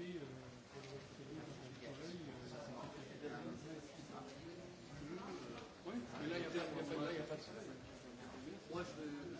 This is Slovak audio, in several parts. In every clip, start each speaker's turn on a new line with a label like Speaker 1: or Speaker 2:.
Speaker 1: Oui, mais là il a Moi, je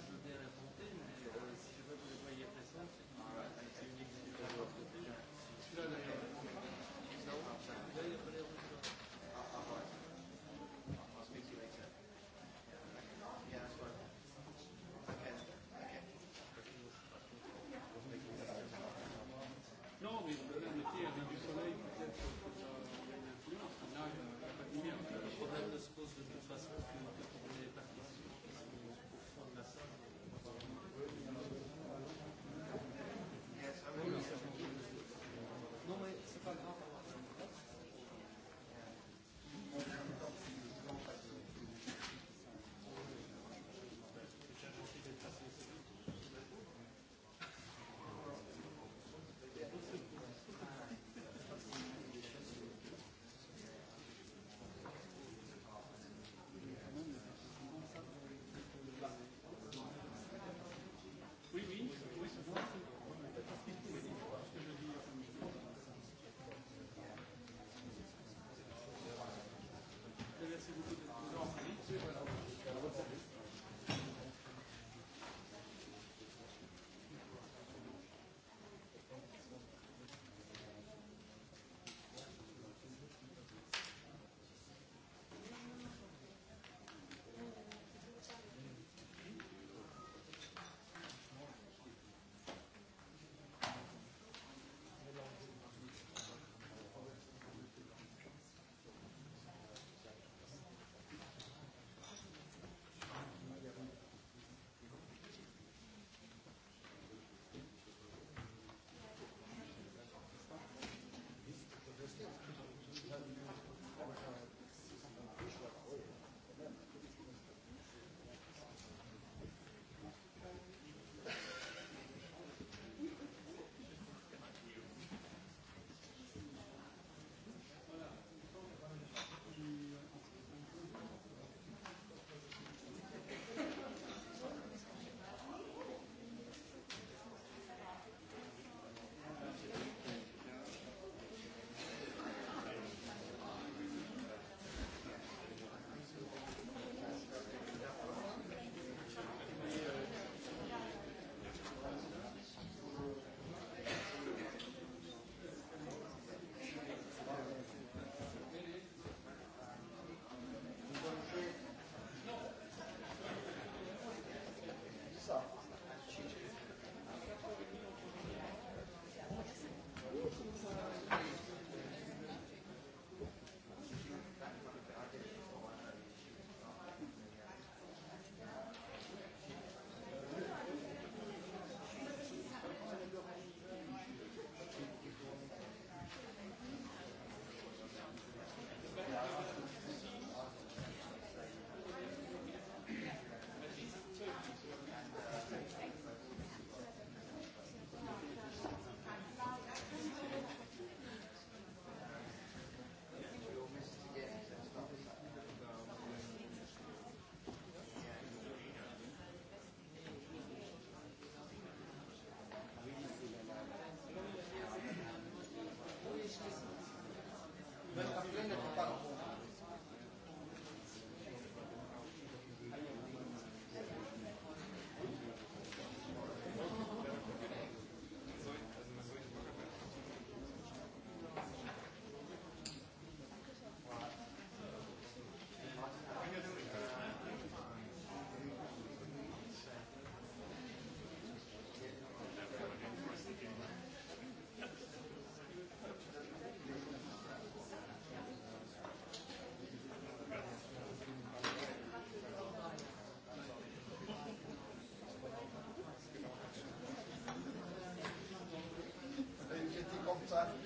Speaker 1: Tag.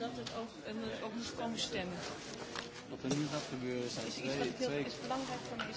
Speaker 1: omdat het ook, eh,
Speaker 2: ook moest komen stemmen.
Speaker 1: Wat er nu gaat gebeuren zijn dus twee... Het belangrijk voor mij is...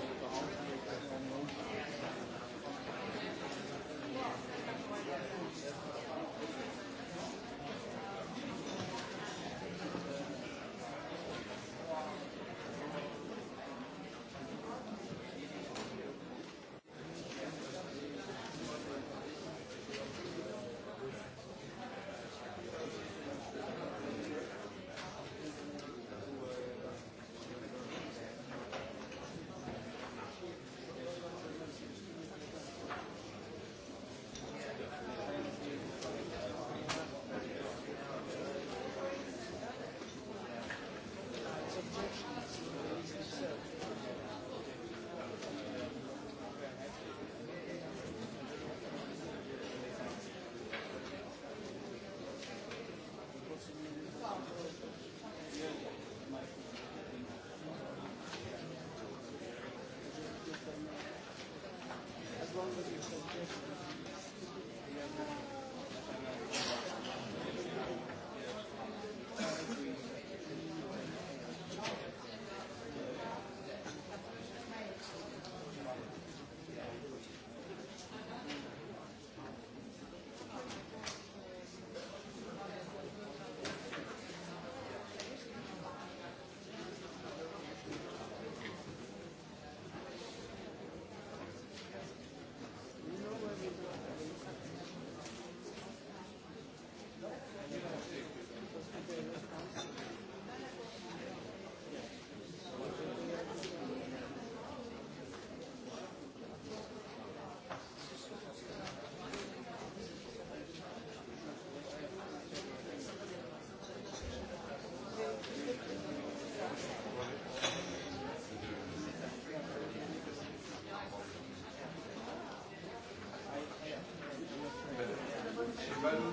Speaker 1: Well,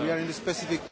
Speaker 1: We are in a specific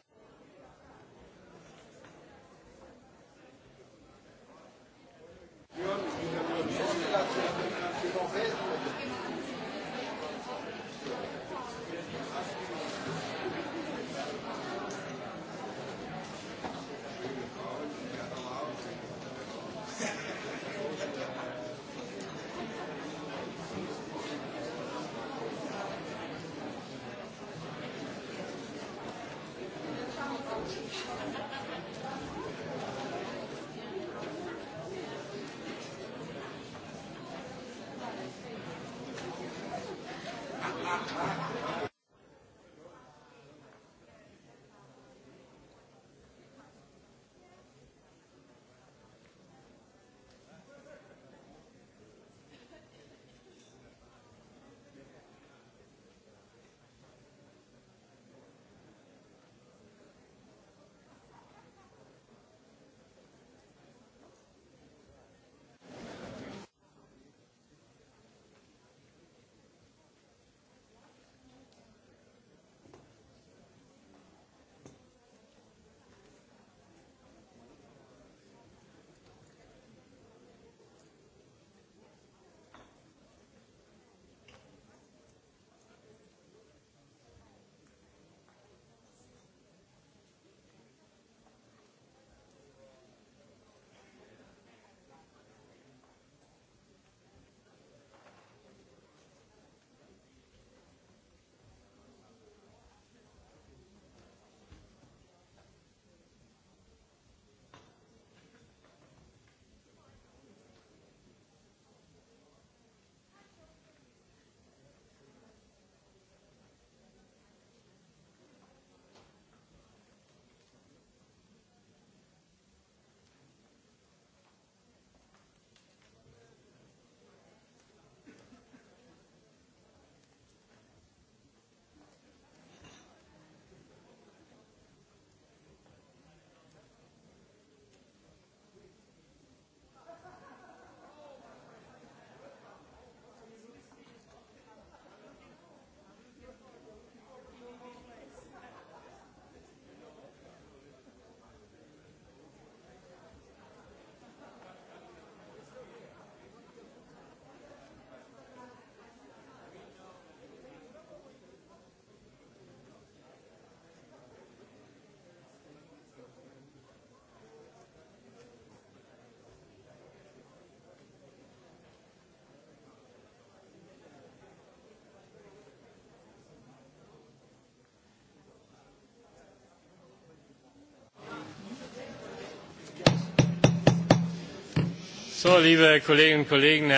Speaker 2: srdečne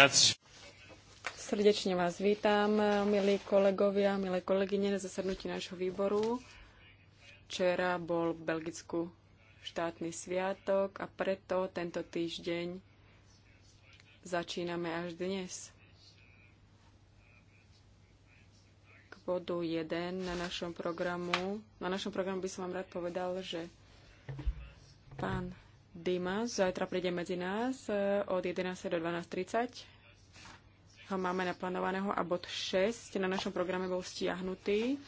Speaker 1: vás vítam, milí kolegovia, milé kolegyne, na zasadnutí nášho výboru. Včera bol v Belgicku štátny sviatok a preto tento týždeň začíname až dnes. K bodu 1 na našom programu. Na našom programu by som vám rád povedal, že pán Dimas zajtra príde medzi nás e, od 11. do 12.30. Ho máme naplánovaného a bod 6 na našom programe bol stiahnutý.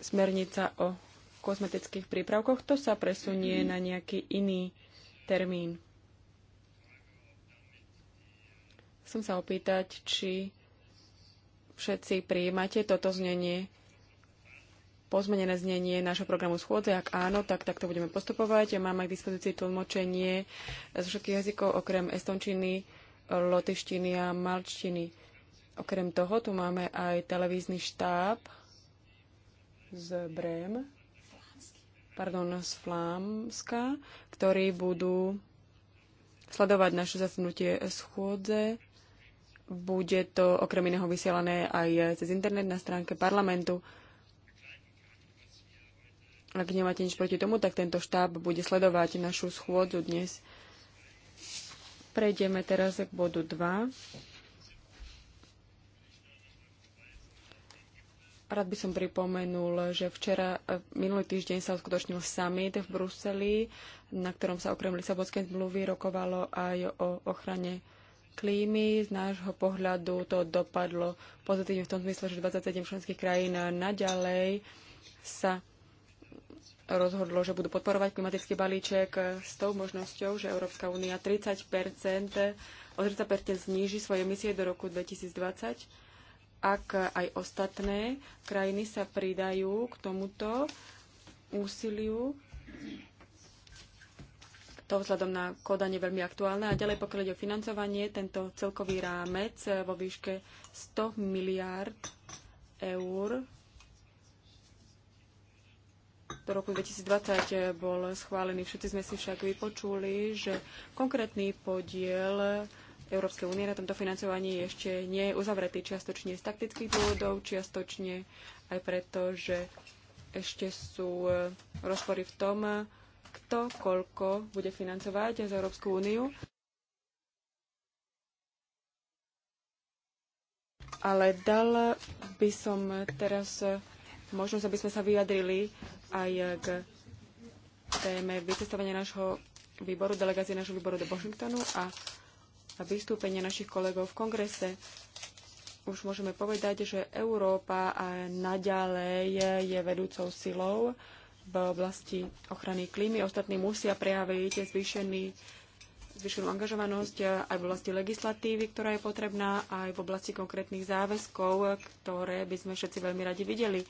Speaker 1: Smernica o kozmetických prípravkoch. To sa presunie na nejaký iný termín. Chcem sa opýtať, či všetci prijímate toto znenie pozmenené znenie nášho programu schôdze. Ak áno, tak takto budeme postupovať. Ja mám aj k dispozícii tlmočenie zo všetkých jazykov okrem estončiny, lotyštiny a malčtiny. Okrem toho tu máme aj televízny štáb z Brém, pardon, z Flámska, ktorí budú sledovať naše zasnutie schôdze. Bude to okrem iného vysielané aj cez internet na stránke parlamentu. Ak nemáte nič proti tomu, tak tento štáb bude sledovať našu schôdzu dnes. Prejdeme teraz k bodu 2. Rád by som pripomenul, že včera, eh, minulý týždeň sa uskutočnil summit v Bruseli, na ktorom sa okrem Lisabonskej zmluvy rokovalo aj o ochrane klímy. Z nášho pohľadu to dopadlo pozitívne v tom zmysle, že 27 členských krajín naďalej sa rozhodlo, že budú podporovať klimatický balíček s tou možnosťou, že Európska únia 30 o 30 zníži svoje emisie do roku 2020, ak aj ostatné krajiny sa pridajú k tomuto úsiliu. To vzhľadom na kodanie veľmi aktuálne. A ďalej pokiaľ ide o financovanie, tento celkový rámec vo výške 100 miliárd eur do roku 2020 bol schválený. Všetci sme si však vypočuli, že konkrétny podiel Európskej únie na tomto financovaní ešte nie je uzavretý čiastočne z taktických dôvodov, čiastočne aj preto, že ešte sú e, rozpory v tom, kto koľko bude financovať z Európsku úniu. Ale dal by som teraz možnosť, aby sme sa vyjadrili aj k téme vycestovania nášho výboru, delegácie nášho výboru do Washingtonu a, vystúpenia našich kolegov v kongrese. Už môžeme povedať, že Európa naďalej je vedúcou silou v oblasti ochrany klímy. Ostatní musia prejaviť zvýšený, zvýšenú angažovanosť aj v oblasti legislatívy, ktorá je potrebná, aj v oblasti konkrétnych záväzkov, ktoré by sme všetci veľmi radi videli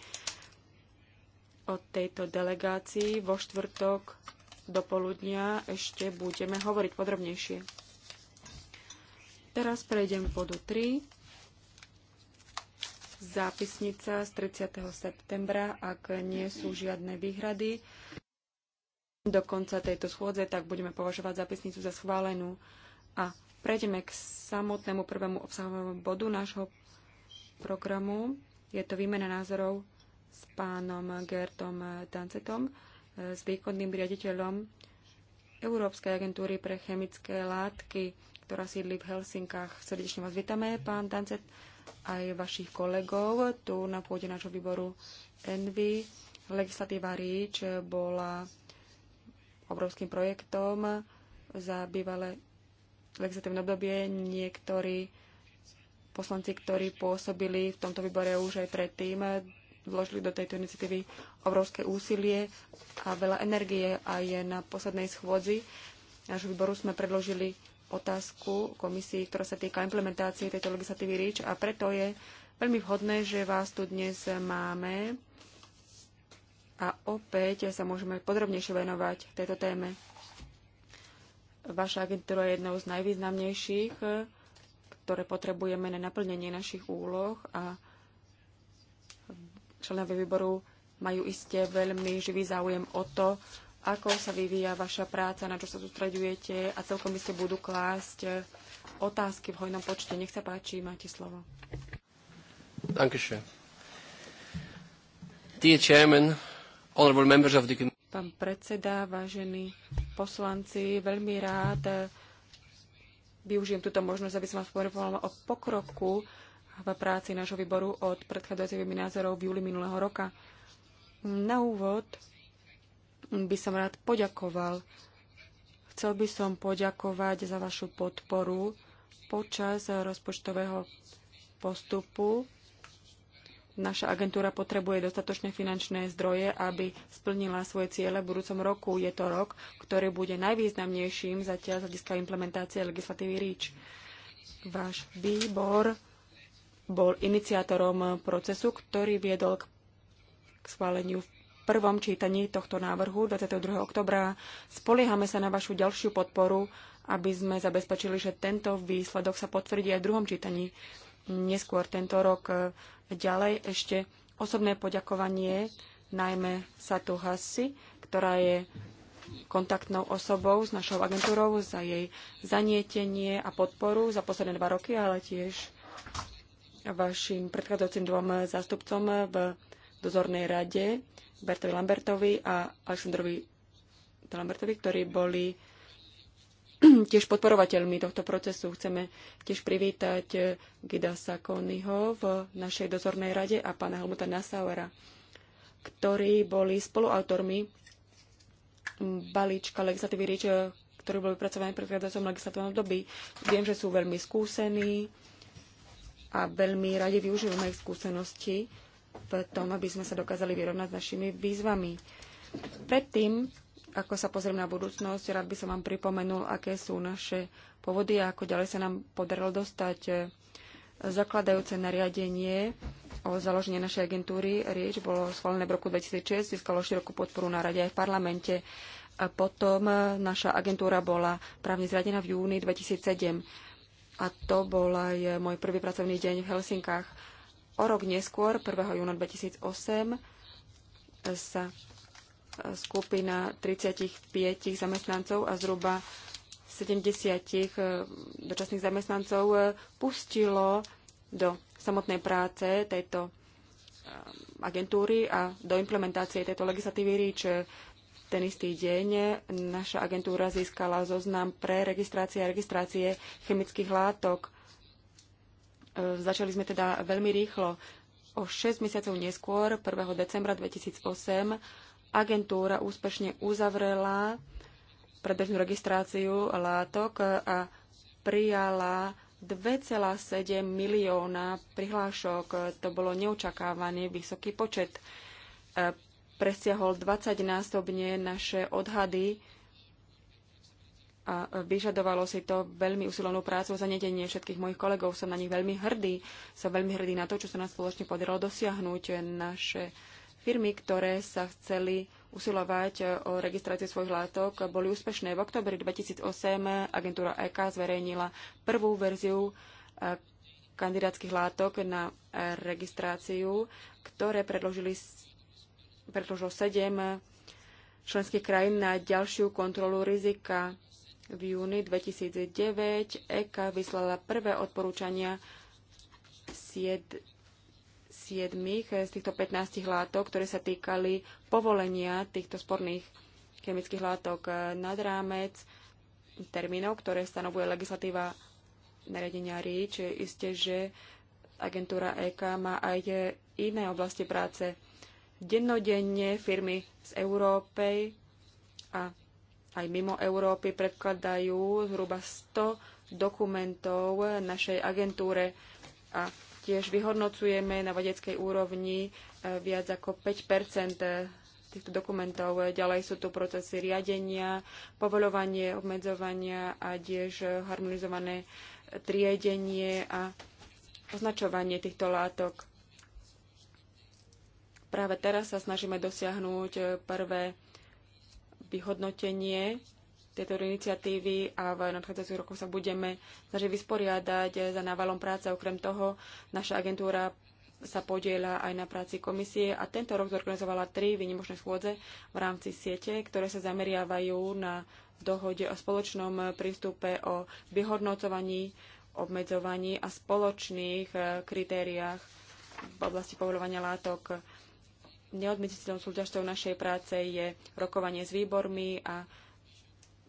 Speaker 1: o tejto delegácii. Vo štvrtok do poludnia ešte budeme hovoriť podrobnejšie. Teraz prejdem k bodu 3. Zápisnica z 30. septembra, ak nie sú žiadne výhrady. Do konca tejto schôdze tak budeme považovať zápisnicu za schválenú. A prejdeme k samotnému prvému obsahovému bodu nášho programu. Je to výmena názorov s pánom Gertom Dancetom, e, s výkonným riaditeľom Európskej agentúry pre chemické látky, ktorá sídli v Helsinkách. Srdečne vás vítame, pán Dancet, aj vašich kolegov tu na pôde nášho výboru Envy. Legislatíva REACH bola obrovským projektom za bývalé legislatívne obdobie. Niektorí poslanci, ktorí pôsobili v tomto výbore už aj predtým, vložili do tejto iniciatívy obrovské úsilie a veľa energie a je na poslednej schôdzi nášho výboru sme predložili otázku komisii, ktorá sa týka implementácie tejto legislatívy REACH a preto je veľmi vhodné, že vás tu dnes máme a opäť sa môžeme podrobnejšie venovať tejto téme. Vaša agentúra je jednou z najvýznamnejších, ktoré potrebujeme na naplnenie našich úloh a Členovia výboru majú iste veľmi živý záujem o to, ako sa vyvíja vaša práca, na čo sa sústredujete a celkom iste budú klásť otázky v hojnom počte. Nech sa páči, máte slovo. Pán predseda, vážení poslanci, veľmi rád využijem túto možnosť, aby som vás poinformovala o pokroku v práci nášho výboru od predchádzajúcich webinárov v júli minulého roka. Na úvod by som rád poďakoval. Chcel by som poďakovať za vašu podporu počas rozpočtového postupu. Naša agentúra potrebuje dostatočné finančné zdroje, aby splnila svoje ciele v budúcom roku. Je to rok, ktorý bude najvýznamnejším zatiaľ z hľadiska implementácie legislatívy REACH. Váš výbor bol iniciátorom procesu, ktorý viedol k schváleniu v prvom čítaní tohto návrhu 22. oktobra. Spoliehame sa na vašu ďalšiu podporu, aby sme zabezpečili, že tento výsledok sa potvrdí aj v druhom čítaní neskôr tento rok. Ďalej ešte osobné poďakovanie najmä Satu Hassi, ktorá je kontaktnou osobou s našou agentúrou za jej zanietenie a podporu za posledné dva roky, ale tiež vašim predchádzajúcim dvom zástupcom v dozornej rade, Bertovi Lambertovi a Aleksandrovi Lambertovi, ktorí boli tiež podporovateľmi tohto procesu. Chceme tiež privítať Gida Sakonyho v našej dozornej rade a pána Helmuta Nassauera, ktorí boli spoluautormi balíčka legislatívy RIČ, ktorý bol vypracovaný pred predchádzajúcom legislatívnom období. Viem, že sú veľmi skúsení, a veľmi radi využívame ich skúsenosti v tom, aby sme sa dokázali vyrovnať s našimi výzvami. Predtým, ako sa pozriem na budúcnosť, rád by som vám pripomenul, aké sú naše povody a ako ďalej sa nám podarilo dostať eh, zakladajúce nariadenie o založení našej agentúry Rieč bolo schválené v roku 2006, získalo širokú podporu na rade aj v parlamente. A potom eh, naša agentúra bola právne zradená v júni 2007 a to bol aj môj prvý pracovný deň v Helsinkách. O rok neskôr, 1. júna 2008, sa e, skupina 35 zamestnancov a zhruba 70 e, dočasných zamestnancov e, pustilo do samotnej práce tejto agentúry a do implementácie tejto legislatívy REACH ten istý deň naša agentúra získala zoznam pre registrácie a registrácie chemických látok. E, začali sme teda veľmi rýchlo. O 6 mesiacov neskôr, 1. decembra 2008, agentúra úspešne uzavrela predbežnú registráciu látok a prijala 2,7 milióna prihlášok. To bolo neočakávaný vysoký počet e, presiahol 20-násobne naše odhady a vyžadovalo si to veľmi usilovnú prácu za nedenie všetkých mojich kolegov. Som na nich veľmi hrdý. Som veľmi hrdý na to, čo sa nám spoločne podarilo dosiahnuť. Naše firmy, ktoré sa chceli usilovať o registráciu svojich látok, boli úspešné. V oktobri 2008 agentúra EK zverejnila prvú verziu eh, kandidátskych látok na registráciu, ktoré predložili pretože sedem členských krajín na ďalšiu kontrolu rizika. V júni 2009 EKA vyslala prvé odporúčania sied, siedmých z týchto 15 látok, ktoré sa týkali povolenia týchto sporných chemických látok nad rámec termínov, ktoré stanovuje legislatíva nariadenia REACH. Isté, že agentúra EK má aj iné oblasti práce Dennodenne firmy z Európy a aj mimo Európy predkladajú zhruba 100 dokumentov našej agentúre a tiež vyhodnocujeme na vedeckej úrovni e, viac ako 5 e, týchto dokumentov. Ďalej sú tu procesy riadenia, povoľovanie, obmedzovania a tiež harmonizované triedenie a označovanie týchto látok. Práve teraz sa snažíme dosiahnuť e, prvé vyhodnotenie tejto iniciatívy a v nadchádzajúcich rokoch sa budeme snažiť vysporiadať e, za návalom práce. Okrem toho, naša agentúra sa podiela aj na práci komisie a tento rok zorganizovala tri výnimočné schôdze v rámci siete, ktoré sa zameriavajú na dohode o spoločnom prístupe, o vyhodnocovaní, obmedzovaní a spoločných e, kritériách v oblasti povolovania látok neodmysliteľnou súčasťou našej práce je rokovanie s výbormi a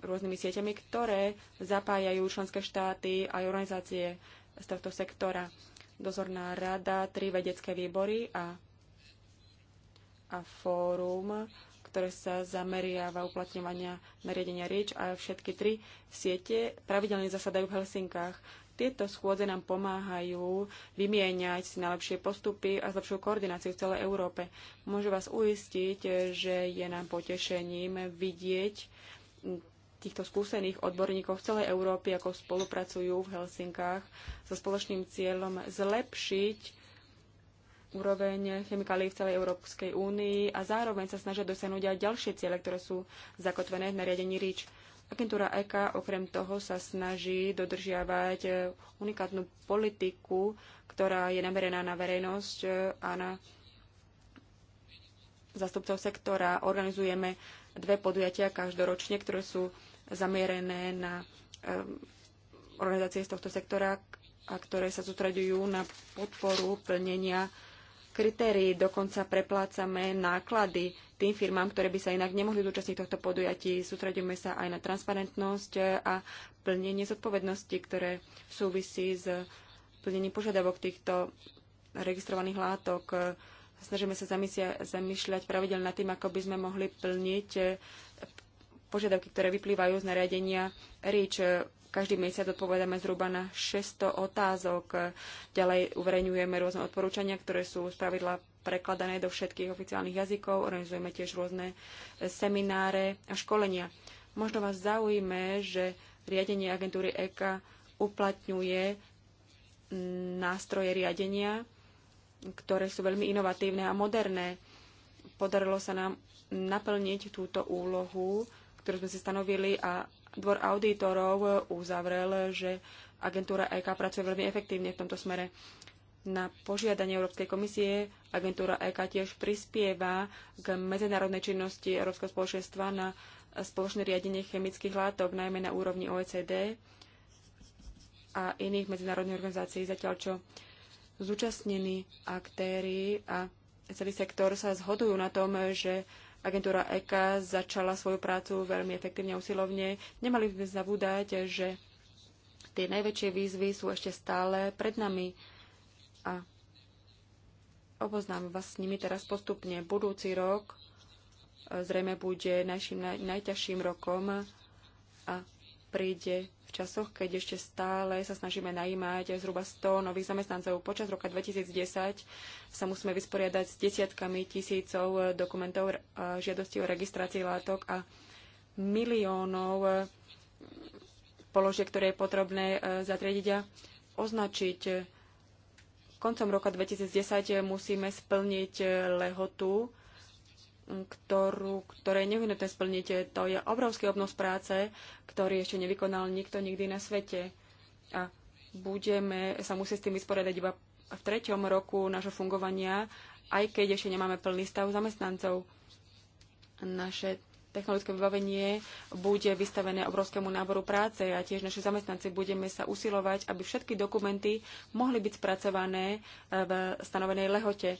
Speaker 1: rôznymi sieťami, ktoré zapájajú členské štáty a organizácie z tohto sektora. Dozorná rada, tri vedecké výbory a, a fórum, ktoré sa zameriava uplatňovania nariadenia REACH a všetky tri siete pravidelne zasadajú v Helsinkách. Tieto schôdze nám pomáhajú vymieňať si najlepšie postupy a zlepšiu koordináciu v celej Európe. Môžu vás uistiť, že je nám potešením vidieť týchto skúsených odborníkov v celej Európe, ako spolupracujú v Helsinkách so spoločným cieľom zlepšiť úroveň chemikálií v celej Európskej únii a zároveň sa snažia dosiahnuť aj ďalšie ciele, ktoré sú zakotvené v nariadení REACH. Agentúra EK okrem toho sa snaží dodržiavať eh, unikátnu politiku, ktorá je namerená na verejnosť eh, a na zastupcov sektora. Organizujeme dve podujatia každoročne, ktoré sú zamierené na eh, organizácie z tohto sektora a ktoré sa sústreďujú na podporu plnenia kritérií. Dokonca preplácame náklady tým firmám, ktoré by sa inak nemohli zúčastniť tohto podujatí. Sústredíme sa aj na transparentnosť a plnenie zodpovednosti, ktoré súvisí s plnením požiadavok týchto registrovaných látok. Snažíme sa zamýšľať pravidelne nad tým, ako by sme mohli plniť požiadavky, ktoré vyplývajú z nariadenia REACH. Každý mesiac odpovedáme zhruba na 600 otázok. Ďalej uverejňujeme rôzne odporúčania, ktoré sú spravidla prekladané do všetkých oficiálnych jazykov. Organizujeme tiež rôzne semináre a školenia. Možno vás zaujíme, že riadenie agentúry EKA uplatňuje nástroje riadenia, ktoré sú veľmi inovatívne a moderné. Podarilo sa nám naplniť túto úlohu, ktorú sme si stanovili a dvor auditorov uzavrel, že agentúra EK pracuje veľmi efektívne v tomto smere. Na požiadanie Európskej komisie agentúra EK tiež prispieva k medzinárodnej činnosti Európskeho spoločenstva na spoločné riadenie chemických látok, najmä na úrovni OECD a iných medzinárodných organizácií, zatiaľ čo zúčastnení aktéry a celý sektor sa zhodujú na tom, že agentúra EKA začala svoju prácu veľmi efektívne a usilovne. Nemali by sme zabúdať, že tie najväčšie výzvy sú ešte stále pred nami a oboznám vás s nimi teraz postupne. Budúci rok e, zrejme bude našim naj, najťažším rokom a príde v časoch, keď ešte stále sa snažíme najímať zhruba 100 nových zamestnancov. Počas roka 2010 sa musíme vysporiadať s desiatkami tisícov dokumentov žiadosti o registrácii látok a miliónov e, položiek, ktoré je potrebné e, zatriediť a označiť koncom roka 2010 musíme splniť eh, lehotu, mm, ktorú, ktoré je nevyhnutné splniť. To je obrovský obnos práce, ktorý ešte nevykonal nikto nikdy na svete. A budeme sa musieť s tým vysporiadať iba v treťom roku nášho fungovania, aj keď ešte nemáme plný stav zamestnancov. Naše technologické vybavenie bude vystavené obrovskému náboru práce a tiež naši zamestnanci budeme sa usilovať, aby všetky dokumenty mohli byť spracované e, v stanovenej lehote,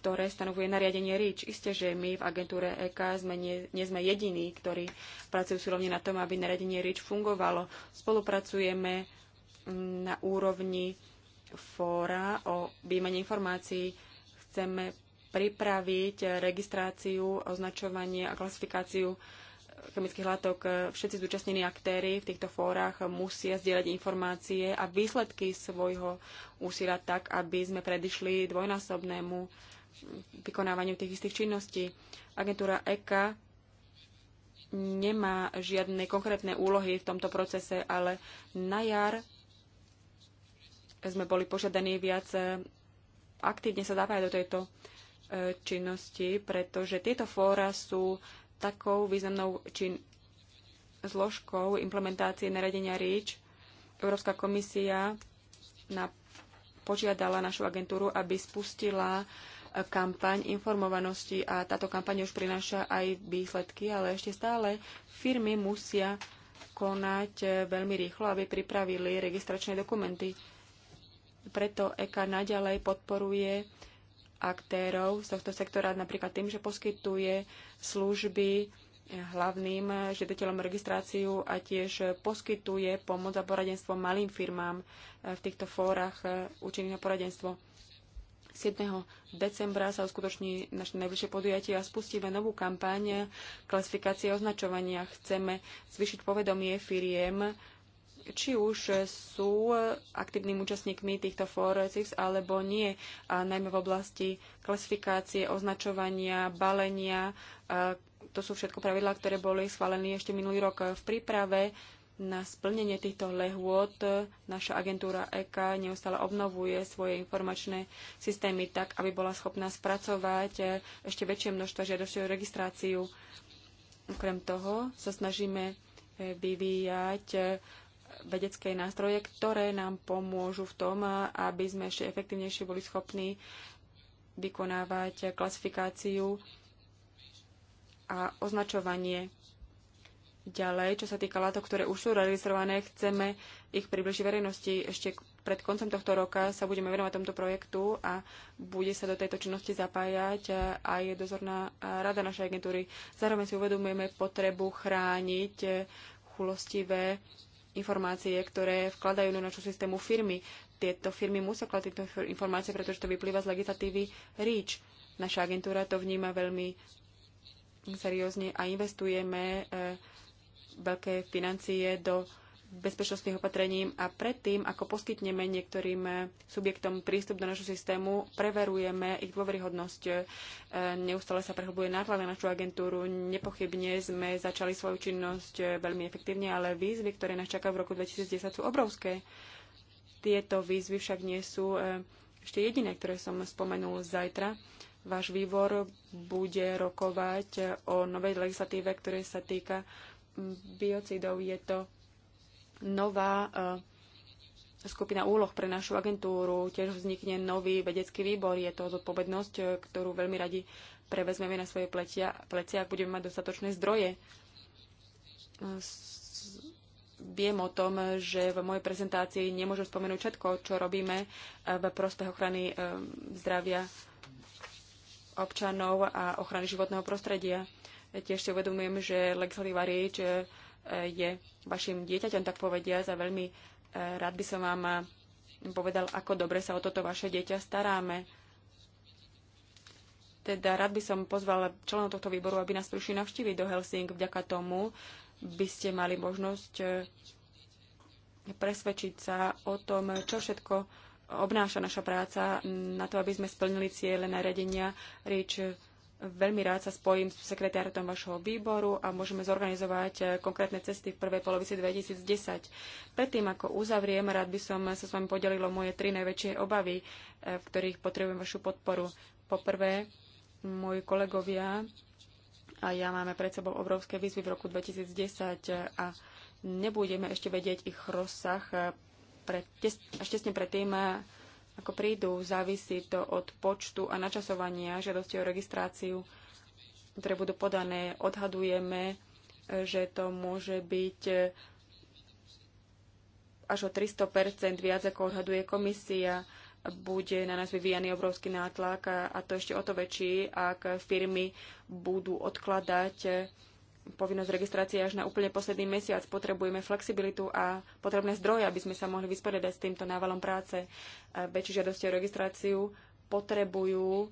Speaker 1: ktoré stanovuje nariadenie REACH. Isté, že my v agentúre EK sme nie, nie sme jediní, ktorí pracujú silovne na tom, aby nariadenie REACH fungovalo. Spolupracujeme na úrovni fóra o výmene informácií. Chceme pripraviť registráciu, označovanie a klasifikáciu chemických látok. Všetci zúčastnení aktéry v týchto fórach musia zdieľať informácie a výsledky svojho úsilia tak, aby sme predišli dvojnásobnému vykonávaniu tých istých činností. Agentúra ECA nemá žiadne konkrétne úlohy v tomto procese, ale na jar sme boli požiadaní viac e, aktívne sa zapájať do tejto E, činnosti, pretože tieto fóra sú takou významnou čin- zložkou implementácie naradenia REACH. Európska komisia na, požiadala našu agentúru, aby spustila e, kampaň informovanosti a táto kampaň už prináša aj výsledky, ale ešte stále firmy musia konať e, veľmi rýchlo, aby pripravili registračné dokumenty. Preto EKA naďalej podporuje aktérov z tohto sektora, napríklad tým, že poskytuje služby hlavným žiadateľom registráciu a tiež poskytuje pomoc a poradenstvo malým firmám eh, v týchto fórach eh, účinných na poradenstvo. 7. decembra sa uskutoční naše najbližšie podujatie a spustíme novú kampaň eh, klasifikácie označovania. Chceme zvyšiť povedomie firiem či už sú aktívnymi účastníkmi týchto fór alebo nie, a najmä v oblasti klasifikácie, označovania, balenia. To sú všetko pravidlá, ktoré boli schválené ešte minulý rok v príprave. Na splnenie týchto lehôd naša agentúra EK neustále obnovuje svoje informačné systémy tak, aby bola schopná spracovať ešte väčšie množstvo žiadosti o registráciu. Okrem toho sa snažíme eh, vyvíjať vedecké nástroje, ktoré nám pomôžu v tom, aby sme ešte efektívnejšie boli schopní vykonávať klasifikáciu a označovanie. Ďalej, čo sa týka látok, ktoré už sú registrované, chceme ich približiť verejnosti. Ešte pred koncom tohto roka sa budeme venovať tomto projektu a bude sa do tejto činnosti zapájať aj dozorná rada našej agentúry. Zároveň si uvedomujeme potrebu chrániť chulostivé informácie, ktoré vkladajú do našu systému firmy. Tieto firmy musia vkladať tieto informácie, pretože to vyplýva z legislatívy REACH. Naša agentúra to vníma veľmi seriózne a investujeme eh, veľké financie do bezpečnostných opatrením a predtým, ako poskytneme niektorým eh, subjektom prístup do našho systému, preverujeme ich dôveryhodnosť. Eh, neustále sa prehlbuje nátlak na našu agentúru. Nepochybne sme začali svoju činnosť eh, veľmi efektívne, ale výzvy, ktoré nás čakajú v roku 2010, sú obrovské. Tieto výzvy však nie sú ešte jediné, ktoré som spomenul zajtra. Váš výbor bude rokovať o novej legislatíve, ktoré sa týka mm, biocidov. Je to nová e, skupina úloh pre našu agentúru, tiež vznikne nový vedecký výbor. Je to zodpovednosť, e, ktorú veľmi radi prevezmeme na svoje plecia, ak budeme mať dostatočné zdroje. E, viem o tom, že v mojej prezentácii nemôžem spomenúť všetko, čo robíme v prospech ochrany zdravia občanov a ochrany životného prostredia. Tiež si uvedomujem, že legislatíva rieč je vašim dieťaťom, tak povedia, a veľmi e, rád by som vám e, povedal, ako dobre sa o toto vaše dieťa staráme. Teda rád by som pozval členov tohto výboru, aby nás prišli navštíviť do Helsing. Vďaka tomu by ste mali možnosť e, presvedčiť sa o tom, čo všetko obnáša naša práca na to, aby sme splnili ciele nariadenia REACH Veľmi rád sa spojím s sekretárom vašho výboru a môžeme zorganizovať eh, konkrétne cesty v prvej polovici 2010. Predtým, ako uzavriem, rád by som sa s vami podelilo moje tri najväčšie obavy, eh, v ktorých potrebujem vašu podporu. Poprvé, moji kolegovia a ja máme pred sebou obrovské výzvy v roku 2010 eh, a nebudeme ešte vedieť ich rozsah pred, tes, až tesne predtým, ako prídu, závisí to od počtu a načasovania žiadosti o registráciu, ktoré budú podané. Odhadujeme, že to môže byť e, až o 300 viac, ako odhaduje komisia. Bude na nás vyvíjaný obrovský nátlak a, to ešte o to väčší, ak firmy budú odkladať e, povinnosť registrácie až na úplne posledný mesiac. Potrebujeme flexibilitu a potrebné zdroje, aby sme sa mohli vysporiadať s týmto návalom práce. väčší žiadosti o registráciu potrebujú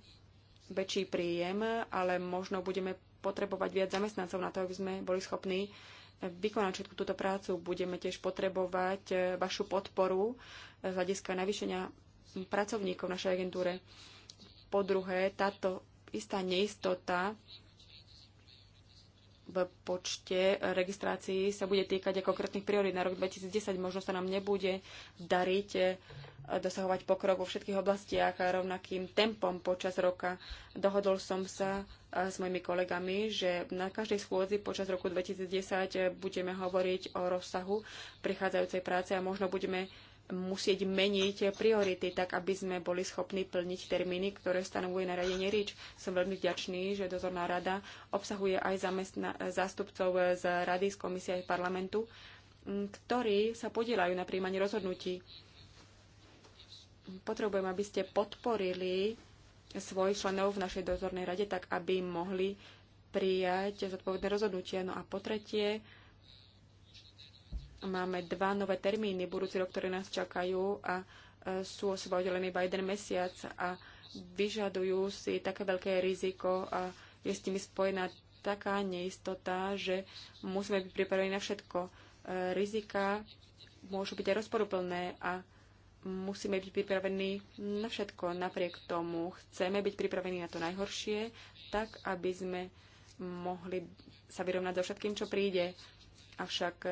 Speaker 1: väčší príjem, ale možno budeme potrebovať viac zamestnancov na to, aby sme boli schopní vykonať všetku túto prácu. Budeme tiež potrebovať e, vašu podporu e, z hľadiska navýšenia pracovníkov v našej agentúre. Po druhé, táto istá neistota v počte registrácií sa bude týkať aj konkrétnych priorít na rok 2010. Možno sa nám nebude dariť eh, dosahovať pokrok vo všetkých oblastiach a rovnakým tempom počas roka. Dohodol som sa eh, s mojimi kolegami, že na každej schôdzi počas roku 2010 eh, budeme hovoriť o rozsahu prichádzajúcej práce a možno budeme musieť meniť priority, tak aby sme boli schopní plniť termíny, ktoré stanovuje naradenie RIČ. Som veľmi vďačný, že dozorná rada obsahuje aj zástupcov z rady, z komisie aj parlamentu, mm, ktorí sa podielajú na príjmaní rozhodnutí. Potrebujem, aby ste podporili svojich členov v našej dozornej rade, tak aby mohli prijať zodpovedné rozhodnutie. No a po tretie, Máme dva nové termíny budúci rok, ktoré nás čakajú a e, sú osoba oddelení iba jeden mesiac a vyžadujú si také veľké riziko a je s nimi spojená taká neistota, že musíme byť pripravení na všetko. E, rizika môžu byť aj rozporuplné a musíme byť pripravení na všetko. Napriek tomu chceme byť pripravení na to najhoršie, tak aby sme mohli sa vyrovnať so všetkým, čo príde. Avšak e,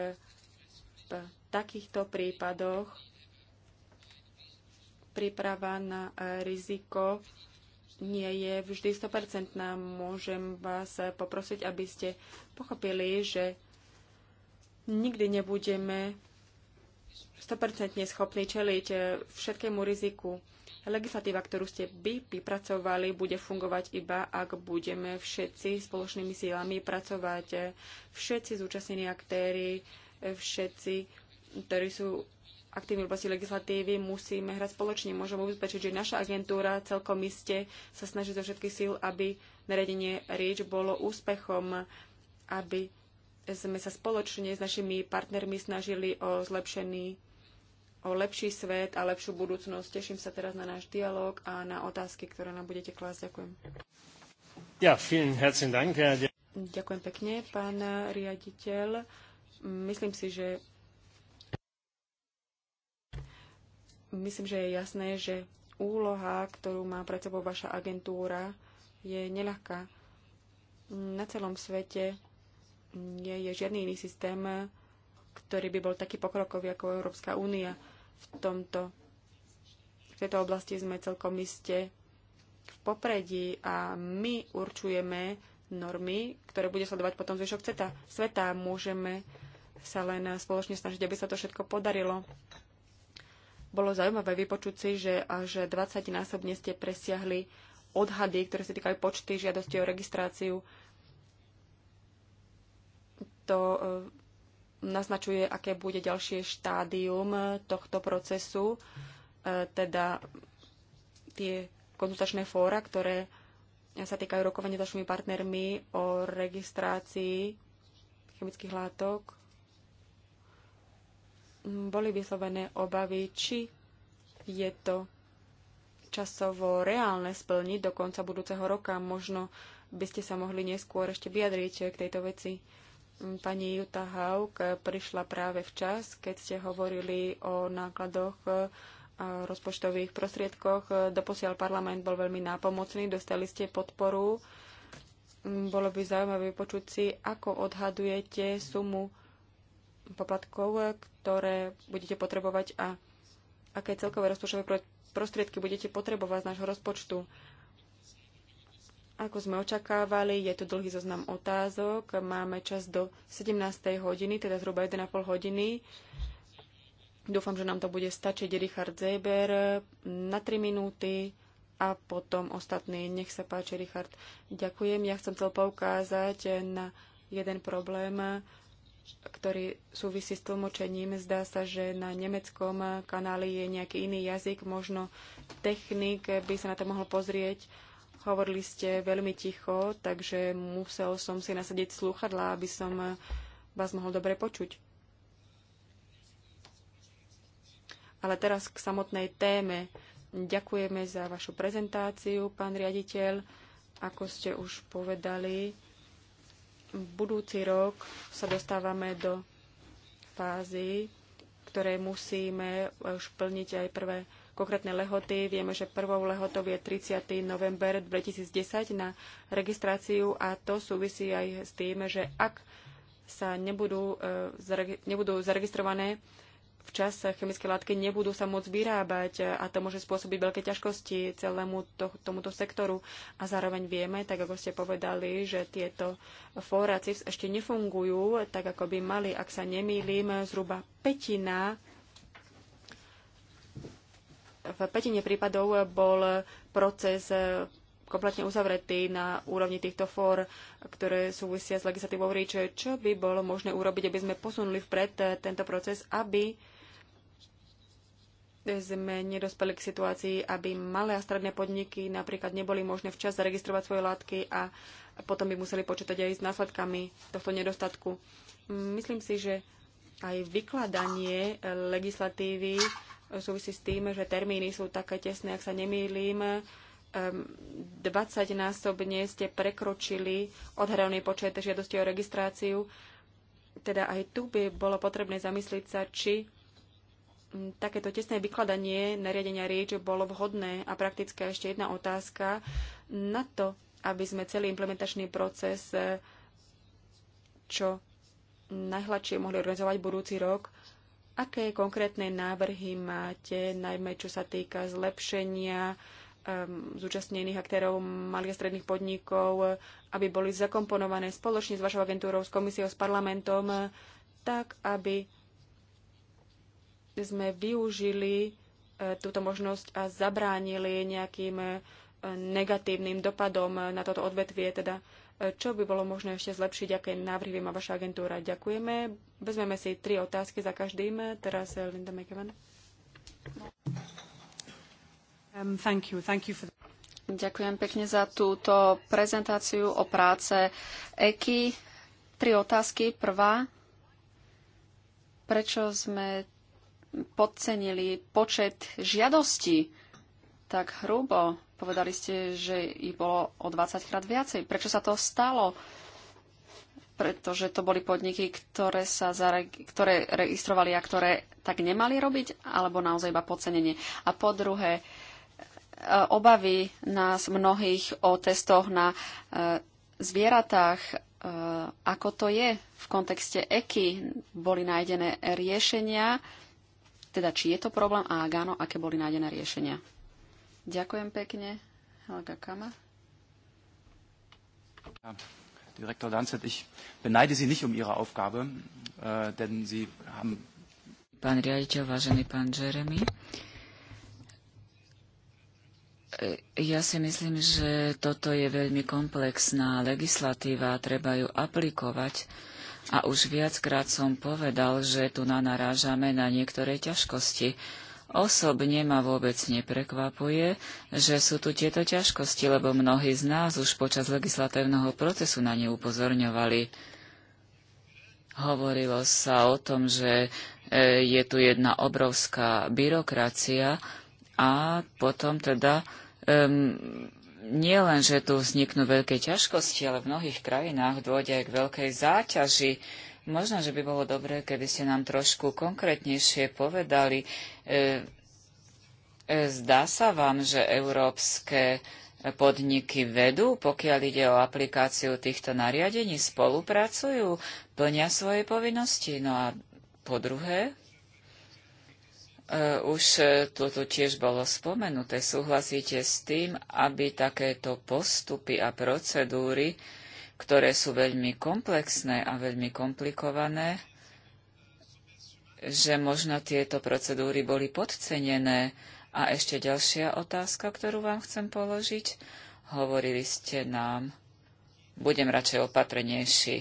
Speaker 1: takýchto prípadoch príprava na e, riziko nie je vždy 100%. Môžem vás e, poprosiť, aby ste pochopili, že nikdy nebudeme 100% schopní čeliť e, všetkému riziku. Legislatíva, ktorú ste by vypracovali, bude fungovať iba, ak budeme všetci spoločnými sílami pracovať, všetci zúčastnení aktéry, všetci, ktorí sú aktívni v oblasti legislatívy, musíme hrať spoločne. Môžem ubezpečiť, že naša agentúra celkom iste sa snaží zo všetkých síl, aby naredenie REACH bolo úspechom, aby sme sa spoločne s našimi partnermi snažili o zlepšený, o lepší svet a lepšiu budúcnosť. Teším sa teraz na náš dialog a na otázky, ktoré nám budete klásť. Ďakujem.
Speaker 3: Ja, vielen herzlichen Dank.
Speaker 1: Ďakujem pekne, pán riaditeľ. Myslím si, že myslím, že je jasné, že úloha, ktorú má pred sebou vaša agentúra, je neľahká. Na celom svete nie je žiadny iný systém, ktorý by bol taký pokrokový ako Európska únia. V, tomto, v tejto oblasti sme celkom iste v popredí a my určujeme normy, ktoré bude sledovať potom zvyšok sveta. Sveta môžeme sa len spoločne snažiť, aby sa to všetko podarilo. Bolo zaujímavé vypočuť si, že až 20-násobne ste presiahli odhady, ktoré sa týkajú počty žiadosti o registráciu. To e, naznačuje, aké bude ďalšie štádium tohto procesu, e, teda tie konzultačné fóra, ktoré sa týkajú rokovania s vašimi partnermi o registrácii chemických látok boli vyslovené obavy, či je to časovo reálne splniť do konca budúceho roka. Možno by ste sa mohli neskôr ešte vyjadriť k tejto veci. Pani Jutta Haug prišla práve včas, keď ste hovorili o nákladoch e, a rozpočtových prostriedkoch. Doposiaľ parlament bol veľmi nápomocný, dostali ste podporu. Bolo by zaujímavé počuť si, ako odhadujete sumu poplatkov, ktoré budete potrebovať a aké celkové rozpočtové prostriedky budete potrebovať z nášho rozpočtu. Ako sme očakávali, je tu dlhý zoznam otázok. Máme čas do 17. hodiny, teda zhruba 1,5 hodiny. Dúfam, že nám to bude stačiť. Richard Zeber na 3 minúty a potom ostatní. Nech sa páči, Richard. Ďakujem. Ja chcem chcel poukázať na jeden problém, ktorý súvisí s tlmočením. Zdá sa, že na nemeckom kanáli je nejaký iný jazyk, možno technik by sa na to mohol pozrieť. Hovorili ste veľmi ticho, takže musel som si nasadiť slúchadlá, aby som vás mohol dobre počuť. Ale teraz k samotnej téme. Ďakujeme za vašu prezentáciu, pán riaditeľ. Ako ste už povedali, budúci rok sa dostávame do fázy, ktorej musíme už plniť aj prvé konkrétne lehoty. Vieme, že prvou lehotou je 30. november 2010 na registráciu a to súvisí aj s tým, že ak sa nebudú, eh, nebudú zaregistrované včas chemické látky nebudú sa môcť vyrábať a to môže spôsobiť veľké ťažkosti celému to, tomuto sektoru. A zároveň vieme, tak ako ste povedali, že tieto fóra CIFS ešte nefungujú tak, ako by mali. Ak sa nemýlim, zhruba petina v petine prípadov bol proces kompletne uzavretý na úrovni týchto fór, ktoré súvisia s legislatívou ríče. Čo by bolo možné urobiť, aby sme posunuli vpred tento proces, aby sme nedospeli k situácii, aby malé a stredné podniky napríklad neboli možné včas zaregistrovať svoje látky a potom by museli počítať aj s následkami tohto nedostatku. Myslím si, že aj vykladanie legislatívy súvisí s tým, že termíny sú také tesné, ak sa nemýlim. 20-násobne ehm, ste prekročili odhrávny počet žiadosti o registráciu. Teda aj tu by bolo potrebné zamysliť sa, či takéto tesné vykladanie nariadenia REACH bolo vhodné a praktická ešte jedna otázka. Na to, aby sme celý implementačný proces e, čo najhladšie mohli organizovať budúci rok, aké konkrétne návrhy máte, najmä čo sa týka zlepšenia um, zúčastnených aktérov malých a stredných podnikov, aby boli zakomponované spoločne s vašou agentúrou, s komisiou, s parlamentom, tak aby sme využili e, túto možnosť a zabránili nejakým e, negatívnym dopadom e, na toto odvetvie, teda čo by bolo možné ešte zlepšiť, aké návrhy má vaša agentúra. Ďakujeme. Vezmeme si tri otázky za každým. Teraz Linda McEwan. Um, Ďakujem
Speaker 3: pekne za túto prezentáciu o práce EKI. Tri otázky. Prvá, prečo sme podcenili počet žiadostí tak hrubo. Povedali ste, že ich bolo o 20 krát viacej. Prečo sa to stalo? Pretože to boli podniky, ktoré, sa zareg- ktoré registrovali a ktoré tak nemali robiť, alebo naozaj iba podcenenie. A po druhé, e, obavy nás mnohých o testoch na e, zvieratách, e, ako to je v kontexte EKI, boli nájdené riešenia, teda, či je to problém a ak áno, aké boli nájdené riešenia. Ďakujem pekne. Helga Kama.
Speaker 2: Ja, Direktor Danzet, ich beneide Sie nicht um Ihre Aufgabe, äh, denn Sie haben... Pán riaditeľ, vážený pán Jeremy, e, ja si myslím, že toto je veľmi komplexná legislatíva a treba ju aplikovať a už viackrát som povedal, že tu narážame na niektoré ťažkosti. Osobne ma vôbec neprekvapuje, že sú tu tieto ťažkosti, lebo mnohí z nás už počas legislatívneho procesu na ne upozorňovali. Hovorilo sa o tom, že e, je tu jedna obrovská byrokracia a potom teda um, nie len, že tu vzniknú veľké ťažkosti, ale v mnohých krajinách dôjde aj k veľkej záťaži. Možno, že by bolo dobré, keby ste nám trošku konkrétnejšie povedali. E, e, zdá sa vám, že európske podniky vedú, pokiaľ ide o aplikáciu týchto nariadení, spolupracujú, plnia svoje povinnosti. No a po druhé, Eh, už eh, toto tiež bolo spomenuté. Súhlasíte s tým, aby takéto postupy a procedúry, ktoré sú veľmi komplexné a veľmi komplikované, že možno tieto procedúry boli podcenené. A ešte ďalšia otázka, ktorú vám chcem položiť. Hovorili ste nám, budem radšej opatrnejší,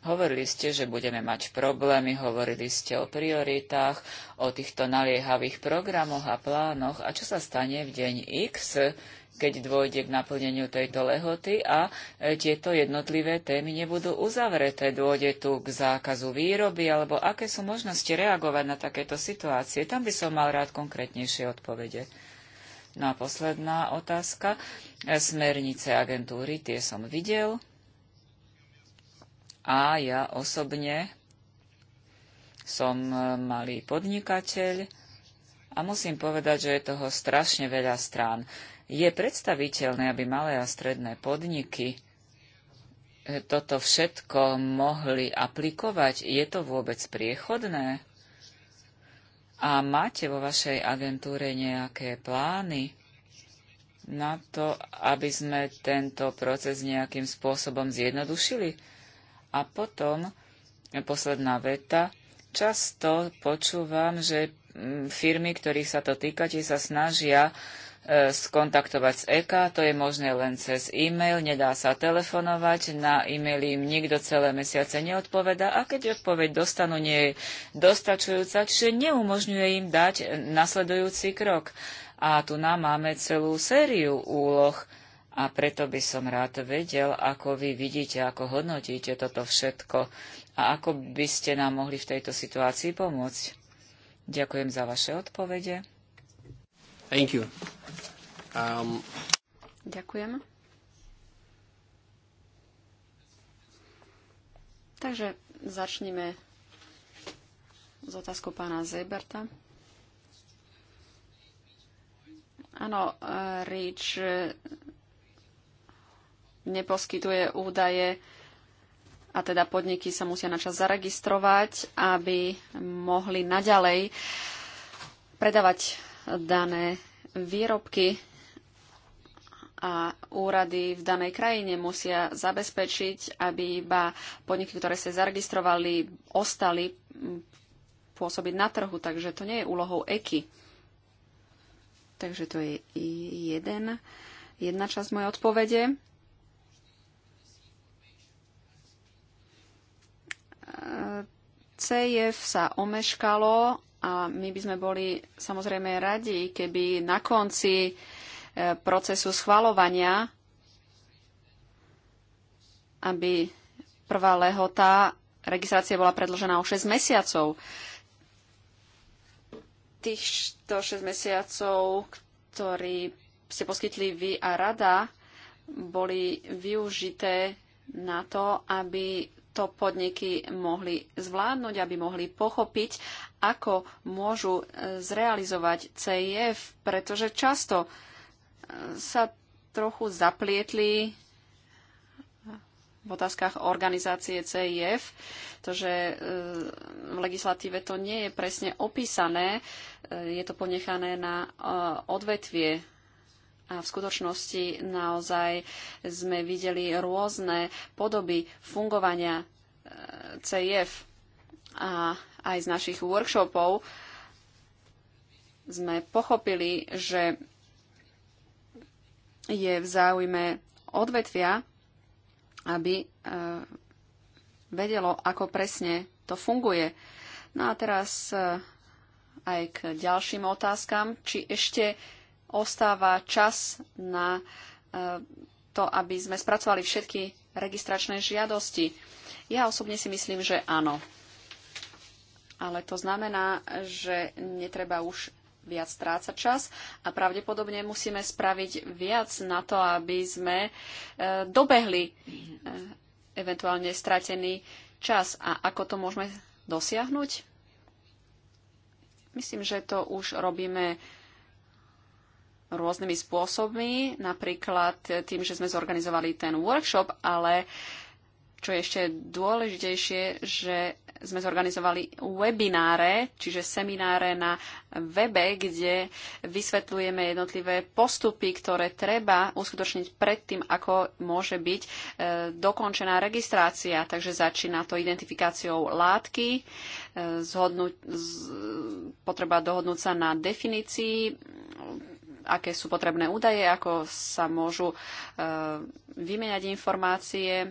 Speaker 2: Hovorili ste, že budeme mať problémy, hovorili ste o prioritách, o týchto naliehavých programoch a plánoch a čo sa stane v deň X, keď dôjde k naplneniu tejto lehoty a e, tieto jednotlivé témy nebudú uzavreté. Dôjde tu k zákazu výroby alebo aké sú možnosti reagovať na takéto situácie. Tam by som mal rád konkrétnejšie odpovede. No a posledná otázka. E, smernice agentúry, tie som videl a ja osobne som e, malý podnikateľ a musím povedať, že je toho strašne veľa strán. Je predstaviteľné, aby malé a stredné podniky e, toto všetko mohli aplikovať? Je to vôbec priechodné? A máte vo vašej agentúre nejaké plány na to, aby sme tento proces nejakým spôsobom zjednodušili? A potom, posledná veta, často počúvam, že mm, firmy, ktorých sa to týka, tie sa snažia e, skontaktovať s EK, to je možné len cez e-mail, nedá sa telefonovať, na e-mail im nikto celé mesiace neodpoveda a keď odpoveď dostanú nie je dostačujúca, čiže neumožňuje im dať e, nasledujúci krok. A tu nám máme celú sériu úloh, a preto by som rád vedel, ako vy vidíte, ako hodnotíte toto všetko a ako by ste nám mohli v tejto situácii pomôcť. Ďakujem za vaše
Speaker 3: odpovede.
Speaker 1: Thank you. Um...
Speaker 3: Ďakujem. Takže začneme s otázkou pána Zeberta. Áno, eh, Rich neposkytuje údaje a teda podniky sa musia načas zaregistrovať, aby mohli naďalej predávať dané výrobky a úrady v danej krajine musia zabezpečiť, aby iba podniky, ktoré sa zaregistrovali, ostali pôsobiť na trhu. Takže to nie je úlohou EKI. Takže to je jeden, jedna časť mojej odpovede. CEF sa omeškalo a my by sme boli samozrejme radi, keby na konci e, procesu schvalovania, aby prvá lehota registrácie bola predložená o 6 mesiacov. Týchto 6 mesiacov, ktorí ste poskytli vy a rada, boli využité na to, aby to podniky mohli zvládnuť, aby mohli pochopiť, ako môžu e, zrealizovať CIF, pretože často e, sa trochu zaplietli e, v otázkach organizácie CIF, to, že v legislatíve to nie je presne opísané, je to ponechané na odvetvie a v skutočnosti naozaj sme videli rôzne podoby fungovania e, CIF a aj z našich workshopov sme pochopili, že je v záujme odvetvia, aby e, vedelo, ako presne to funguje. No a teraz e, aj k ďalším otázkam, či ešte ostáva čas na eh, to, aby sme spracovali všetky registračné žiadosti. Ja osobne si myslím, že áno. Ale to znamená, že netreba už viac strácať čas a pravdepodobne musíme spraviť viac na to, aby sme eh, dobehli eh, eventuálne stratený čas. A ako to môžeme dosiahnuť? Myslím, že to už robíme rôznymi spôsobmi, napríklad tým, že sme zorganizovali ten workshop, ale čo je ešte dôležitejšie, že sme zorganizovali webináre, čiže semináre na webe, kde vysvetľujeme jednotlivé postupy, ktoré treba uskutočniť predtým, ako môže byť e, dokončená registrácia. Takže začína to identifikáciou látky, e, zhodnúť, z, potreba dohodnúť sa na definícii aké sú potrebné údaje, ako sa môžu e, vymeniať informácie,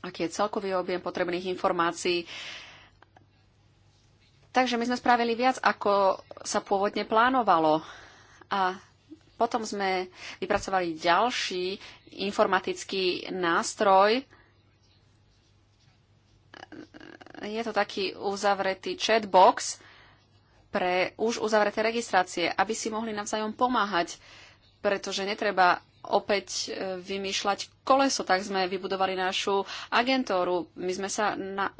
Speaker 3: aký je celkový objem potrebných informácií. Takže my sme spravili viac, ako sa pôvodne plánovalo. A potom sme vypracovali ďalší informatický nástroj. Je to taký uzavretý chatbox, pre už uzavreté registrácie, aby si mohli navzájom pomáhať, pretože netreba opäť e, vymýšľať koleso. Tak sme vybudovali našu agentúru. My sme sa na,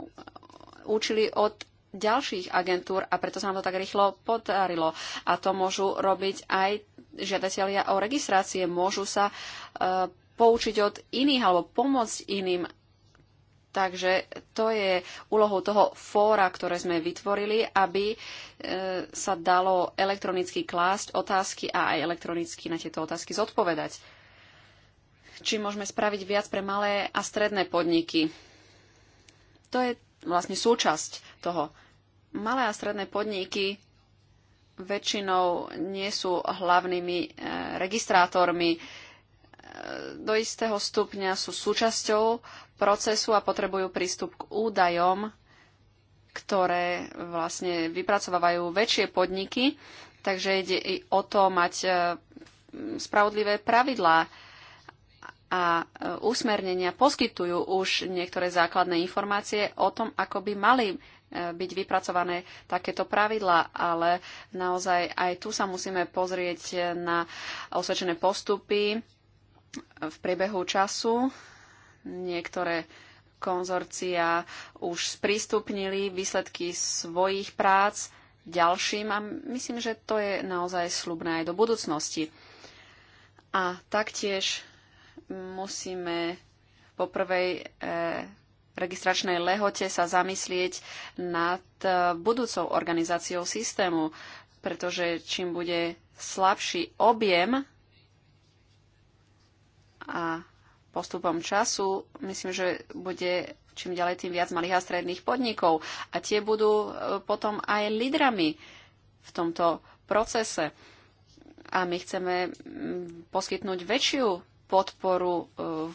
Speaker 3: učili od ďalších agentúr a preto sa nám to tak rýchlo podarilo. A to môžu robiť aj žiadatelia o registrácie. Môžu sa uh, poučiť od iných alebo pomôcť iným Takže to je úlohou toho fóra, ktoré sme vytvorili, aby e, sa dalo elektronicky klásť otázky a aj elektronicky na tieto otázky zodpovedať. Či môžeme spraviť viac pre malé a stredné podniky? To je vlastne súčasť toho. Malé a stredné podniky väčšinou nie sú hlavnými e, registrátormi do istého stupňa sú súčasťou procesu a potrebujú prístup k údajom, ktoré vlastne vypracovávajú väčšie podniky. Takže ide i o to mať e, spravodlivé pravidlá a úsmernenia e, poskytujú už niektoré základné informácie o tom, ako by mali e, byť vypracované takéto pravidlá, ale naozaj aj tu sa musíme pozrieť na osvedčené postupy v priebehu času niektoré konzorcia už sprístupnili výsledky svojich prác ďalším a myslím, že to je naozaj slubné aj do budúcnosti. A taktiež musíme po prvej e, registračnej lehote sa zamyslieť nad e, budúcou organizáciou systému, pretože čím bude slabší objem a postupom času myslím, že bude čím ďalej tým viac malých a stredných podnikov a tie budú e, potom aj lídrami v tomto procese. A my chceme poskytnúť väčšiu podporu e,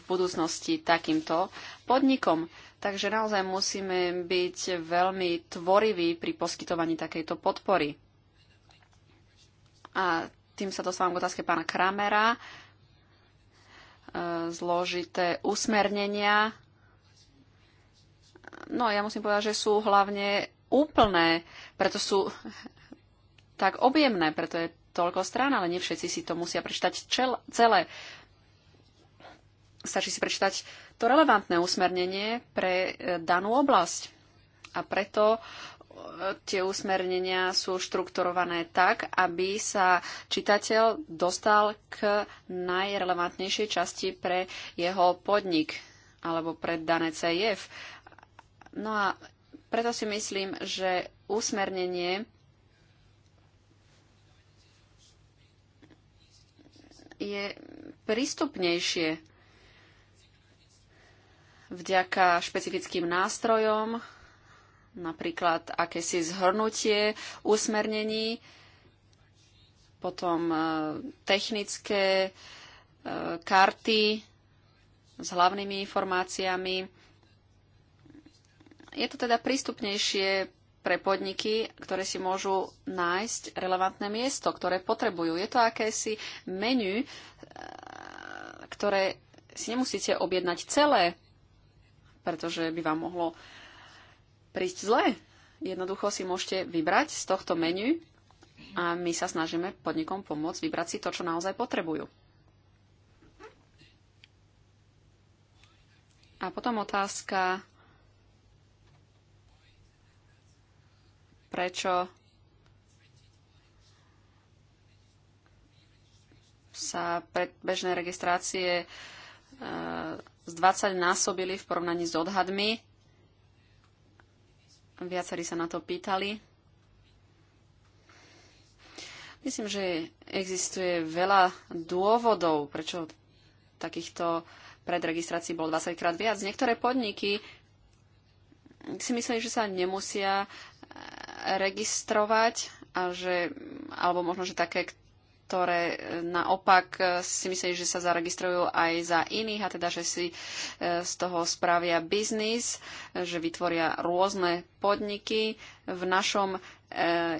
Speaker 3: v budúcnosti takýmto podnikom. Takže naozaj musíme byť veľmi tvoriví pri poskytovaní takejto podpory. A tým sa dostávam k otázke pána Kramera. Uh, zložité usmernenia. No ja musím povedať, že sú hlavne úplné, preto sú tak objemné, preto je toľko strán, ale nie všetci si to musia prečítať celé. Stačí si prečítať to relevantné usmernenie pre eh, danú oblasť. A preto tie usmernenia sú štrukturované tak, aby sa čitateľ dostal k najrelevantnejšej časti pre jeho podnik alebo pre dané CIF. No a preto si myslím, že usmernenie je prístupnejšie vďaka špecifickým nástrojom, napríklad akési zhrnutie usmernení, potom e, technické e, karty s hlavnými informáciami. Je to teda prístupnejšie pre podniky, ktoré si môžu nájsť relevantné miesto, ktoré potrebujú. Je to akési menu, e, ktoré si nemusíte objednať celé, pretože by vám mohlo uh, prísť zle. Jednoducho si môžete vybrať z tohto menu a my sa snažíme podnikom pomôcť vybrať si to, čo naozaj potrebujú. A potom otázka, prečo sa predbežné registrácie eh, z 20 násobili v porovnaní s odhadmi. Viacerí sa na to pýtali. Myslím, že existuje veľa dôvodov, prečo takýchto predregistrácií bolo 20 krát viac. Niektoré podniky si myslím, že sa nemusia registrovať a že, alebo možno, že také, ktoré e, naopak e, si myslí, že sa zaregistrujú aj za iných a teda, že si e, z toho spravia biznis, že vytvoria rôzne podniky. V našom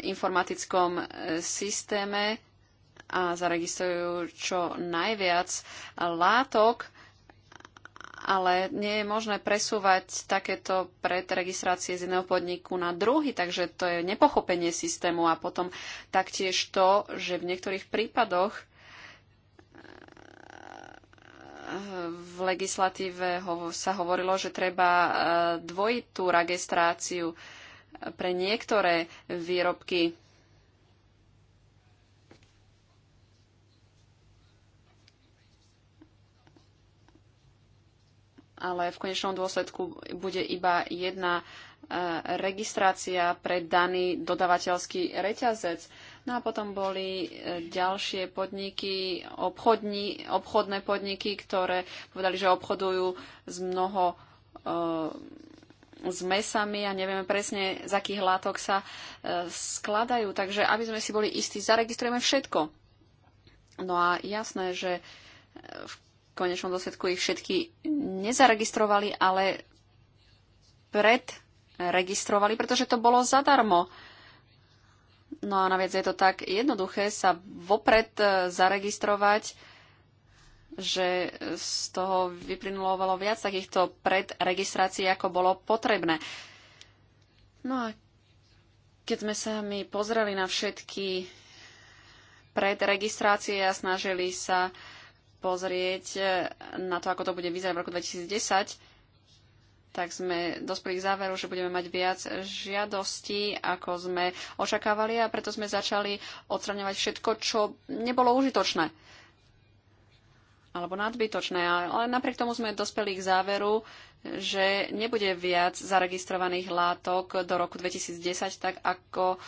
Speaker 3: informatickom systéme a zaregistrujú čo najviac látok, ale nie je možné presúvať takéto predregistrácie z jedného podniku na druhý, takže to je nepochopenie systému a potom taktiež to, že v niektorých prípadoch eh, v legislatíve sa hovorilo, že treba eh, dvojitú registráciu eh, pre niektoré výrobky ale v konečnom dôsledku bude iba jedna e, registrácia pre daný dodavateľský reťazec. No a potom boli e, ďalšie podniky, obchodní, obchodné podniky, ktoré povedali, že obchodujú s mnoho e, s mesami a nevieme presne, z akých látok sa e, skladajú. Takže aby sme si boli istí, zaregistrujeme všetko. No a jasné, že v konečnom dôsledku ich všetky nezaregistrovali, ale predregistrovali, pretože to bolo zadarmo. No a naviac je to tak jednoduché sa vopred e, zaregistrovať, že z toho vyplynulo veľa viac takýchto predregistrácií, ako bolo potrebné. No a keď sme sa my pozreli na všetky predregistrácie a snažili sa uh, pozrieť e, na to, ako to bude vyzerať v roku 2010, tak sme dospeli k záveru, že budeme mať viac žiadostí, ako sme očakávali a preto sme začali odstraňovať všetko, čo nebolo užitočné alebo nadbytočné. Ale napriek tomu sme dospeli k záveru, že nebude viac zaregistrovaných látok do roku 2010, tak ako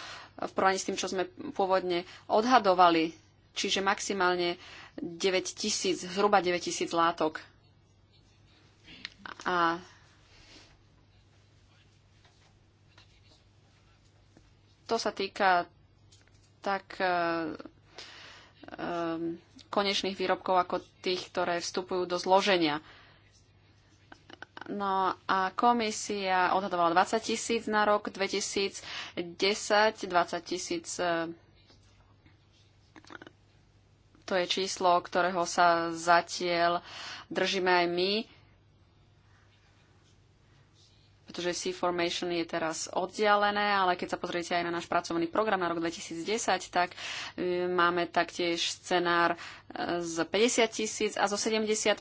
Speaker 3: v porovnaní s tým, čo sme pôvodne odhadovali. Čiže maximálne 9 tisíc, zhruba 9 tisíc látok. A to sa týka tak e, e, konečných výrobkov ako tých, ktoré vstupujú do zloženia. No a komisia odhadovala 20 tisíc na rok 2010, 20 tisíc to je číslo, ktorého sa zatiaľ držíme aj my, pretože C-Formation je teraz oddialené, ale keď sa pozriete aj na náš pracovný program na rok 2010, tak e, máme taktiež scenár e, z 50 tisíc a zo 75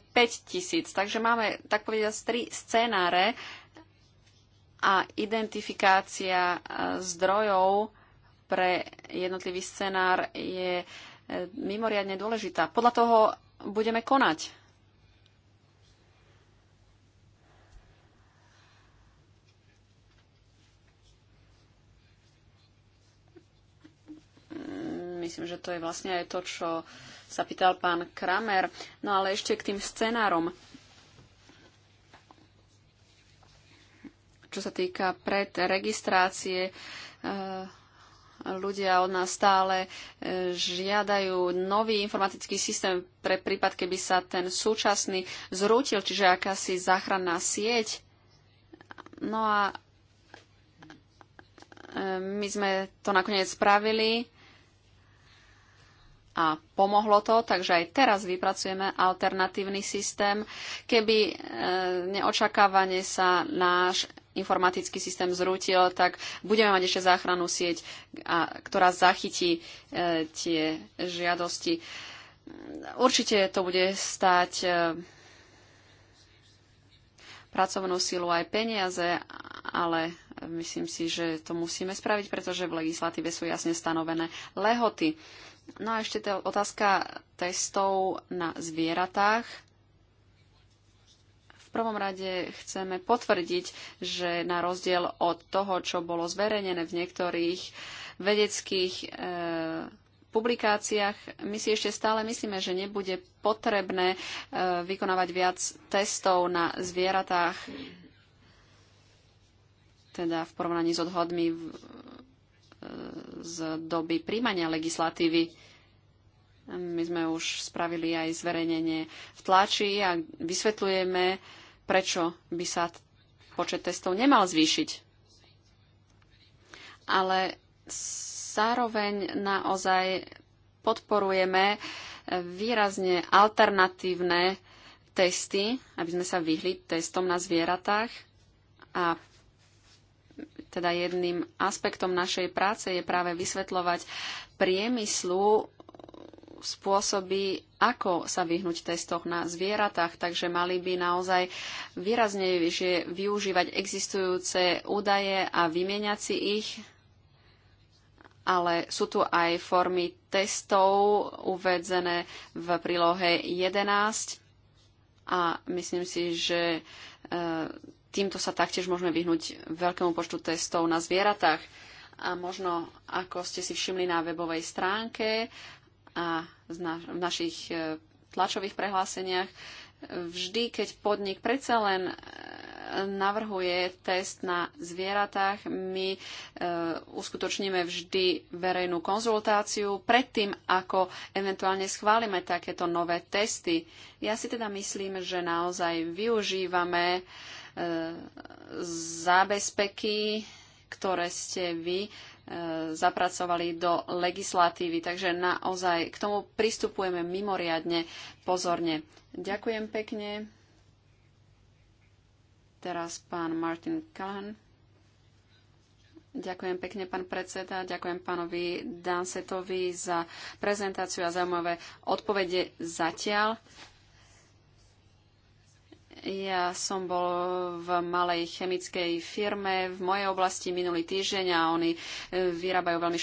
Speaker 3: tisíc. Takže máme, tak povediať, tri scenáre a identifikácia e, zdrojov pre jednotlivý scenár je mimoriadne dôležitá. Podľa toho budeme konať. Myslím, že to je vlastne aj to, čo sa pýtal pán Kramer. No ale ešte k tým scenárom. Čo sa týka predregistrácie. Eh, ľudia od nás stále e, žiadajú nový informatický systém pre prípad, keby sa ten súčasný zrútil, čiže akási záchranná sieť. No a e, my sme to nakoniec spravili a pomohlo to, takže aj teraz vypracujeme alternatívny systém, keby e, neočakávane sa náš informatický systém zrútil, tak budeme mať ešte záchranu sieť, a, ktorá zachytí e, tie žiadosti. Určite to bude stať e, pracovnú silu aj peniaze, ale myslím si, že to musíme spraviť, pretože v legislatíve sú jasne stanovené lehoty. No a ešte tá otázka testov na zvieratách prvom rade chceme potvrdiť, že na rozdiel od toho, čo bolo zverejnené v niektorých vedeckých e, publikáciách, my si ešte stále myslíme, že nebude potrebné e, vykonávať viac testov na zvieratách, teda v porovnaní s odhodmi v, e, z doby príjmania legislatívy. My sme už spravili aj zverejnenie v tlači a vysvetlujeme prečo by sa počet testov nemal zvýšiť. Ale zároveň naozaj podporujeme výrazne alternatívne testy, aby sme sa vyhli testom na zvieratách. A teda jedným aspektom našej práce je práve vysvetľovať priemyslu spôsoby, ako sa vyhnúť testoch na zvieratách, takže mali by naozaj výrazne využívať existujúce údaje a vymieňať si ich, ale sú tu aj formy testov uvedzené v prílohe 11 a myslím si, že e, týmto sa taktiež môžeme vyhnúť veľkému počtu testov na zvieratách a možno, ako ste si všimli na webovej stránke, a v našich e, tlačových prehláseniach vždy, keď podnik predsa len e, navrhuje test na zvieratách, my e, uskutočníme vždy verejnú konzultáciu predtým, ako eventuálne schválime takéto nové testy. Ja si teda myslím, že naozaj využívame e, zábezpeky, ktoré ste vy zapracovali do legislatívy. Takže naozaj k tomu pristupujeme mimoriadne pozorne. Ďakujem pekne. Teraz pán Martin Kahn. Ďakujem pekne, pán predseda. Ďakujem pánovi Dansetovi za prezentáciu a zaujímavé odpovede zatiaľ. Ja som bol v malej chemickej firme v mojej oblasti minulý týždeň a oni e, vyrábajú veľmi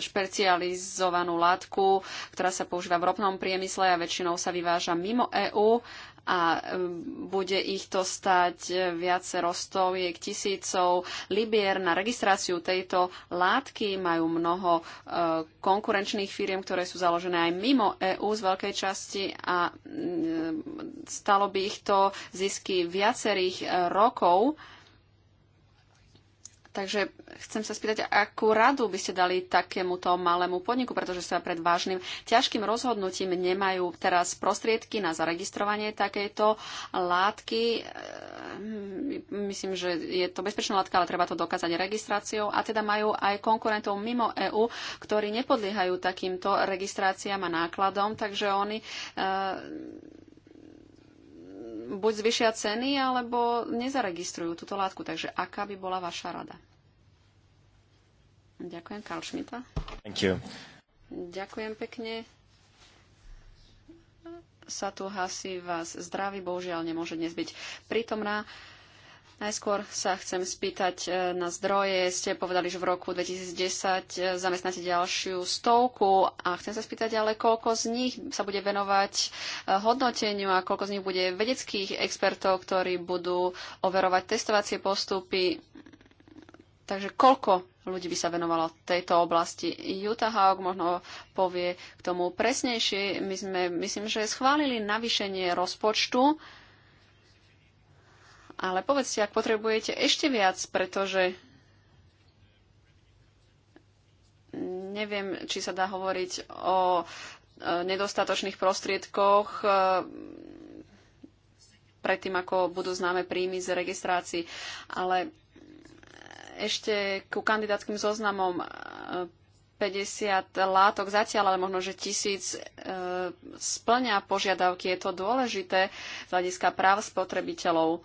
Speaker 3: špecializovanú látku, ktorá sa používa v ropnom priemysle a väčšinou sa vyváža mimo EÚ a e, bude ich to stať e, viacero stoviek tisícov libier na registráciu tejto látky. Majú mnoho e, konkurenčných firiem, ktoré sú založené aj mimo EÚ z veľkej časti a stalo by ich to zisky viacerých rokov Takže chcem sa spýtať, akú radu by ste dali takémuto malému podniku, pretože sa pred vážnym ťažkým rozhodnutím nemajú teraz prostriedky na zaregistrovanie takejto látky. Ehm, myslím, že je to bezpečná látka, ale treba to dokázať registráciou. A teda majú aj konkurentov mimo EÚ, ktorí nepodliehajú takýmto registráciám a nákladom, takže oni ehm, buď zvyšia ceny, alebo nezaregistrujú túto látku. Takže aká by bola vaša rada? Ďakujem, Karl Šmita. Thank you. Ďakujem pekne. Satu Hasi vás zdraví, bohužiaľ nemôže dnes byť prítomná. Najskôr sa chcem spýtať e, na zdroje. Ste povedali, že v roku 2010 e, zamestnáte ďalšiu stovku a chcem sa spýtať, ale koľko z nich sa bude venovať e, hodnoteniu a koľko z nich bude vedeckých expertov, ktorí budú overovať testovacie postupy Takže koľko ľudí by sa venovalo tejto oblasti? Utah Hawk možno povie k tomu presnejšie. My sme, myslím, že schválili navýšenie rozpočtu, ale povedzte, ak potrebujete ešte viac, pretože neviem, či sa dá hovoriť o e, nedostatočných prostriedkoch e, predtým, ako budú známe príjmy z registrácií. Ale ešte ku kandidátskym zoznamom 50 e, látok zatiaľ, ale možno, že tisíc e, splňa požiadavky. Je to dôležité z hľadiska práv spotrebiteľov.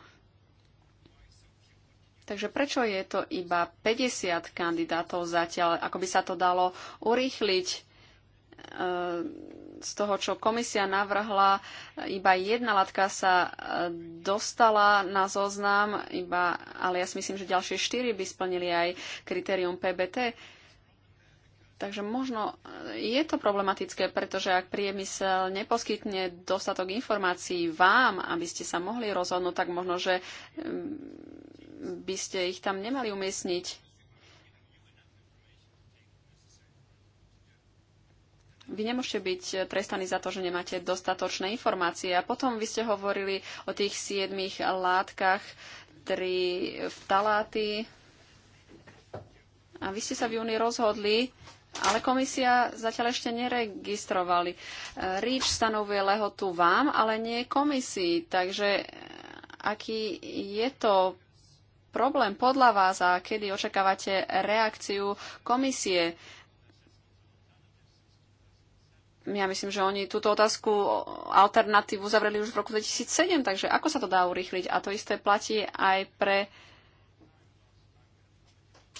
Speaker 3: Takže prečo je to iba 50 kandidátov zatiaľ? Ako by sa to dalo urýchliť? E, z toho, čo komisia navrhla, iba jedna látka sa e, dostala na zoznam, iba, ale ja si myslím, že ďalšie štyri by splnili aj kritérium PBT. Takže možno e, je to problematické, pretože ak priemysel neposkytne dostatok informácií vám, aby ste sa mohli rozhodnúť, tak možno, že e, by ste ich tam nemali umiestniť vy nemôžete byť trestaní za to, že nemáte dostatočné informácie. A potom vy ste hovorili o tých siedmých látkach, tri vtaláty. A vy ste sa v júni rozhodli, ale komisia zatiaľ ešte neregistrovali. REACH stanovuje lehotu vám, ale nie komisii. Takže eh, aký je to problém podľa vás a kedy očakávate reakciu komisie? ja myslím, že oni túto otázku alternatívu zavreli už v roku 2007, takže ako sa to dá urýchliť? A to isté platí aj pre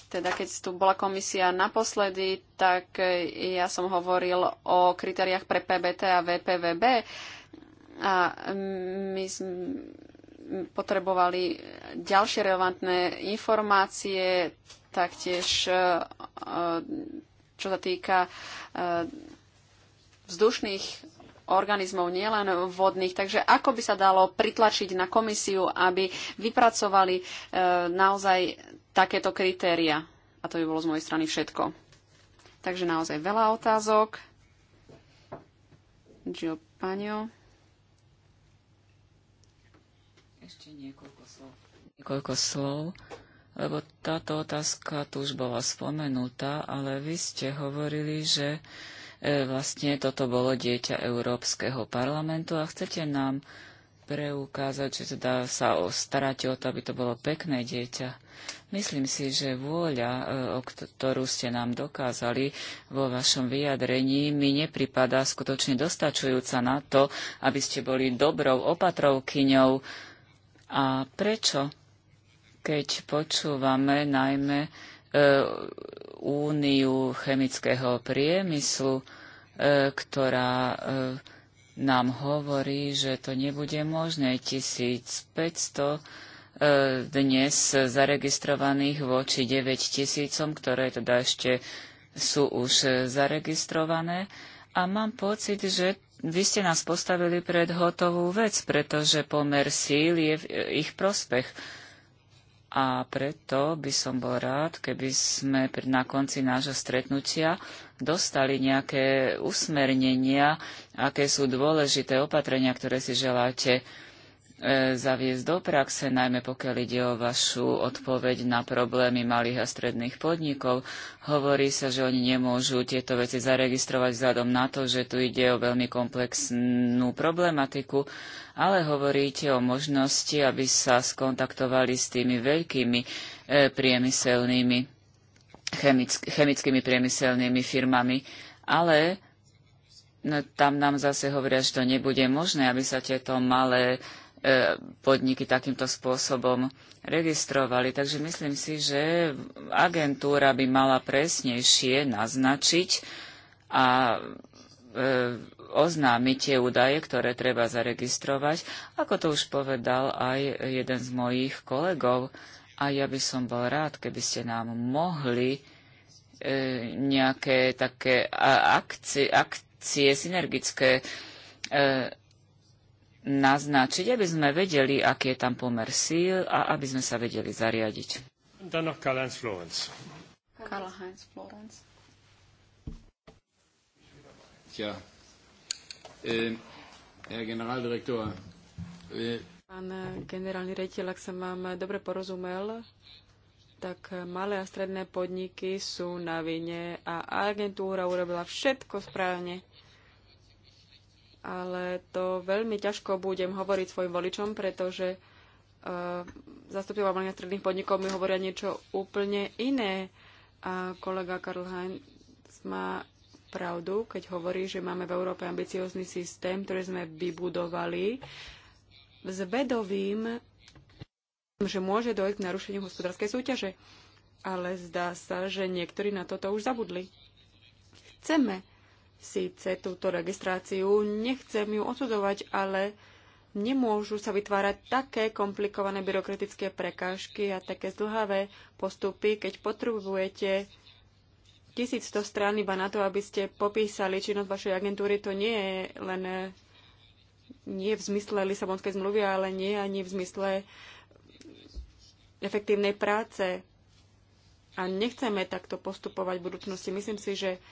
Speaker 3: teda keď tu bola komisia naposledy, tak ja som hovoril o kritériách pre PBT a VPVB a my sme potrebovali ďalšie relevantné informácie, taktiež e, e, čo sa týka e, vzdušných organizmov, nielen vodných. Takže ako by sa dalo pritlačiť na komisiu, aby vypracovali e, naozaj takéto kritéria? A to by bolo z mojej strany všetko. Takže naozaj veľa otázok. Gio
Speaker 2: Ešte niekoľko slov.
Speaker 3: Niekoľko slov,
Speaker 2: lebo táto otázka tu už bola spomenutá, ale vy ste hovorili, že E, vlastne toto bolo dieťa Európskeho parlamentu a chcete nám preukázať, že teda sa staráte o to, aby to bolo pekné dieťa. Myslím si, že vôľa, e, o ktorú ste nám dokázali vo vašom vyjadrení, mi nepripadá skutočne dostačujúca na to, aby ste boli dobrou opatrovkyňou. A prečo? Keď počúvame najmä E, úniu chemického priemyslu, e, ktorá e, nám hovorí, že to nebude možné. 1500 dnes zaregistrovaných voči 9 tisícom, ktoré teda ešte sú už zaregistrované. A mám pocit, že vy ste nás postavili pred hotovú vec, pretože pomer síl je v ich prospech a preto by som bol rád, keby sme na konci nášho stretnutia dostali nejaké usmernenia, aké sú dôležité opatrenia, ktoré si želáte E, zaviesť do praxe, najmä pokiaľ ide o vašu odpoveď na problémy malých a stredných podnikov. Hovorí sa, že oni nemôžu tieto veci zaregistrovať vzhľadom na to, že tu ide o veľmi komplexnú problematiku, ale hovoríte o možnosti, aby sa skontaktovali s tými veľkými e, priemyselnými, chemickými priemyselnými firmami, ale no, tam nám zase hovoria, že to nebude možné, aby sa tieto malé E, podniky takýmto spôsobom registrovali. Takže myslím si, že agentúra by mala presnejšie naznačiť a e, oznámiť tie údaje, ktoré treba zaregistrovať, ako to už povedal aj jeden z mojich kolegov. A ja by som bol rád, keby ste nám mohli e, nejaké také akcie, akcie synergické e, naznačiť, aby sme vedeli, aký je tam pomer síl a aby sme sa vedeli zariadiť.
Speaker 3: Karl-Heinz Florenz. Karl-Heinz Florenz.
Speaker 2: Ja. Eh, Herr Generaldirektor, eh,
Speaker 1: Pán eh, generálny rejiteľ, ak sa vám dobre porozumel, tak malé a stredné podniky sú na vine a agentúra urobila všetko správne ale to veľmi ťažko budem hovoriť svojim voličom, pretože uh, zastupcovia malých stredných podnikov mi hovoria niečo úplne iné. A kolega Karl Heinz má pravdu, keď hovorí, že máme v Európe ambiciózny systém, ktorý sme vybudovali s vedovým, že môže dojť k narušeniu hospodárskej súťaže. Ale zdá sa, že niektorí na toto už zabudli. Chceme síce túto registráciu, nechcem ju odsudovať, ale nemôžu sa vytvárať také komplikované byrokratické prekážky a také zdlhavé postupy, keď potrebujete 1100 strán iba na to, aby ste popísali činnosť vašej agentúry. To nie je len nie v zmysle Lisabonskej zmluvy, ale nie ani v zmysle efektívnej práce. A nechceme takto postupovať v budúcnosti. Myslím si, že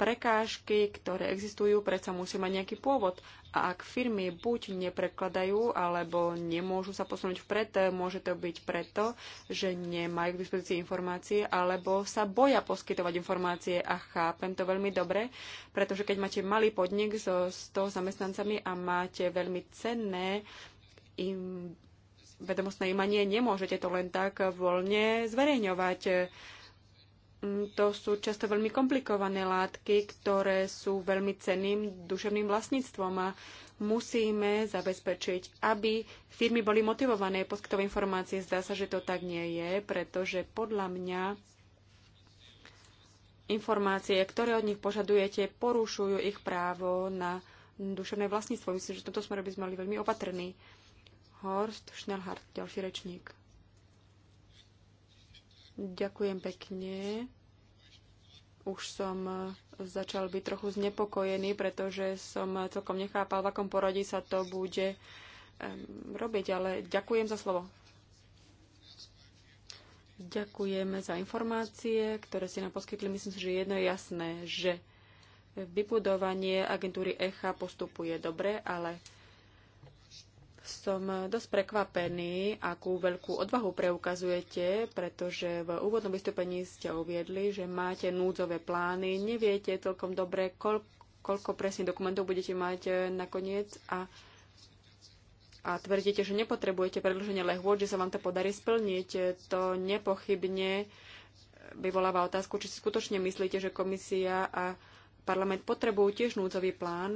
Speaker 1: prekážky, ktoré existujú, predsa musí mať nejaký pôvod. A ak firmy buď neprekladajú, alebo nemôžu sa posunúť vpred, môže to byť preto, že nemajú k dispozícii informácie, alebo sa boja poskytovať informácie a chápem to veľmi dobre, pretože keď máte malý podnik so 100 zamestnancami a máte veľmi cenné im vedomostné imanie, nemôžete to len tak voľne zverejňovať Mm, to sú často veľmi komplikované látky, ktoré sú veľmi cenným duševným vlastníctvom a musíme zabezpečiť, aby firmy boli motivované poskytovať informácie. Zdá sa, že to tak nie je, pretože podľa mňa informácie, ktoré od nich požadujete, porušujú ich právo na duševné vlastníctvo. Myslím, že v tomto smere by sme mali veľmi opatrní. Horst Schnellhardt, ďalší rečník. Ďakujem pekne. Už som e, začal byť trochu znepokojený, pretože som e, celkom nechápal, v akom poradí sa to bude robiť, ale ďakujem za slovo. Ďakujeme za informácie, ktoré ste nám poskytli. Myslím si, že jedno je jasné, že vybudovanie agentúry ECHA postupuje dobre, ale som eh, dosť prekvapený, akú veľkú odvahu preukazujete, pretože v úvodnom vystúpení ste uviedli, že máte núdzové plány, neviete celkom dobre, koľko, koľko presne dokumentov budete mať eh, nakoniec a, a tvrdíte, že nepotrebujete predlženie lehôd, že sa vám to podarí splniť. To nepochybne vyvoláva otázku, či si skutočne myslíte, že komisia a Parlament potrebujú tiež núdzový plán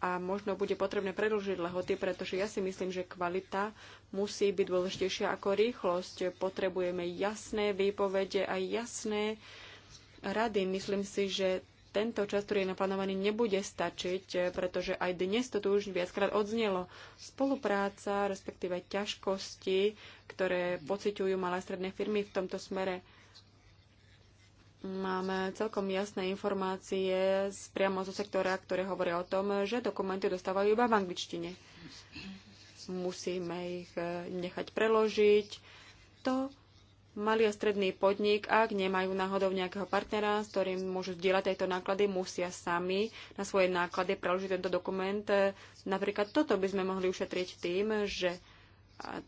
Speaker 1: a možno bude potrebné predlžiť lehoty, pretože ja si myslím, že kvalita musí byť dôležitejšia ako rýchlosť. Potrebujeme jasné výpovede a jasné rady. Myslím si, že tento čas, ktorý je naplánovaný, nebude stačiť, pretože aj dnes to tu už viackrát odznelo. Spolupráca, respektíve ťažkosti, ktoré pociťujú malé stredné firmy v tomto smere Máme celkom jasné informácie z, priamo zo sektora, ktoré hovoria o tom, že dokumenty dostávajú iba v angličtine. Musíme ich e, nechať preložiť. To malý a stredný podnik, ak nemajú náhodou nejakého partnera, s ktorým môžu zdieľať tieto náklady, musia sami na svoje náklady preložiť tento dokument. E, napríklad toto by sme mohli ušetriť tým, že a,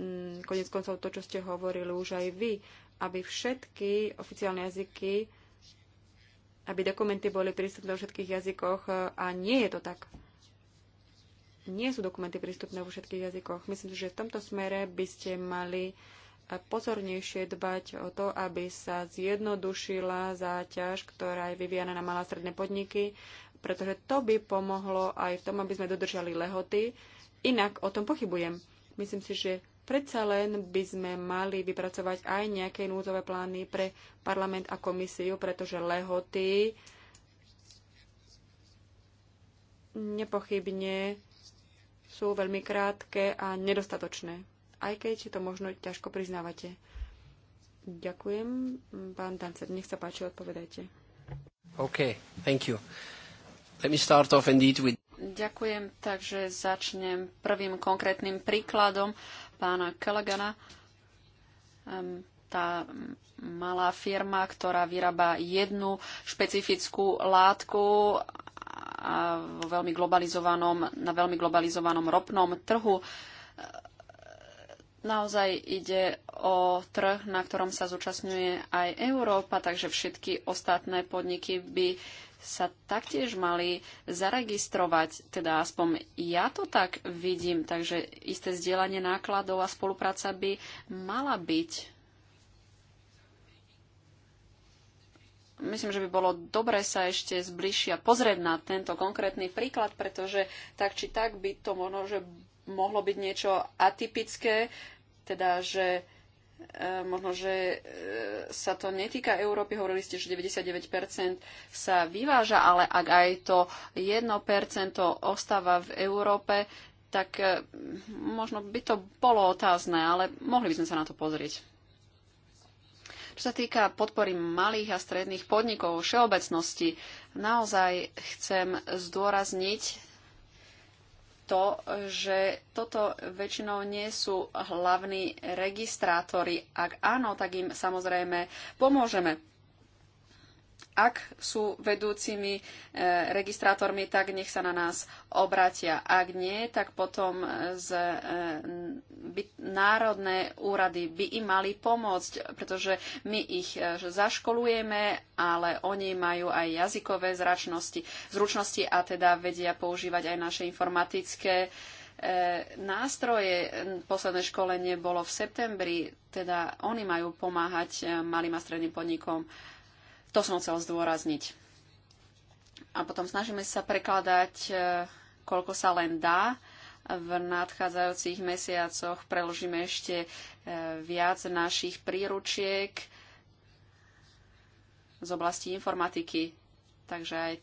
Speaker 1: mm, konec koncov to, čo ste hovorili už aj vy, aby všetky oficiálne jazyky, aby dokumenty boli prístupné vo všetkých jazykoch e, a nie je to tak. Nie sú dokumenty prístupné vo všetkých jazykoch. Myslím si, že v tomto smere by ste mali e, pozornejšie dbať o to, aby sa zjednodušila záťaž, ktorá je vyvíjana na malé a stredné podniky, pretože to by pomohlo aj v tom, aby sme dodržali lehoty. Inak o tom pochybujem. Myslím si, že Predsa len by sme mali vypracovať aj nejaké núdzové plány pre parlament a komisiu, pretože lehoty nepochybne sú veľmi krátke a nedostatočné, aj keď to možno ťažko priznávate. Ďakujem. Pán Tancer, nech sa páči, odpovedajte.
Speaker 3: OK, thank you. Let me start off indeed with...
Speaker 1: Ďakujem, takže začnem prvým
Speaker 3: konkrétnym príkladom pána Kelagana. Tá malá firma, ktorá vyrába jednu špecifickú látku a vo veľmi globalizovanom, na veľmi globalizovanom ropnom trhu. Naozaj ide o trh, na ktorom sa zúčastňuje aj Európa, takže všetky ostatné podniky by sa taktiež mali zaregistrovať, teda aspoň ja to tak vidím, takže isté zdieľanie nákladov a spolupráca by mala byť. Myslím, že by bolo dobre sa ešte zbližšia pozrieť na tento konkrétny príklad, pretože tak či tak by to možno, že mohlo byť niečo atypické, teda že Eh, možno, že eh, sa to netýka Európy, hovorili ste, že 99% sa vyváža, ale ak aj to 1% ostáva v Európe, tak eh, možno by to bolo otázne, ale mohli by sme sa na to pozrieť. Čo sa týka podpory malých a stredných podnikov všeobecnosti, naozaj chcem zdôrazniť to, že toto väčšinou nie sú hlavní registrátori. Ak áno, tak im samozrejme pomôžeme ak sú vedúcimi e, registrátormi, tak nech sa na nás obratia. Ak nie, tak potom z, e, by, národné úrady by im mali pomôcť, pretože my ich e, zaškolujeme, ale oni majú aj jazykové zračnosti, zručnosti a teda vedia používať aj naše informatické nástroje. Posledné školenie bolo v septembri, teda oni majú pomáhať malým a stredným podnikom to som chcel zdôrazniť. A potom snažíme sa prekladať, e, koľko sa len dá. V nadchádzajúcich mesiacoch preložíme ešte e, viac našich príručiek z oblasti informatiky. Takže aj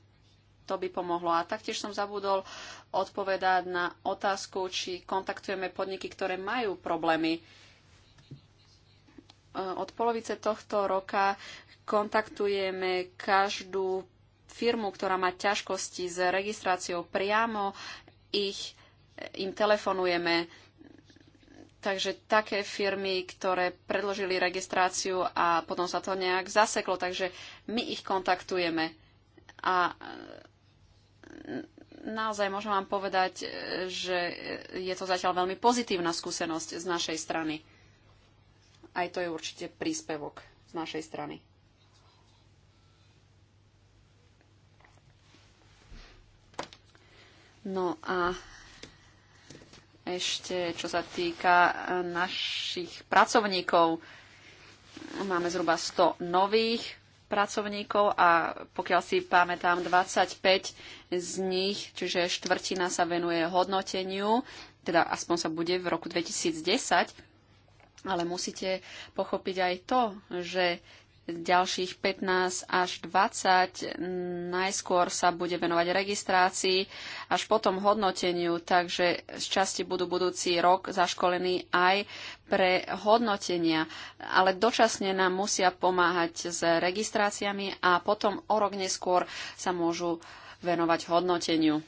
Speaker 3: to by pomohlo. A taktiež som zabudol odpovedať na otázku, či kontaktujeme podniky, ktoré majú problémy. E, od polovice tohto roka Kontaktujeme každú firmu, ktorá má ťažkosti s registráciou priamo, ich, e, im telefonujeme. Takže také firmy, ktoré predložili registráciu a potom sa to nejak zaseklo, takže my ich kontaktujeme. A e, naozaj môžem vám povedať, e, že je to zatiaľ veľmi pozitívna skúsenosť z našej strany. Aj to je určite príspevok z našej strany. No a ešte, čo sa týka e, našich pracovníkov, máme zhruba 100 nových pracovníkov a pokiaľ si pamätám, 25 z nich, čiže štvrtina sa venuje hodnoteniu, teda aspoň sa bude v roku 2010, ale musíte pochopiť aj to, že ďalších 15 až 20. Najskôr sa bude venovať registrácii, až potom hodnoteniu, takže z časti budú budúci rok zaškolení aj pre hodnotenia. Ale dočasne nám musia pomáhať s registráciami a potom o rok neskôr sa môžu venovať hodnoteniu.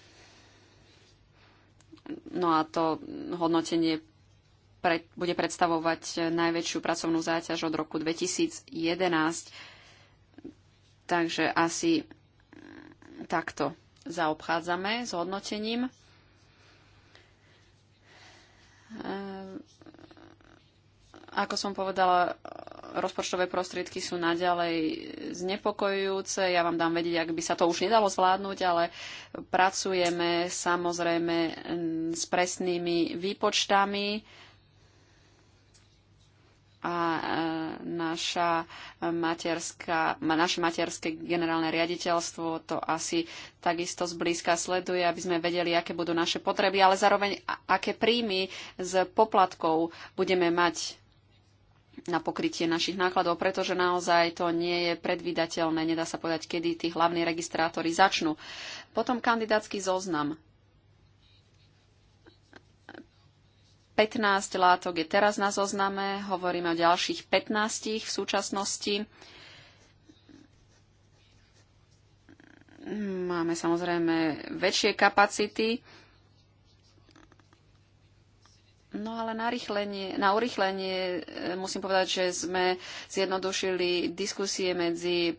Speaker 3: No a to hodnotenie bude predstavovať najväčšiu pracovnú záťaž od roku 2011. Takže asi takto zaobchádzame s hodnotením. Ehm, ako som povedala, rozpočtové prostriedky sú naďalej znepokojujúce. Ja vám dám vedieť, ak by sa to už nedalo zvládnuť, ale pracujeme samozrejme ehm, s presnými výpočtami a e, naša materská, naše materské generálne riaditeľstvo to asi takisto zblízka sleduje, aby sme vedeli, aké budú naše potreby, ale zároveň aké príjmy z poplatkov budeme mať na pokrytie našich nákladov, pretože naozaj to nie je predvídateľné, nedá sa povedať, kedy tí hlavní registrátori začnú. Potom kandidátsky zoznam. 15 látok je teraz na zozname, hovoríme o ďalších 15 v súčasnosti. Máme samozrejme väčšie kapacity. No ale na, rýchlenie, na urychlenie e, musím povedať, že sme zjednodušili diskusie medzi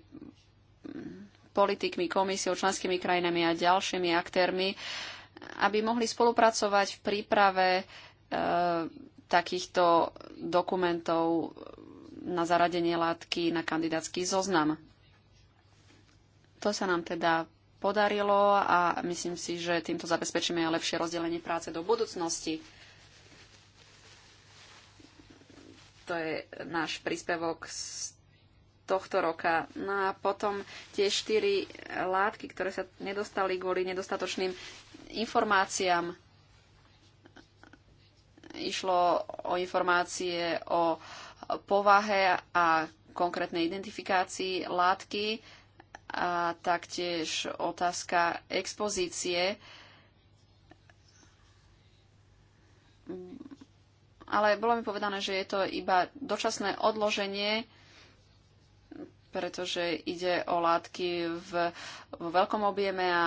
Speaker 3: politikmi, komisiou, členskými krajinami a ďalšími aktérmi, aby mohli spolupracovať v príprave E, takýchto dokumentov na zaradenie látky na kandidátsky zoznam. To sa nám teda podarilo a myslím si, že týmto zabezpečíme aj lepšie rozdelenie práce do budúcnosti. To je náš príspevok z tohto roka. No a potom tie štyri látky, ktoré sa nedostali kvôli nedostatočným informáciám Išlo o informácie o povahe a konkrétnej identifikácii látky a taktiež otázka expozície. Ale bolo mi povedané, že je to iba dočasné odloženie, pretože ide o látky v, v veľkom objeme a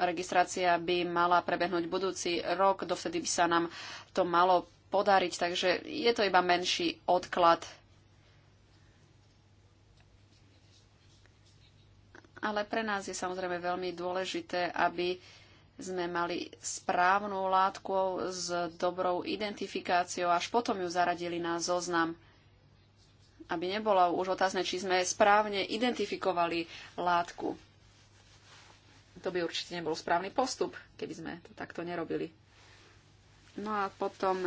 Speaker 3: registrácia by mala prebehnúť budúci rok, dovtedy by sa nám to malo podariť, takže je to iba menší odklad. Ale pre nás je samozrejme veľmi dôležité, aby sme mali správnu látku s dobrou identifikáciou, až potom ju zaradili na zoznam. Aby nebolo už otázne, či sme správne identifikovali látku to by určite nebol správny postup, keby sme to takto nerobili. No a potom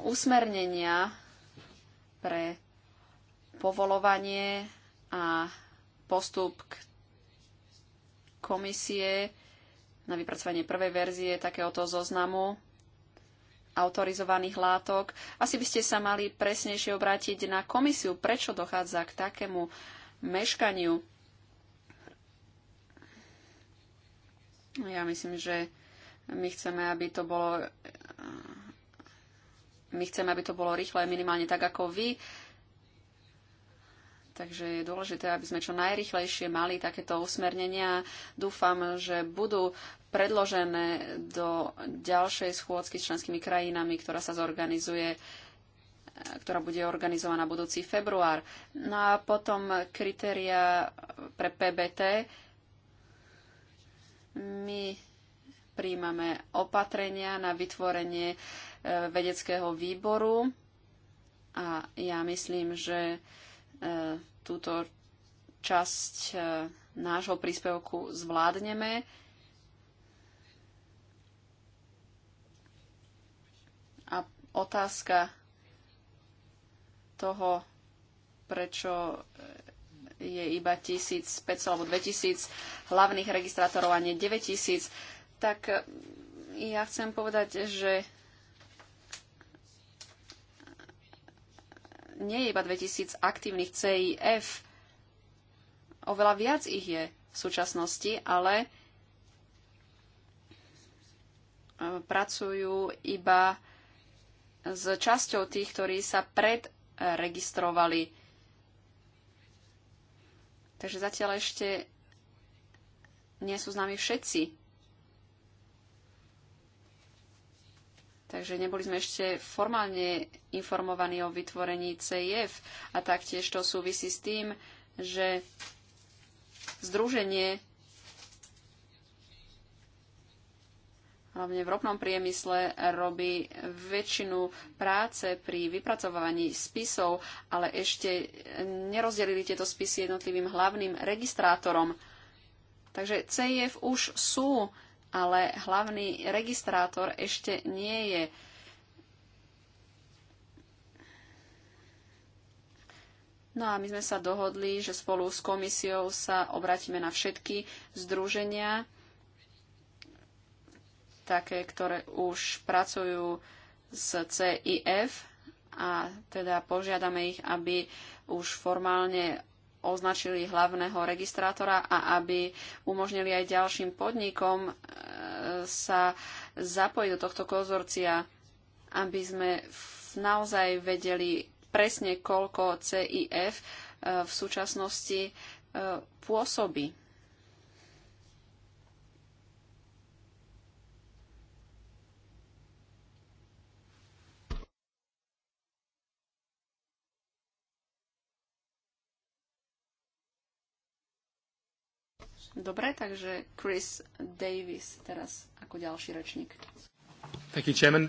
Speaker 3: usmernenia pre povolovanie a postup k komisie na vypracovanie prvej verzie takéhoto zoznamu autorizovaných látok. Asi by ste sa mali presnejšie obrátiť na komisiu, prečo dochádza k takému meškaniu Ja myslím, že my chceme, aby to bolo my chceme, aby to bolo rýchle, minimálne tak ako vy. Takže je dôležité, aby sme čo najrychlejšie mali takéto usmernenia. Dúfam, že budú predložené do ďalšej schôdzky s členskými krajinami, ktorá sa zorganizuje ktorá bude organizovaná budúci február. No a potom kritéria pre PBT my príjmame opatrenia na vytvorenie e, vedeckého výboru a ja myslím, že e, túto časť e, nášho príspevku zvládneme. A otázka toho, prečo je iba 1500 alebo 2000 hlavných registrátorov a nie 9000, tak e, ja chcem povedať, že nie je iba 2000 aktívnych CIF. Oveľa viac ich je v súčasnosti, ale e, pracujú iba s časťou tých, ktorí sa predregistrovali Takže zatiaľ ešte nie sú nami všetci. Takže neboli sme ešte formálne informovaní o vytvorení CIF a taktiež to súvisí s tým, že združenie hlavne v ropnom priemysle, robí väčšinu práce pri vypracovaní spisov, ale ešte nerozdelili tieto spisy jednotlivým hlavným registrátorom. Takže CIF už sú, ale hlavný registrátor ešte nie je. No a my sme sa dohodli, že spolu s komisiou sa obratíme na všetky združenia také, ktoré už pracujú s CIF a teda požiadame ich, aby už formálne označili hlavného registrátora a aby umožnili aj ďalším podnikom e, sa zapojiť do tohto konzorcia, aby sme naozaj vedeli presne, koľko CIF e, v súčasnosti e, pôsobí. Dobre, takže Chris Davis teraz ako ďalší rečník. Thank you, Chairman.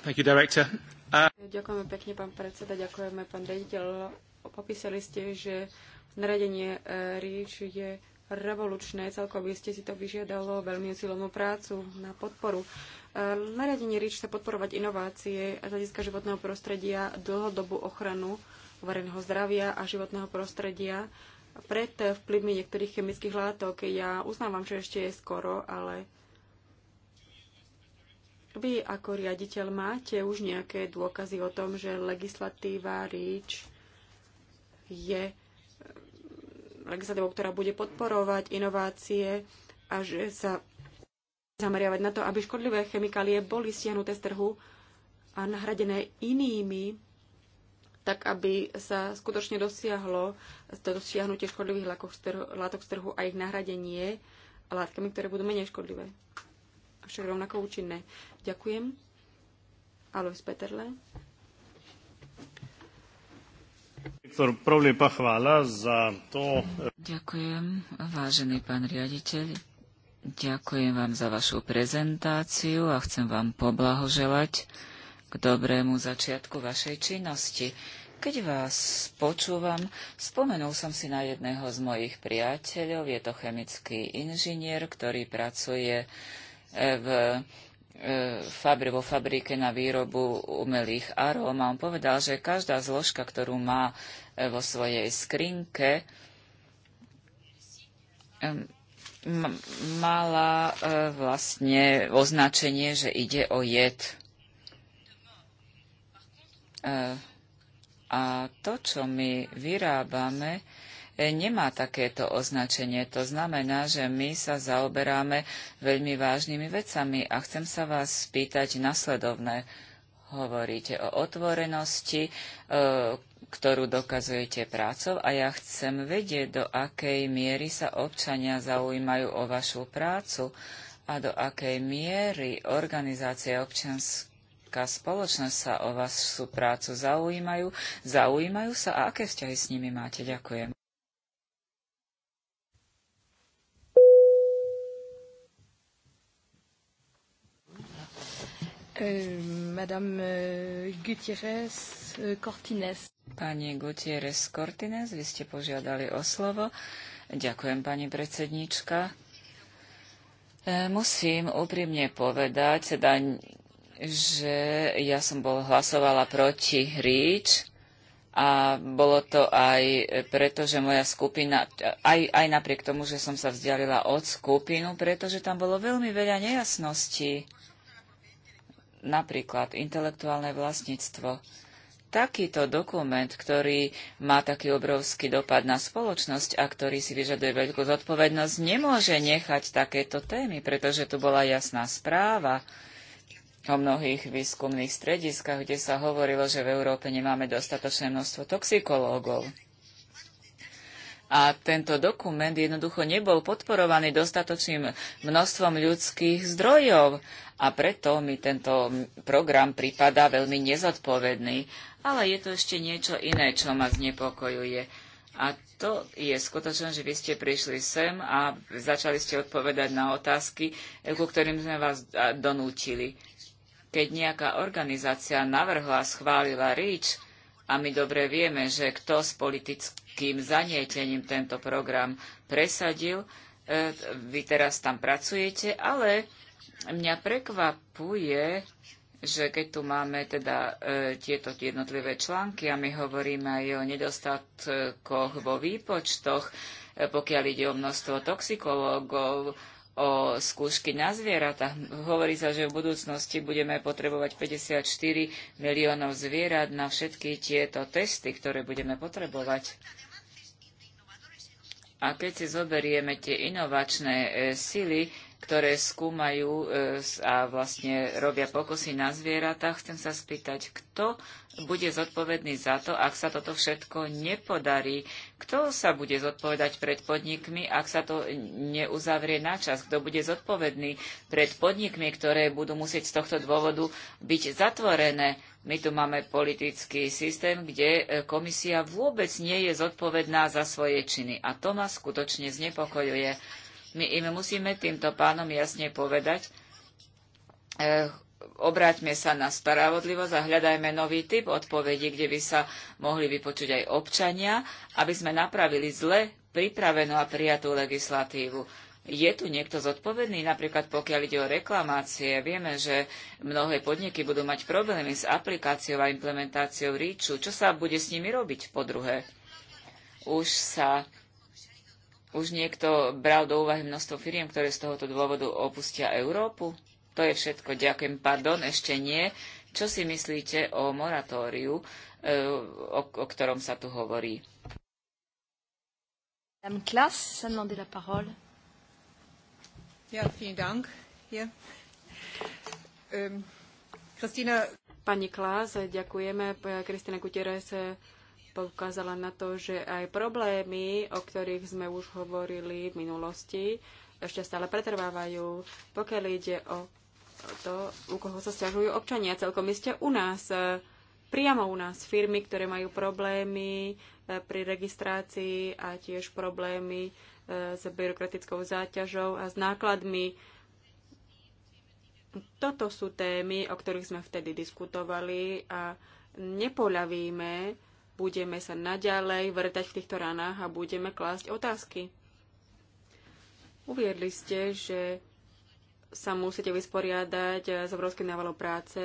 Speaker 3: Thank you, Director.
Speaker 1: Uh... Ďakujeme pekne, pán predseda, ďakujeme, pán rediteľ. Popísali ste, že naradenie eh, REACH je revolučné. Celkovo ste si to vyžiadalo veľmi usilovnú prácu na podporu. Eh, nariadenie REACH sa podporovať inovácie a z hľadiska životného prostredia, dlhodobú ochranu verejného zdravia a životného prostredia pred vplyvmi niektorých chemických látok. Ja uznávam, že ešte je skoro, ale vy ako riaditeľ máte už nejaké dôkazy o tom, že legislatíva REACH je eh, legislatívou, ktorá bude podporovať inovácie a že sa zameriavať na to, aby škodlivé chemikálie boli stiahnuté z trhu a nahradené inými tak aby sa skutočne dosiahlo to dosiahnutie škodlivých látok z trhu a ich nahradenie látkami, ktoré budú menej škodlivé. Avšak rovnako účinné. Ďakujem. Alois Peterle.
Speaker 3: za to. E, Ďakujem,
Speaker 2: vážený pán riaditeľ. Ďakujem vám za vašu prezentáciu a chcem vám poblahoželať k dobrému začiatku vašej činnosti. Keď vás počúvam, spomenul som si na jedného z mojich priateľov, je to chemický inžinier, ktorý pracuje e, v e, vo fabrike na výrobu umelých aróm a on povedal, že každá zložka, ktorú má e, vo svojej skrinke, mala vlastne označenie, že ide o jed. E, a to, čo my vyrábame, e, nemá takéto označenie. To znamená, že my sa zaoberáme veľmi vážnymi vecami a chcem sa vás spýtať nasledovné. Hovoríte o otvorenosti, e, ktorú dokazujete prácou a ja chcem vedieť, do akej miery sa občania zaujímajú o vašu prácu a do akej miery organizácie občianskej občianská spoločnosť sa o vašu prácu zaujímajú? Zaujímajú sa a aké vzťahy s nimi máte? Ďakujem.
Speaker 3: Euh, madame euh, Gutierrez euh, Cortines.
Speaker 2: Pani Gutierrez Cortines, vy ste požiadali o slovo. Ďakujem, pani predsednička. E, musím úprimne povedať, teda že ja som bol, hlasovala proti REACH a bolo to aj preto, že moja skupina, aj, aj napriek tomu, že som sa vzdialila od skupinu, pretože tam bolo veľmi veľa nejasností. Napríklad intelektuálne vlastníctvo. Takýto dokument, ktorý má taký obrovský dopad na spoločnosť a ktorý si vyžaduje veľkú zodpovednosť, nemôže nechať takéto témy, pretože tu bola jasná správa o mnohých výskumných strediskách, kde sa hovorilo, že v Európe nemáme dostatočné množstvo toxikológov. A tento dokument jednoducho nebol podporovaný dostatočným množstvom ľudských zdrojov. A preto mi tento program pripadá veľmi nezodpovedný. Ale je to ešte niečo iné, čo ma znepokojuje. A to je skutočné, že vy ste prišli sem a začali ste odpovedať na otázky, ku ktorým sme vás donútili. Keď nejaká organizácia navrhla a schválila REACH, a my dobre vieme, že kto s politickým zanietením tento program presadil, e, vy teraz tam pracujete, ale mňa prekvapuje, že keď tu máme teda e, tieto jednotlivé články a my hovoríme aj o nedostatkoch vo výpočtoch, e, pokiaľ ide o množstvo toxikológov, o skúšky na zvieratách. Hovorí sa, že v budúcnosti budeme potrebovať 54 miliónov zvierat na všetky tieto testy, ktoré budeme potrebovať. A keď si zoberieme tie inovačné e, sily, ktoré skúmajú e, a vlastne robia pokusy na zvieratách. Chcem sa spýtať, kto bude zodpovedný za to, ak sa toto všetko nepodarí? Kto sa bude zodpovedať pred podnikmi, ak sa to neuzavrie na čas? Kto bude zodpovedný pred podnikmi, ktoré budú musieť z tohto dôvodu byť zatvorené? My tu máme politický systém, kde e, komisia vôbec nie je zodpovedná za svoje činy. A to ma skutočne znepokojuje my im musíme týmto pánom jasne povedať, eh, obráťme sa na spravodlivosť a hľadajme nový typ odpovedí, kde by sa mohli vypočuť aj občania, aby sme napravili zle pripravenú a prijatú legislatívu. Je tu niekto zodpovedný, napríklad pokiaľ ide o reklamácie? Vieme, že mnohé podniky budú mať problémy s aplikáciou a implementáciou ríču. Čo sa bude s nimi robiť po druhé? Už sa už niekto bral do úvahy množstvo firiem, ktoré z tohoto dôvodu opustia Európu? To je všetko. Ďakujem. Pardon, ešte nie. Čo si myslíte o moratóriu, e, o, o ktorom sa tu hovorí?
Speaker 3: Madame Klaas, la parole.
Speaker 1: Ja, vielen Dank. Um, Christina... Pani Klaas, ďakujeme. Kristina Gutierrez poukázala na to, že aj problémy, o ktorých sme už hovorili v minulosti, ešte stále pretrvávajú, pokiaľ ide o to, u koho sa stiažujú občania. Celkom iste u nás, e, priamo u nás, firmy, ktoré majú problémy e, pri registrácii a tiež problémy e, s byrokratickou záťažou a s nákladmi. Toto sú témy, o ktorých sme vtedy diskutovali a nepoľavíme Budeme sa naďalej vrtať v týchto ranách a budeme klásť otázky. Uviedli ste, že sa musíte vysporiadať s obrovským návalom práce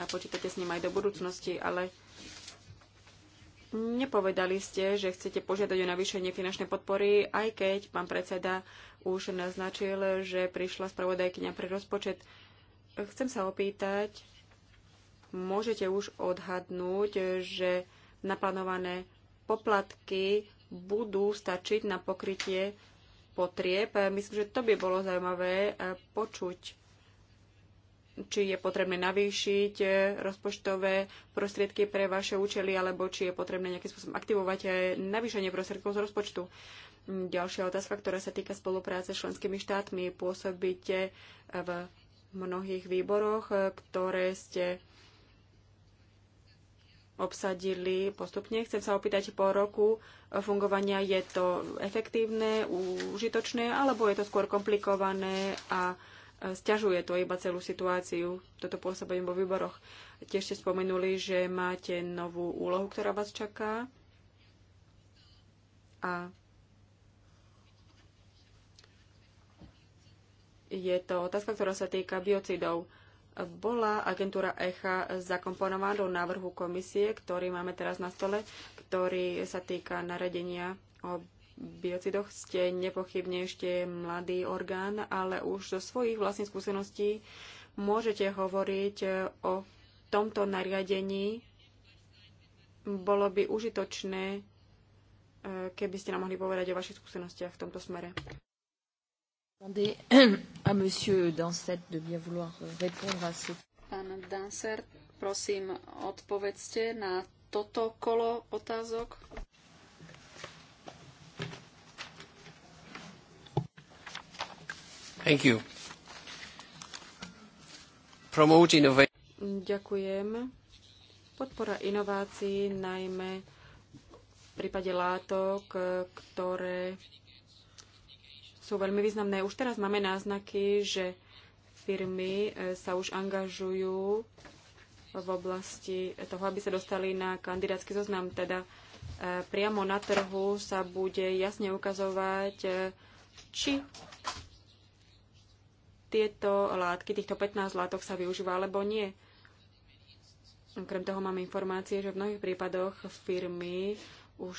Speaker 1: a počítate s ním aj do budúcnosti, ale nepovedali ste, že chcete požiadať o navýšenie finančnej podpory, aj keď pán predseda už naznačil, že prišla spravodajkyňa pre rozpočet. Chcem sa opýtať, môžete už odhadnúť, že naplánované poplatky budú stačiť na pokrytie potrieb. Myslím, že to by bolo zaujímavé e, počuť, či je potrebné navýšiť e, rozpočtové prostriedky pre vaše účely, alebo či je potrebné nejakým spôsobom aktivovať e, navýšenie prostriedkov z rozpočtu. Mm, ďalšia otázka, ktorá sa týka spolupráce s členskými štátmi. Pôsobíte v mnohých výboroch, ktoré ste obsadili postupne. Chcem sa opýtať, po roku fungovania je to efektívne, užitočné, alebo je to skôr komplikované a e, stiažuje to iba celú situáciu, toto pôsobenie vo výboroch. Tiež ste spomenuli, že máte novú úlohu, ktorá vás čaká. A je to otázka, ktorá sa týka biocidov bola agentúra ECHA zakomponovaná do návrhu komisie, ktorý máme teraz na stole, ktorý sa týka naredenia o biocidoch. Ste nepochybne ešte mladý orgán, ale už zo svojich vlastných skúseností môžete hovoriť o tomto nariadení. Bolo by užitočné, eh, keby ste nám mohli povedať o vašich skúsenostiach v tomto smere demander
Speaker 2: à Monsieur de bien vouloir euh, répondre à ce.
Speaker 3: Pán Danser, prosím, odpovedzte na toto kolo otázok.
Speaker 1: Thank you.
Speaker 2: Promote innovation.
Speaker 1: Ďakujem. Podpora inovácií najmä v prípade látok, ktoré sú veľmi významné. Už teraz máme náznaky, že firmy e, sa už angažujú v oblasti toho, aby sa dostali na kandidátsky zoznam. Teda e, priamo na trhu sa bude jasne ukazovať, e, či tieto látky, týchto 15 látok sa využíva alebo nie. Okrem toho mám informácie, že v mnohých prípadoch firmy už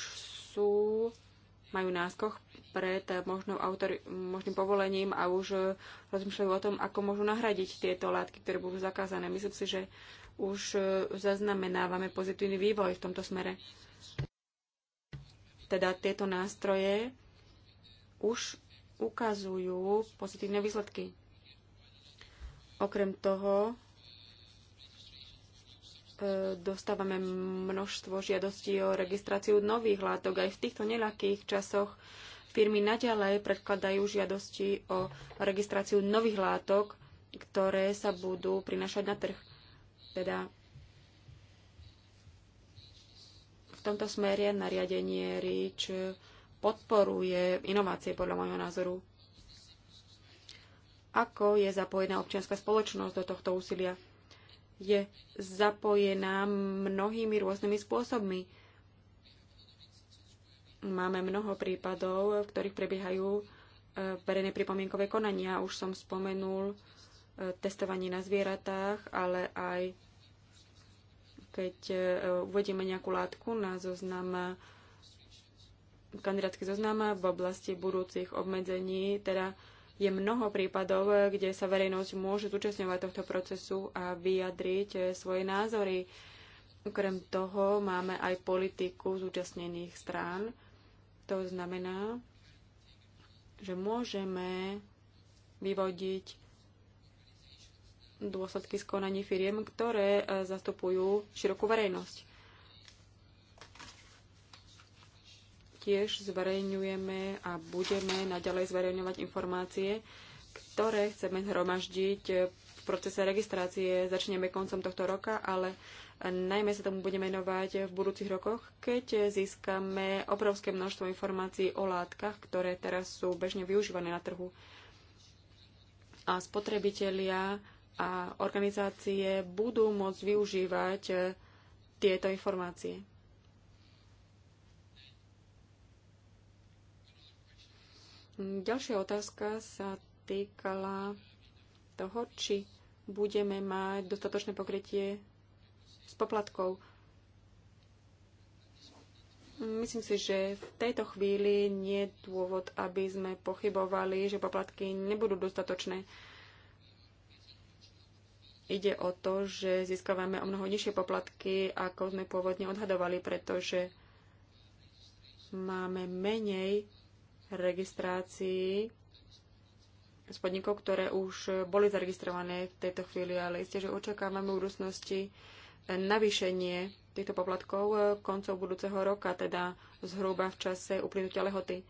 Speaker 1: sú, majú náskoch pred možnou autori- možným povolením a už eh, rozmýšľajú o tom, ako môžu nahradiť tieto látky, ktoré budú zakázané. Myslím si, že už eh, zaznamenávame pozitívny vývoj v tomto smere. Teda tieto nástroje už ukazujú pozitívne výsledky. Okrem toho eh, dostávame množstvo žiadostí o registráciu nových látok aj v týchto neľakých časoch Firmy naďalej predkladajú žiadosti o registráciu nových látok, ktoré sa budú prinašať na trh. Teda v tomto smere nariadenie REACH podporuje inovácie podľa môjho názoru. Ako je zapojená občianská spoločnosť do tohto úsilia? Je zapojená mnohými rôznymi spôsobmi Máme mnoho prípadov, v ktorých prebiehajú e, verejné pripomienkové konania. Už som spomenul e, testovanie na zvieratách, ale aj keď e, uvedieme nejakú látku na zoznam kandidátsky zoznam v oblasti budúcich obmedzení, teda je mnoho prípadov, kde sa verejnosť môže zúčastňovať tohto procesu a vyjadriť svoje názory. Okrem toho máme aj politiku zúčastnených strán, to znamená, že môžeme vyvodiť dôsledky skonaní firiem, ktoré e, zastupujú širokú verejnosť. Tiež zverejňujeme a budeme naďalej zverejňovať informácie, ktoré chceme zhromaždiť procese registrácie začneme koncom tohto roka, ale najmä sa tomu budeme venovať v budúcich rokoch, keď získame obrovské množstvo informácií o látkach, ktoré teraz sú bežne využívané na trhu. A spotrebitelia a organizácie budú môcť využívať tieto informácie. Ďalšia otázka sa týkala toho, či budeme mať dostatočné pokrytie s poplatkou. Myslím si, že v tejto chvíli nie je dôvod, aby sme pochybovali, že poplatky nebudú dostatočné. Ide o to, že získavame o mnoho nižšie poplatky, ako sme pôvodne odhadovali, pretože máme menej registrácií z podnikov, ktoré už boli zaregistrované v tejto chvíli, ale isté, že očakávame v budúcnosti navýšenie týchto poplatkov eh, koncov budúceho roka, teda zhruba v čase uplynutia lehoty.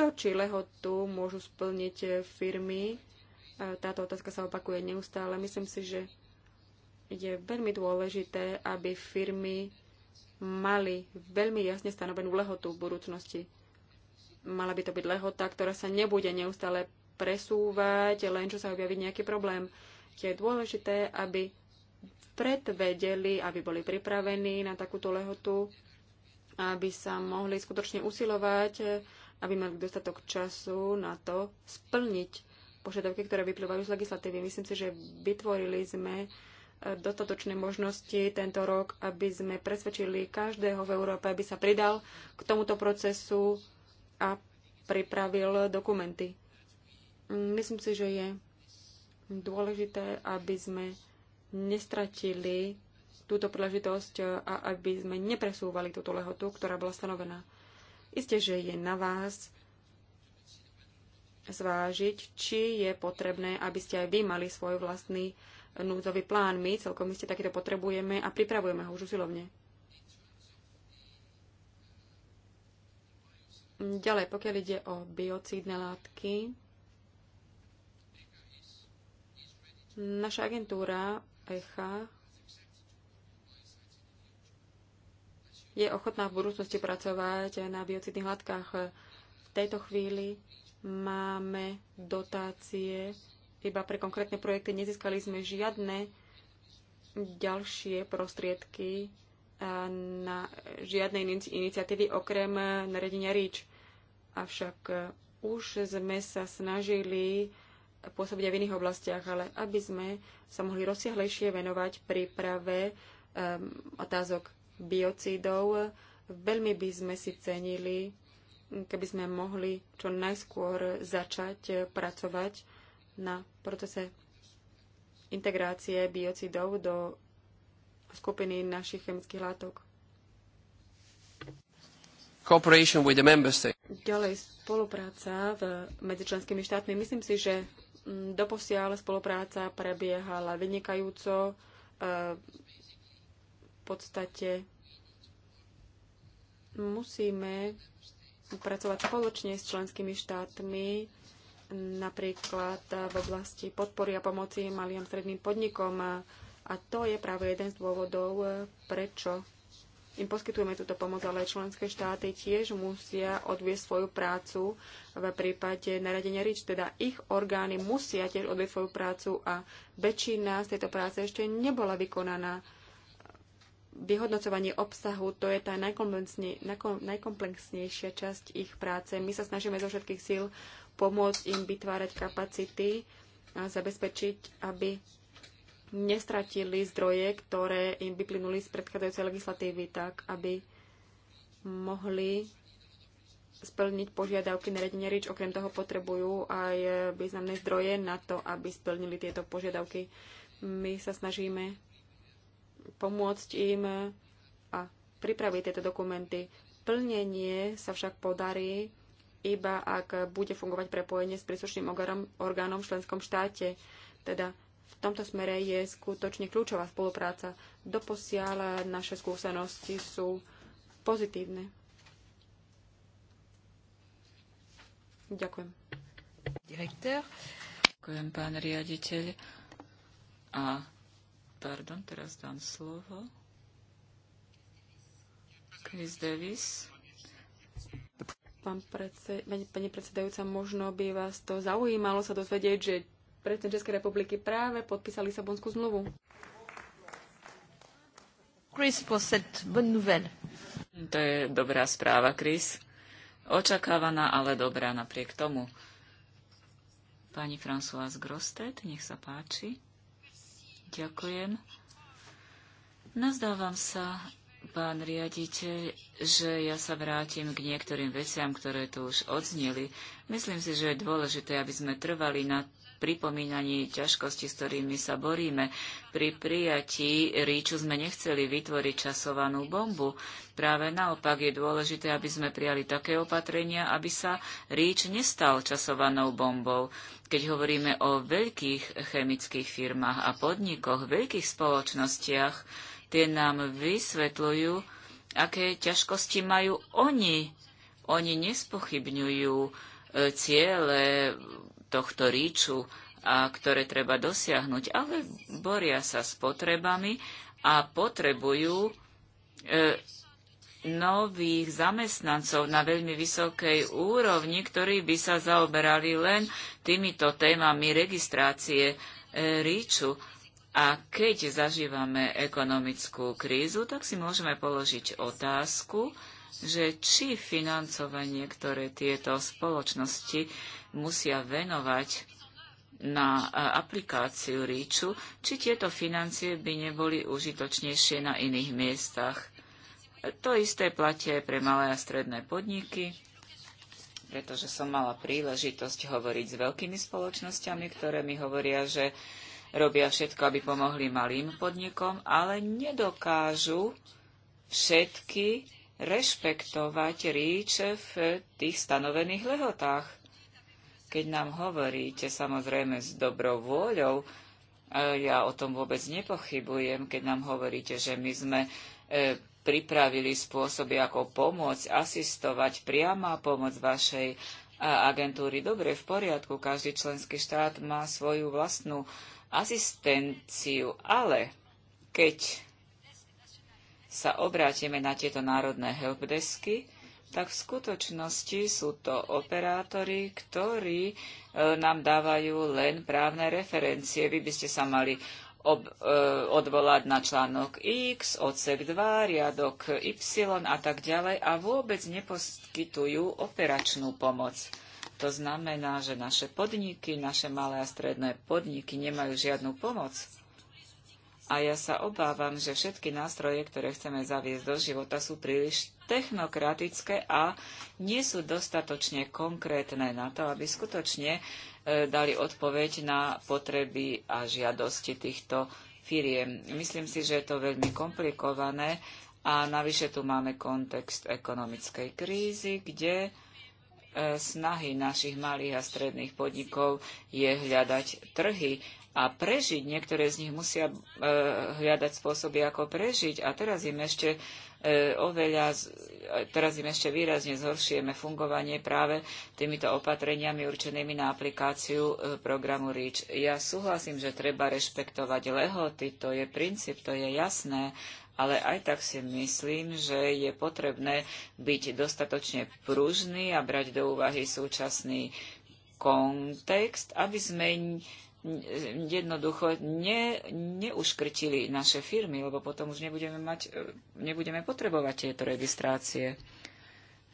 Speaker 1: To, či lehotu môžu splniť eh, firmy, eh, táto otázka sa opakuje neustále. Myslím si, že je veľmi dôležité, aby firmy mali veľmi jasne stanovenú lehotu v budúcnosti. Mala by to byť lehota, ktorá sa nebude neustále presúvať, len čo sa objaví nejaký problém. Je dôležité, aby predvedeli, aby boli pripravení na takúto lehotu, aby sa mohli skutočne usilovať, aby mali dostatok času na to splniť požiadavky, ktoré vyplývajú z legislatívy. Myslím si, že vytvorili sme e, dostatočné možnosti tento rok, aby sme presvedčili každého v Európe, aby sa pridal k tomuto procesu a pripravil dokumenty. Myslím si, že je dôležité, aby sme nestratili túto príležitosť a aby sme nepresúvali túto lehotu, ktorá bola stanovená. Isté, že je na vás zvážiť, či je potrebné, aby ste aj vy mali svoj vlastný núdzový plán. My celkom iste takýto potrebujeme a pripravujeme ho už usilovne. Ďalej, pokiaľ ide o biocídne látky, Naša agentúra ECHA je ochotná v budúcnosti pracovať na biocidných látkach. V tejto chvíli máme dotácie iba pre konkrétne projekty. Nezískali sme žiadne ďalšie prostriedky na žiadnej iniciatívy okrem naredenia REACH. Avšak e, už sme sa snažili pôsobiť aj v iných oblastiach, ale aby sme sa mohli rozsiahlejšie venovať príprave um, otázok biocídov, veľmi by sme si cenili, keby sme mohli čo najskôr začať pracovať na procese integrácie biocidov do skupiny našich chemických látok. Ďalej spolupráca v, medzi členskými štátmi. Myslím si, že Mm, doposiaľ spolupráca prebiehala vynikajúco. E, v podstate musíme pracovať spoločne s členskými štátmi, napríklad v oblasti podpory a pomoci malým stredným podnikom. A to je práve jeden z dôvodov, prečo im poskytujeme túto pomoc, ale členské štáty tiež musia odvieť svoju prácu v prípade naradenia RIČ. Teda ich orgány musia tiež odvieť svoju prácu a väčšina z tejto práce ešte nebola vykonaná. Vyhodnocovanie obsahu to je tá najkomplexnejšia časť ich práce. My sa snažíme zo všetkých síl pomôcť im vytvárať kapacity a zabezpečiť, aby nestratili zdroje, ktoré im vyplynuli z predchádzajúcej legislatívy tak, aby mohli splniť požiadavky na riadenie RIČ. Okrem toho potrebujú aj významné zdroje na to, aby splnili tieto požiadavky. My sa snažíme pomôcť im a pripraviť tieto dokumenty. Plnenie sa však podarí iba ak bude fungovať prepojenie s príslušným orgánom v členskom štáte. Teda v tomto smere je skutočne kľúčová spolupráca. Doposiaľ naše skúsenosti sú pozitívne. Ďakujem. Direktor. Ďakujem, pán riaditeľ.
Speaker 2: A, pardon, teraz dám slovo. Chris Davis.
Speaker 1: Pán predse, pani predsedajúca, možno by vás to zaujímalo sa dozvedieť, že prezident Českej republiky práve podpísal Lisabonskú zmluvu.
Speaker 3: Chris,
Speaker 2: To je dobrá správa, Chris. Očakávaná, ale dobrá napriek tomu. Pani François Grostet, nech sa páči. Ďakujem. Nazdávam sa, pán riaditeľ, že ja sa vrátim k niektorým veciam, ktoré tu už odzneli. Myslím si, že je dôležité, aby sme trvali na pripomínaní ťažkosti, s ktorými sa boríme. Pri prijatí ríču sme nechceli vytvoriť časovanú bombu. Práve naopak je dôležité, aby sme prijali také opatrenia, aby sa ríč nestal časovanou bombou. Keď hovoríme o veľkých chemických firmách a podnikoch, veľkých spoločnostiach, tie nám vysvetľujú, aké ťažkosti majú oni. Oni nespochybňujú e, ciele tohto ríču, a ktoré treba dosiahnuť, ale boria sa s potrebami a potrebujú e, nových zamestnancov na veľmi vysokej úrovni, ktorí by sa zaoberali len týmito témami registrácie e, ríču. A keď zažívame ekonomickú krízu, tak si môžeme položiť otázku, že či financovanie, ktoré tieto spoločnosti musia venovať na e, aplikáciu ríču, či tieto financie by neboli užitočnejšie na iných miestach. To isté platie aj pre malé a stredné podniky, pretože som mala príležitosť hovoriť s veľkými spoločnosťami, ktoré mi hovoria, že robia všetko, aby pomohli malým podnikom, ale nedokážu všetky rešpektovať ríč v tých stanovených lehotách. Keď nám hovoríte samozrejme s dobrou vôľou, ja o tom vôbec nepochybujem, keď nám hovoríte, že my sme e, pripravili spôsoby, ako pomôcť, asistovať, priama pomoc vašej agentúry. Dobre, v poriadku, každý členský štát má svoju vlastnú asistenciu, ale keď sa obrátime na tieto národné helpdesky, tak v skutočnosti sú to operátori, ktorí e, nám dávajú len právne referencie. Vy by ste sa mali ob, e, odvolať na článok X, odsek 2, riadok Y a tak ďalej a vôbec neposkytujú operačnú pomoc. To znamená, že naše podniky, naše malé a stredné podniky nemajú žiadnu pomoc. A ja sa obávam, že všetky nástroje, ktoré chceme zaviesť do života, sú príliš technokratické a nie sú dostatočne konkrétne na to, aby skutočne e, dali odpoveď na potreby a žiadosti týchto firiem. Myslím si, že je to veľmi komplikované a navyše tu máme kontext ekonomickej krízy, kde E, snahy našich malých a stredných podnikov je hľadať trhy a prežiť. Niektoré z nich musia e, hľadať spôsoby, ako prežiť. A teraz im ešte e, oveľa, teraz im ešte výrazne zhoršujeme fungovanie práve týmito opatreniami určenými na aplikáciu programu REACH. Ja súhlasím, že treba rešpektovať lehoty, to je princíp, to je jasné, ale aj tak si myslím, že je potrebné byť dostatočne pružný a brať do úvahy súčasný kontext, aby sme jednoducho ne, neuškrtili naše firmy, lebo potom už nebudeme, mať, e, nebudeme potrebovať tieto registrácie.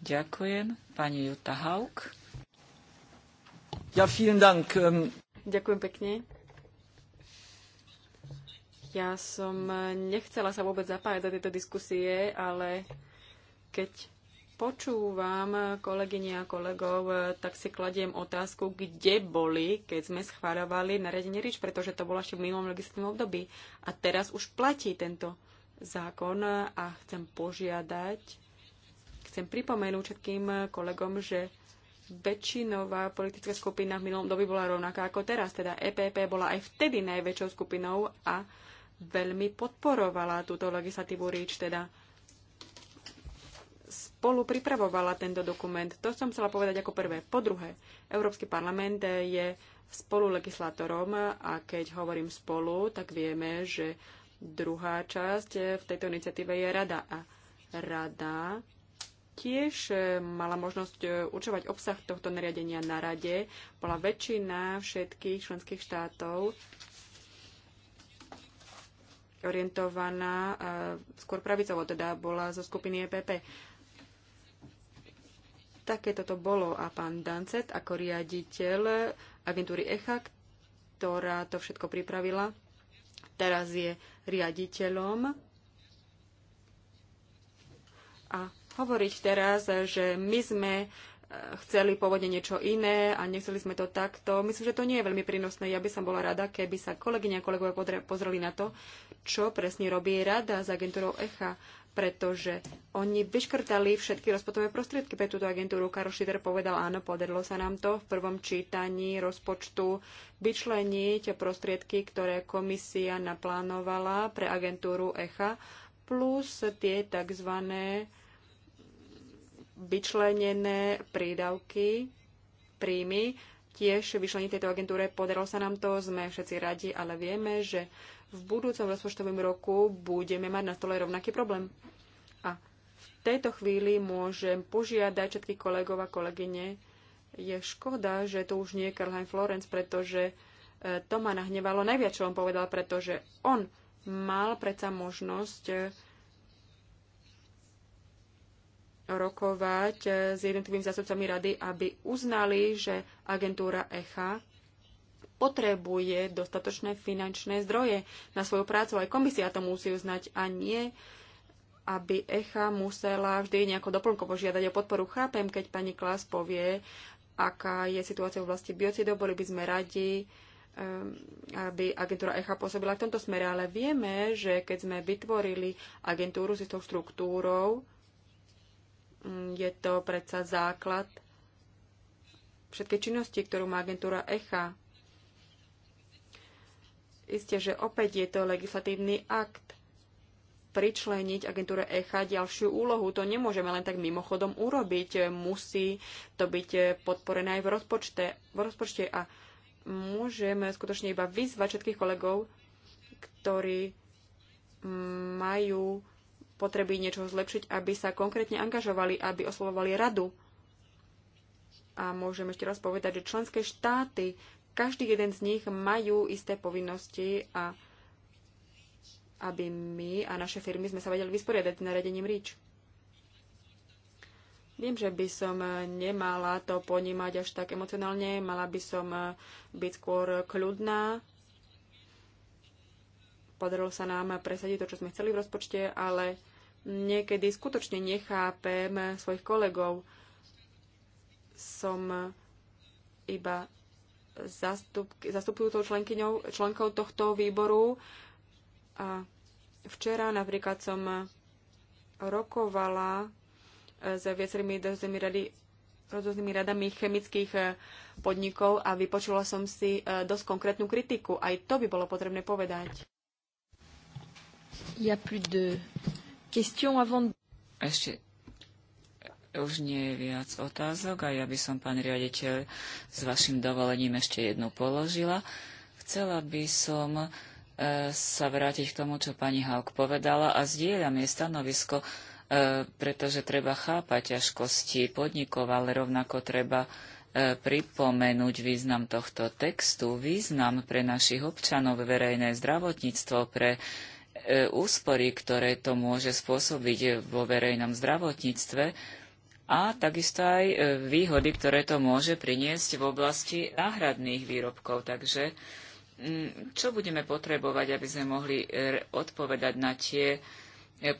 Speaker 2: Ďakujem. Pani Jutta Haug. Ja, vielen Dank. Ähm,
Speaker 1: Ďakujem pekne. Ja som e, nechcela sa vôbec zapájať do tejto diskusie, ale keď počúvam e, kolegyne a kolegov, e, tak si kladiem otázku, kde boli, keď sme schváľovali nariadenie RIČ, pretože to bolo ešte v minulom legislatívnom období. A teraz už platí tento zákon a chcem požiadať, chcem pripomenúť všetkým kolegom, že väčšinová politická skupina v minulom dobi bola rovnaká ako teraz. Teda EPP bola aj vtedy najväčšou skupinou a veľmi podporovala túto legislatívu REACH, teda spolu pripravovala tento dokument. To som chcela povedať ako prvé. Po druhé, Európsky parlament je spolulegislátorom a keď hovorím spolu, tak vieme, že druhá časť v tejto iniciatíve je rada. A rada tiež mala možnosť určovať obsah tohto nariadenia na rade. Bola väčšina všetkých členských štátov orientovaná skôr pravicovo, teda bola zo skupiny EPP. Také toto bolo a pán Dancet ako riaditeľ agentúry ECHA, ktorá to všetko pripravila, teraz je riaditeľom a hovoriť teraz, že my sme chceli pôvodne niečo iné a nechceli sme to takto. Myslím, že to nie je veľmi prínosné. Ja by som bola rada, keby sa kolegyne a kolegovia pozreli na to, čo presne robí rada s agentúrou ECHA, pretože oni vyškrtali všetky rozpočtové prostriedky pre túto agentúru. Karol Šider povedal, áno, podarilo sa nám to v prvom čítaní rozpočtu vyčleniť prostriedky, ktoré komisia naplánovala pre agentúru ECHA, plus tie tzv vyčlenené prídavky, príjmy, tiež vyčleniť tejto agentúre. Podarilo sa nám to, sme všetci radi, ale vieme, že v budúcom rozpočtovom roku budeme mať na stole rovnaký problém. A v tejto chvíli môžem požiadať všetkých kolegov a kolegyne. Je škoda, že to už nie je Karlheim Florence, pretože e, to ma nahnevalo najviac, čo on povedal, pretože on mal predsa možnosť e, rokovať eh, s jednotlivými zástupcami rady, aby uznali, že agentúra ECHA potrebuje dostatočné finančné zdroje na svoju prácu. Aj komisia to musí uznať a nie, aby ECHA musela vždy nejako doplnkovo žiadať o podporu. Chápem, keď pani Klas povie, aká je situácia v oblasti biocidov, boli by sme radi, ehm, aby agentúra ECHA pôsobila v tomto smere, ale vieme, že keď sme vytvorili agentúru s istou štruktúrou, Mm, je to predsa základ všetkej činnosti, ktorú má agentúra ECHA. Isté, že opäť je to legislatívny akt. Pričleniť agentúre ECHA ďalšiu úlohu, to nemôžeme len tak mimochodom urobiť. Musí to byť podporené aj v rozpočte, v rozpočte a môžeme skutočne iba vyzvať všetkých kolegov, ktorí majú potreby niečo zlepšiť, aby sa konkrétne angažovali, aby oslovovali radu. A môžem ešte raz povedať, že členské štáty, každý jeden z nich majú isté povinnosti a aby my a naše firmy sme sa vedeli vysporiadať s nariadením REACH. Viem, že by som nemala to ponímať až tak emocionálne, mala by som byť skôr kľudná. Podarilo sa nám presadiť to, čo sme chceli v rozpočte, ale Niekedy skutočne nechápem svojich kolegov. Som iba zastupujúcou členkou tohto výboru. A včera napríklad som rokovala s viacerými dozemi rady rôznymi radami chemických podnikov a vypočula som si e, dosť konkrétnu kritiku. Aj to by bolo potrebné povedať.
Speaker 3: Ja plus de question avant... Ešte
Speaker 2: už nie je viac otázok a ja by som, pán riaditeľ, s vašim dovolením ešte jednu položila. Chcela by som e, sa vrátiť k tomu, čo pani Hauk povedala a zdieľam jej stanovisko, e, pretože treba chápať ťažkosti podnikov, ale rovnako treba e, pripomenúť význam tohto textu, význam pre našich občanov, verejné zdravotníctvo, pre E, úspory, ktoré to môže spôsobiť vo verejnom zdravotníctve a takisto aj e, výhody, ktoré to môže priniesť v oblasti náhradných výrobkov. Takže mm, čo budeme potrebovať, aby sme mohli e, odpovedať na tie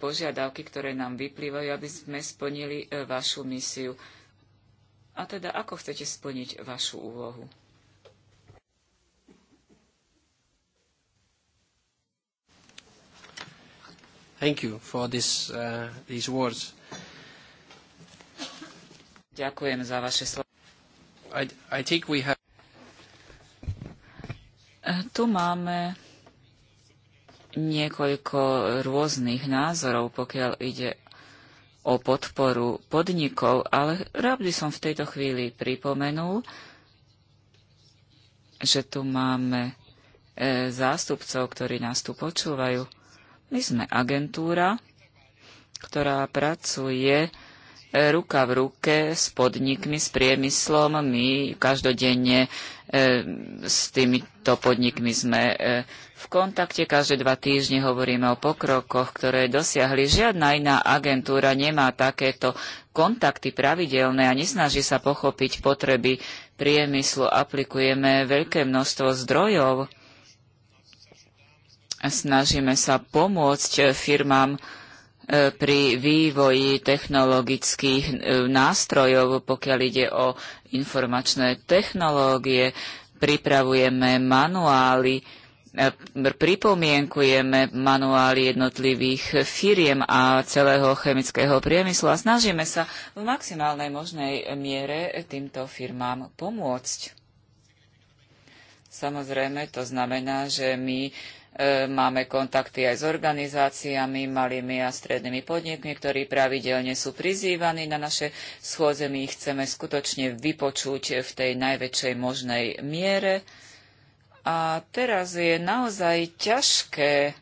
Speaker 2: požiadavky, ktoré nám vyplývajú, aby sme splnili vašu misiu. A teda, ako chcete splniť vašu úlohu?
Speaker 3: Thank you for this, uh, these words.
Speaker 2: Ďakujem za vaše slova. I, I think we have... Tu máme niekoľko rôznych názorov, pokiaľ ide o podporu podnikov, ale rád by som v tejto chvíli pripomenul, že tu máme e, zástupcov, ktorí nás tu počúvajú. My sme agentúra, ktorá pracuje e, ruka v ruke s podnikmi, s priemyslom. My každodenne e, s týmito podnikmi sme e, v kontakte. Každé dva týždne hovoríme o pokrokoch, ktoré dosiahli. Žiadna iná agentúra nemá takéto kontakty pravidelné a nesnaží sa pochopiť potreby priemyslu. Aplikujeme veľké množstvo zdrojov Snažíme sa pomôcť e, firmám e, pri vývoji technologických e, nástrojov, pokiaľ ide o informačné technológie. Pripravujeme manuály, pripomienkujeme manuály jednotlivých firiem a celého chemického priemyslu a snažíme sa v maximálnej možnej miere týmto firmám pomôcť. Samozrejme, to znamená, že my E, máme kontakty aj s organizáciami, malými a strednými podnikmi, ktorí pravidelne sú prizývaní na naše schôdze. My ich chceme skutočne vypočuť v tej najväčšej možnej miere. A teraz je naozaj ťažké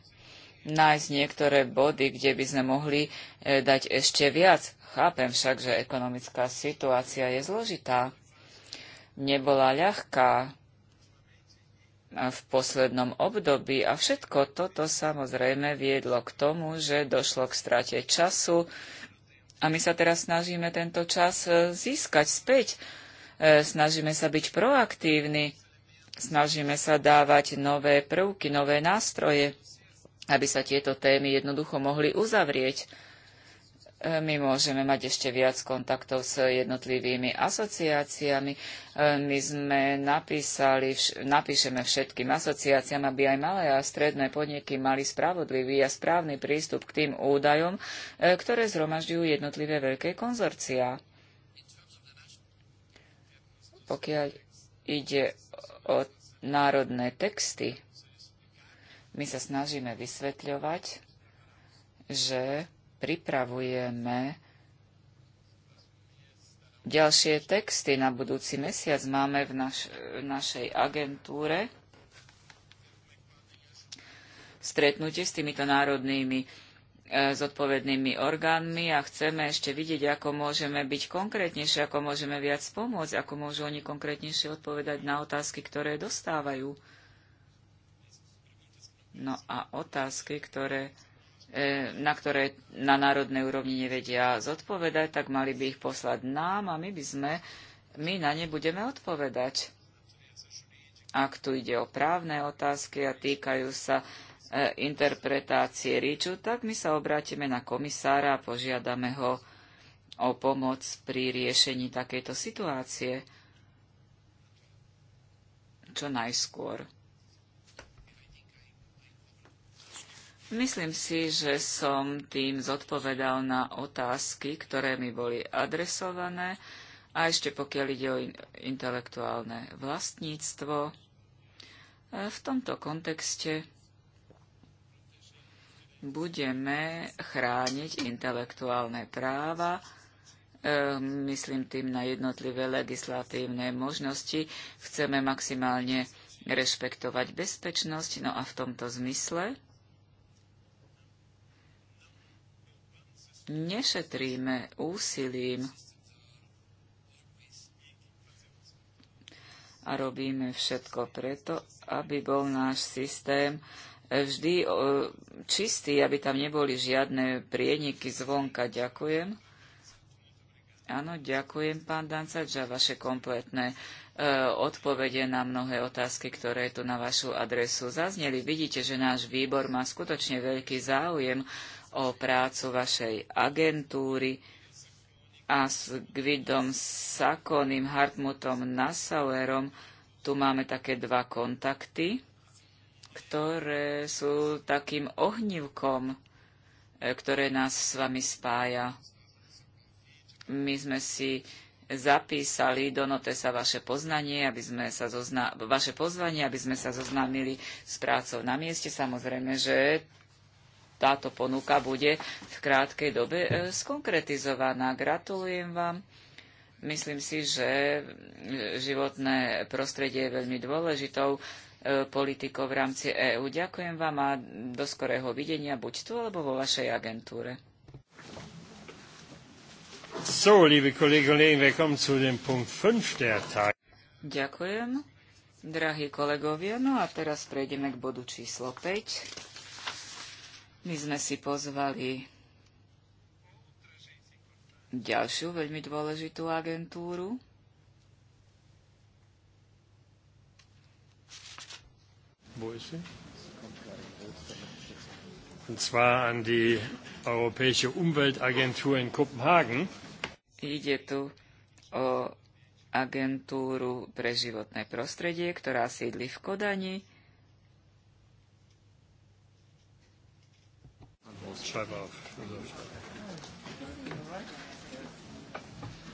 Speaker 2: nájsť niektoré body, kde by sme mohli e, dať ešte viac. Chápem však, že ekonomická situácia je zložitá. Nebola ľahká v poslednom období a všetko toto samozrejme viedlo k tomu, že došlo k strate času a my sa teraz snažíme tento čas e, získať späť. E, snažíme sa byť proaktívni, snažíme sa dávať nové prvky, nové nástroje, aby sa tieto témy jednoducho mohli uzavrieť. E, my môžeme mať ešte viac kontaktov s jednotlivými asociáciami. E, my sme napísali, napíšeme všetkým asociáciám, aby aj malé a stredné podniky mali spravodlivý a správny prístup k tým údajom, e, ktoré zhromažďujú jednotlivé veľké konzorciá. Pokiaľ ide o národné texty, my sa snažíme vysvetľovať, že pripravujeme ďalšie texty na budúci mesiac. Máme v, naš, v našej agentúre stretnutie s týmito národnými e, zodpovednými orgánmi a chceme ešte vidieť, ako môžeme byť konkrétnejšie, ako môžeme viac pomôcť, ako môžu oni konkrétnejšie odpovedať na otázky, ktoré dostávajú. No a otázky, ktoré E, na ktoré na národnej úrovni nevedia zodpovedať, tak mali by ich poslať nám a my by sme, my na ne budeme odpovedať. Ak tu ide o právne otázky a týkajú sa e, interpretácie ríču, tak my sa obrátime na komisára a požiadame ho o pomoc pri riešení takejto situácie čo najskôr. Myslím si, že som tým zodpovedal na otázky, ktoré mi boli adresované a ešte pokiaľ ide o in intelektuálne vlastníctvo. E, v tomto kontexte budeme chrániť intelektuálne práva, e, myslím tým na jednotlivé legislatívne možnosti. Chceme maximálne rešpektovať bezpečnosť, no a v tomto zmysle nešetríme úsilím a robíme všetko preto, aby bol náš systém vždy e, čistý, aby tam neboli žiadne prieniky zvonka. Ďakujem. Áno, ďakujem, pán Dancač, za vaše kompletné e, odpovede na mnohé otázky, ktoré tu na vašu adresu zazneli. Vidíte, že náš výbor má skutočne veľký záujem o prácu vašej agentúry a s Gvidom Sakonim, Hartmutom Nassauerom. Tu máme také dva kontakty, ktoré sú takým ohnívkom, e, ktoré nás s vami spája. My sme si zapísali do Notesa vaše poznanie, aby sme sa zozna- vaše pozvanie, aby sme sa zoznámili s prácou na mieste. Samozrejme, že táto ponuka bude v krátkej dobe e, skonkretizovaná. Gratulujem vám. Myslím si, že e, životné prostredie je veľmi dôležitou e, politikou v rámci EÚ. Ďakujem vám a do skorého videnia buď tu, alebo vo vašej agentúre. So, liebe Kolleginnen und Kollegen, wir kommen zu dem Punkt 5 der Tag. Ďakujem, drahí kolegovia. No a teraz prejdeme k bodu číslo 5 my sme si pozvali ďalšiu veľmi dôležitú agentúru.
Speaker 1: Wo ist sie? Und zwar an die Europäische Umweltagentur in Kopenhagen.
Speaker 2: Ide tu o agentúru pre životné prostredie, ktorá sídli v Kodani
Speaker 1: schreibe auf.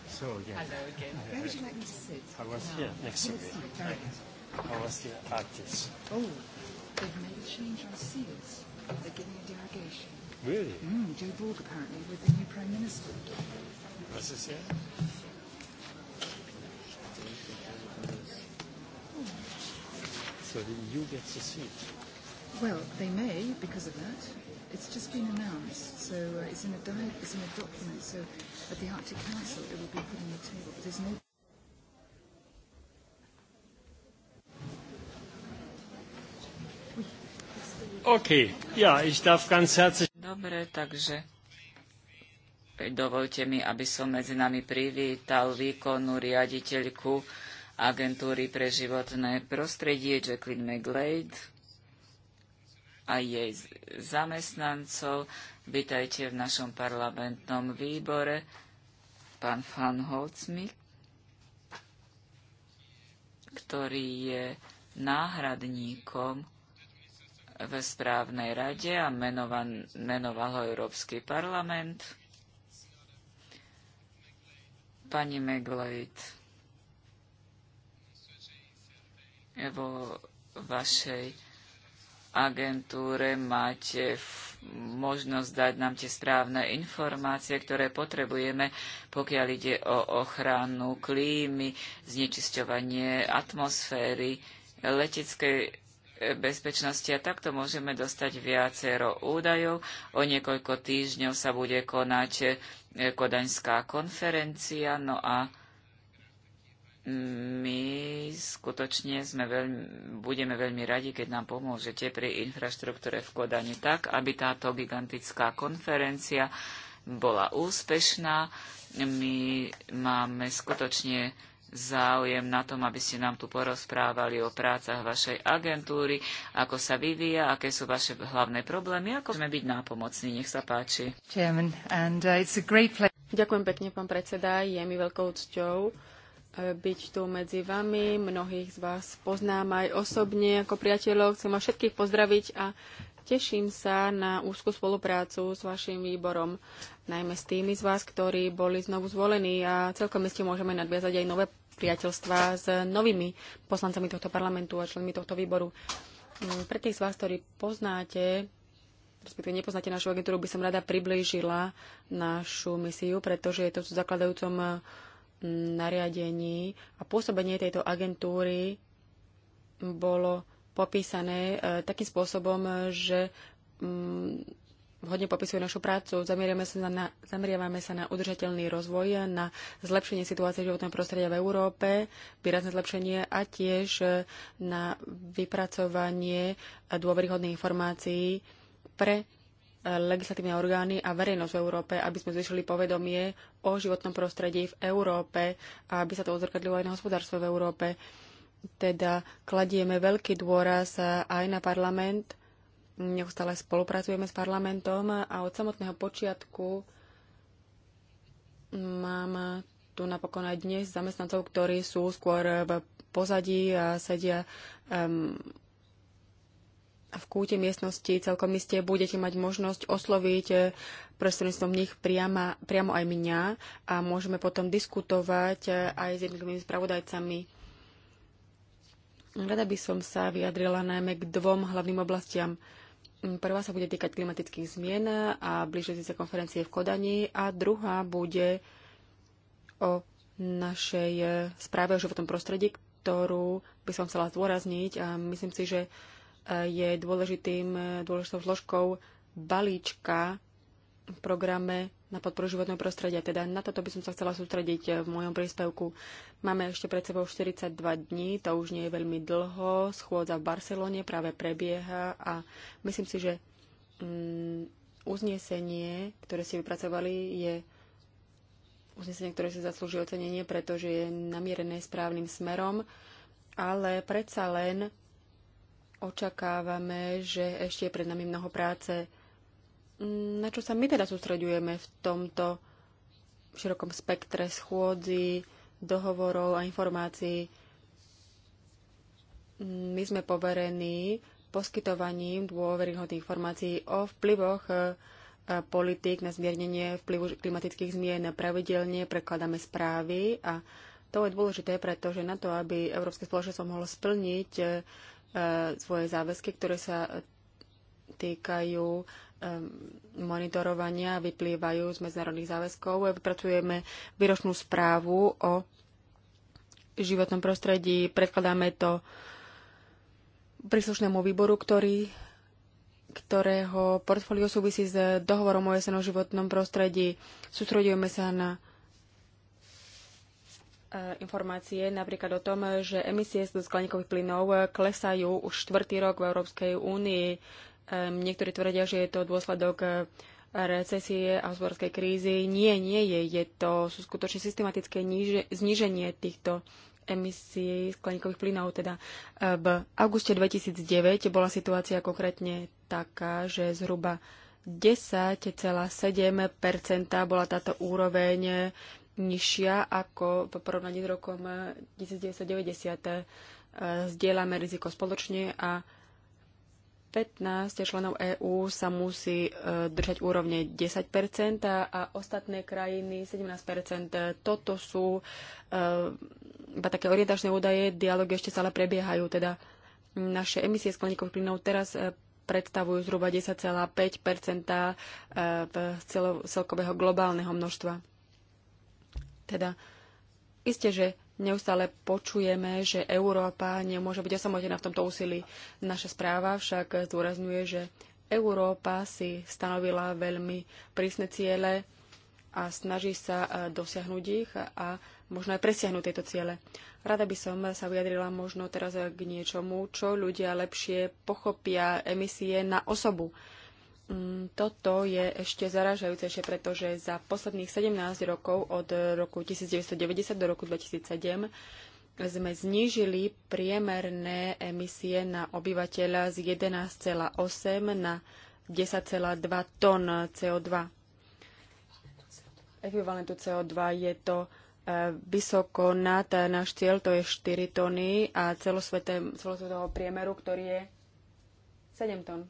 Speaker 1: So, yeah. Hello again. Where would you like me to sit? I was no. here next to me.
Speaker 2: I was here at
Speaker 1: Oh, they've made a change on seals.
Speaker 2: They're giving a derogation. Really? Mm, Joe Borg apparently with the new Prime Minister. Was this here? Oh.
Speaker 1: So you get the seat.
Speaker 2: Well, they may because of that. It's just been announced, so uh, it's in a diet, it's in a document. So at the Arctic Council, it will be put on the table. But there's no. Okay. Ja, ich darf ganz herzlich... Dobre, takže dovolte mi, aby som medzi nami privítal výkonnú riaditeľku agentúry pre životné prostredie Jacqueline McGlade a jej zamestnancov. Vítajte v našom parlamentnom výbore, pán Fan Holcmik, ktorý je náhradníkom v správnej rade a menovan, menoval ho Európsky parlament. Pani Megleit, vo vašej agentúre máte možnosť dať nám tie správne informácie, ktoré potrebujeme, pokiaľ ide o ochranu klímy, znečisťovanie atmosféry, leteckej bezpečnosti a takto môžeme dostať viacero údajov. O niekoľko týždňov sa bude konať e, Kodaňská konferencia, no a my skutočne sme veľmi, budeme veľmi radi, keď nám pomôžete pri infraštruktúre v Kodani tak, aby táto gigantická konferencia bola úspešná. My máme skutočne záujem na tom, aby ste nám tu porozprávali o prácach vašej agentúry, ako sa vyvíja, aké sú vaše hlavné problémy, ako sme byť nápomocní. Nech sa páči.
Speaker 1: Uh, Ďakujem pekne, pán predseda. Je mi veľkou cťou byť tu medzi vami. Mnohých z vás poznám aj osobne ako priateľov. Chcem vás všetkých pozdraviť a teším sa na úzku spoluprácu s vašim výborom, najmä s tými z vás, ktorí boli znovu zvolení a celkom ste môžeme nadviazať aj nové priateľstvá s novými poslancami tohto parlamentu a členmi tohto výboru. Mm, pre tých z vás, ktorí poznáte respektíve nepoznáte našu agentúru, by som rada priblížila našu misiu, pretože je to v zakladajúcom nariadení a pôsobenie tejto agentúry bolo popísané e, takým spôsobom, že mm, vhodne popisuje našu prácu. sa na, zameriavame sa na udržateľný rozvoj, na zlepšenie situácie životného prostredia v Európe, výrazné zlepšenie a tiež e, na vypracovanie dôveryhodných informácií pre legislatívne orgány a verejnosť v Európe, aby sme zvyšili povedomie o životnom prostredí v Európe a aby sa to odzrkadlilo aj na hospodárstvo v Európe. Teda kladieme veľký dôraz aj na parlament, neustále spolupracujeme s parlamentom a od samotného počiatku mám tu napokon aj dnes zamestnancov, ktorí sú skôr v pozadí a sedia um, v kúte miestnosti celkom iste budete mať možnosť osloviť eh, prostredníctvom nich priama, priamo aj mňa a môžeme potom diskutovať eh, aj s jednotlivými spravodajcami. Rada by som sa vyjadrila najmä k dvom hlavným oblastiam. Mm, prvá sa bude týkať klimatických zmien a blížiaci sa konferencie v Kodani a druhá bude o našej eh, správe o životnom prostredí, ktorú by som chcela zdôrazniť a myslím si, že je dôležitým, dôležitou zložkou balíčka v programe na podporu životného prostredia. Teda na toto by som sa chcela sústrediť v mojom príspevku. Máme ešte pred sebou 42 dní, to už nie je veľmi dlho. Schôdza v Barcelone práve prebieha a myslím si, že mm, uznesenie, ktoré ste vypracovali, je uznesenie, ktoré si zaslúži ocenenie, pretože je namierené správnym smerom, ale predsa len očakávame, že ešte je pred nami mnoho práce. Na čo sa my teda sústredujeme v tomto širokom spektre schôdzi, dohovorov a informácií? My sme poverení poskytovaním dôveryhodných informácií o vplyvoch e, politik na zmiernenie vplyvu klimatických zmien. Pravidelne prekladáme správy a to je dôležité, pretože na to, aby Európske spoločenstvo mohlo splniť e, E, svoje záväzky, ktoré sa týkajú e, monitorovania, vyplývajú z medzinárodných záväzkov. Vypracujeme výročnú správu o životnom prostredí, predkladáme to príslušnému výboru, ktorý, ktorého portfólio súvisí s dohovorom o jesenom životnom prostredí. Sústredujeme sa na Eh, informácie napríklad o tom, že emisie z skleníkových plynov eh, klesajú už štvrtý rok v Európskej únii. Niektorí tvrdia, že je to dôsledok eh, recesie a hospodárskej krízy. Nie, nie je. je to, sú skutočne systematické níže, zníženie týchto emisí skleníkových plynov. Teda v auguste 2009 bola situácia konkrétne taká, že zhruba 10,7 bola táto úroveň nižšia ako v porovnaní s rokom 1990. Eh, eh, zdieľame riziko spoločne a 15 členov EÚ sa musí eh, držať úrovne 10 a ostatné krajiny 17 Toto sú iba také orientačné údaje, dialógy ešte stále prebiehajú, teda naše emisie skleníkových plynov teraz predstavujú zhruba 10,5 v celkového globálneho množstva. Teda isté, že neustále počujeme, že Európa nemôže byť osamotená v tomto úsilí. Naša správa však zdôrazňuje, že Európa si stanovila veľmi prísne ciele a snaží sa e, dosiahnuť ich a možno aj presiahnuť tieto ciele. Rada by som sa vyjadrila možno teraz k niečomu, čo ľudia lepšie pochopia emisie na osobu. Mm, toto je ešte zaražajúcejšie, pretože za posledných 17 rokov od roku 1990 do roku 2007 sme znížili priemerné emisie na obyvateľa z 11,8 na 10,2 tón CO2. Ekvivalentu CO2 je to e, vysoko nad náš cieľ, to je 4 tóny a celosvetovo priemeru, ktorý je 7 tón.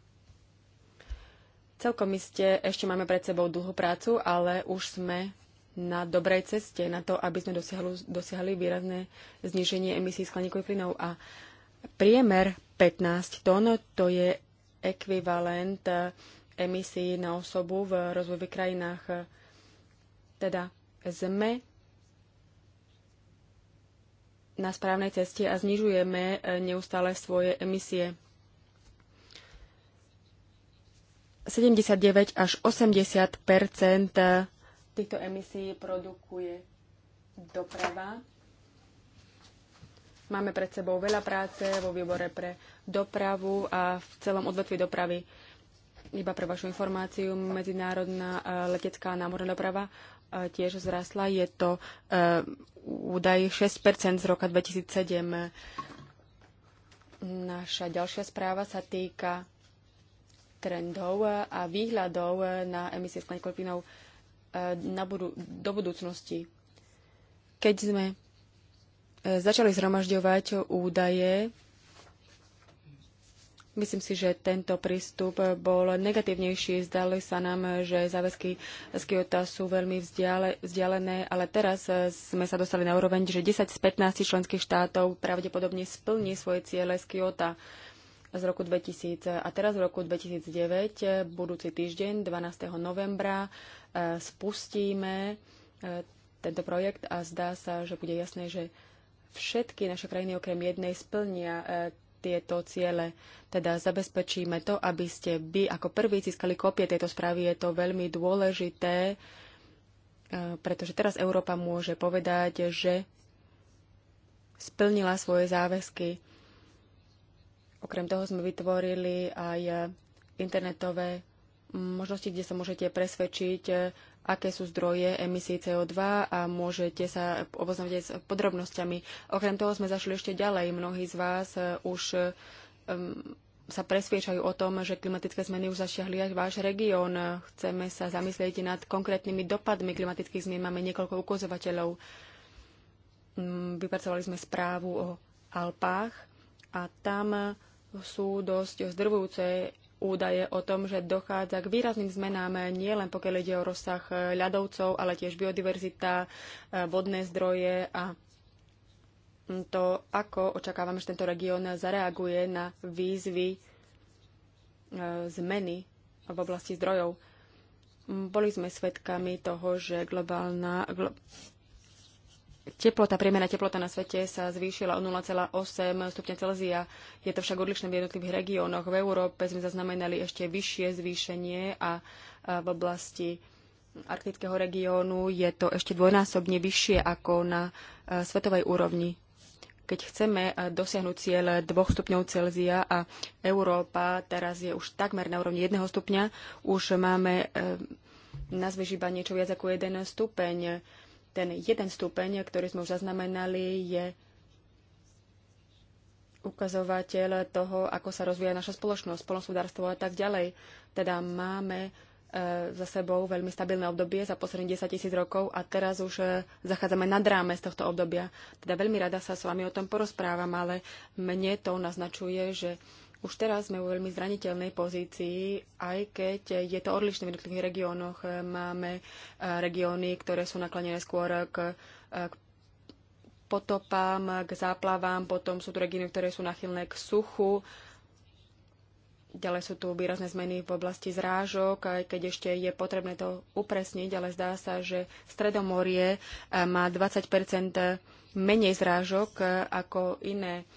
Speaker 1: Celkom iste ešte máme pred sebou dlhú prácu, ale už sme na dobrej ceste na to, aby sme dosiahli, dosiahli výrazné zníženie emisí skleníkových plynov. A priemer 15 tón to je ekvivalent eh, emisí na osobu v rozvojových krajinách. Teda sme na správnej ceste a znižujeme eh, neustále svoje emisie. 79 až 80 týchto emisí produkuje doprava. Máme pred sebou veľa práce vo výbore pre dopravu a v celom odvetvi dopravy. Iba pre vašu informáciu, medzinárodná e, letecká námorná doprava e, tiež zrastla. Je to e, údaj 6 z roka 2007. Naša ďalšia správa sa týka trendov a výhľadov na emisie skleníkových plynov eh, budu- do budúcnosti. Keď sme eh, začali zhromažďovať údaje, myslím si, že tento prístup bol negatívnejší. Zdali sa nám, že záväzky z Kyoto sú veľmi vzdialené, ale teraz eh, sme sa dostali na úroveň, že 10 z 15 členských štátov pravdepodobne splní svoje ciele z Kyoto z roku 2000. A teraz v roku 2009, budúci týždeň, 12. novembra, e, spustíme e, tento projekt a zdá sa, že bude jasné, že všetky naše krajiny okrem jednej splnia e, tieto ciele. Teda zabezpečíme to, aby ste by ako prví získali kopie tejto správy. Je to veľmi dôležité, pretože teraz Európa môže povedať, že splnila svoje záväzky. Okrem toho sme vytvorili aj internetové možnosti, kde sa môžete presvedčiť, e, aké sú zdroje emisí CO2 a môžete sa oboznať s podrobnosťami. Okrem toho sme zašli ešte ďalej. Mnohí z vás e, už e, sa presviečajú o tom, že klimatické zmeny už zašiahli aj váš región. Chceme sa zamyslieť nad konkrétnymi dopadmi klimatických zmien. Máme niekoľko ukazovateľov. Mm, vypracovali sme správu o Alpách a tam sú dosť zdrvujúce údaje o tom, že dochádza k výrazným zmenám nielen pokiaľ ide o rozsah ľadovcov, ale tiež biodiverzita, e, vodné zdroje a to, ako očakávame, že tento región zareaguje na výzvy e, zmeny v oblasti zdrojov. Boli sme svedkami toho, že globálna, teplota, priemerná teplota na svete sa zvýšila o 0,8 stupňa Celzia. Je to však odlišné v jednotlivých regiónoch. V Európe sme zaznamenali ešte vyššie zvýšenie a v oblasti arktického regiónu je to ešte dvojnásobne vyššie ako na svetovej úrovni. Keď chceme dosiahnuť cieľ 2 stupňov Celzia a Európa teraz je už takmer na úrovni 1 stupňa, už máme e, na zvyžíba niečo viac ako 1 stupeň ten jeden stupeň, ktorý sme už zaznamenali, je ukazovateľ toho, ako sa rozvíja naša spoločnosť, spolnospodárstvo a tak ďalej. Teda máme e, za sebou veľmi stabilné obdobie za posledných 10 tisíc rokov a teraz už e, zachádzame nad z tohto obdobia. Teda veľmi rada sa s vami o tom porozprávam, ale mne to naznačuje, že už teraz sme vo veľmi zraniteľnej pozícii, aj keď je to odlišné v jednotlivých regiónoch. Máme eh, regióny, ktoré sú naklonené skôr k, eh, k potopám, k záplavám, potom sú tu regióny, ktoré sú nachylné k suchu. Ďalej sú tu výrazné zmeny v oblasti zrážok, aj keď ešte je potrebné to upresniť, ale zdá sa, že Stredomorie eh, má 20 menej zrážok ako iné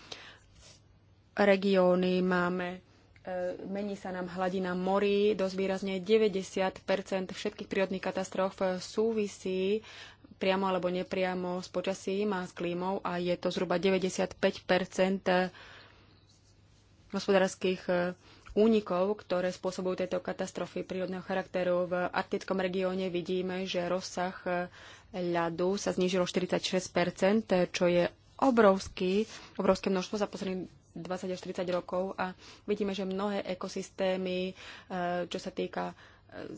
Speaker 1: regióny máme e, mení sa nám hladina morí dosť výrazne. 90 všetkých prírodných katastrof e, súvisí priamo alebo nepriamo s počasím a s klímou a je to zhruba 95 e, hospodárskych únikov, ktoré spôsobujú tieto katastrofy prírodného charakteru. V arktickom regióne vidíme, že rozsah ľadu sa znížilo 46 čo je obrovský, obrovské množstvo za posledných 20 až 30 rokov a vidíme, že mnohé ekosystémy, e, čo sa týka e,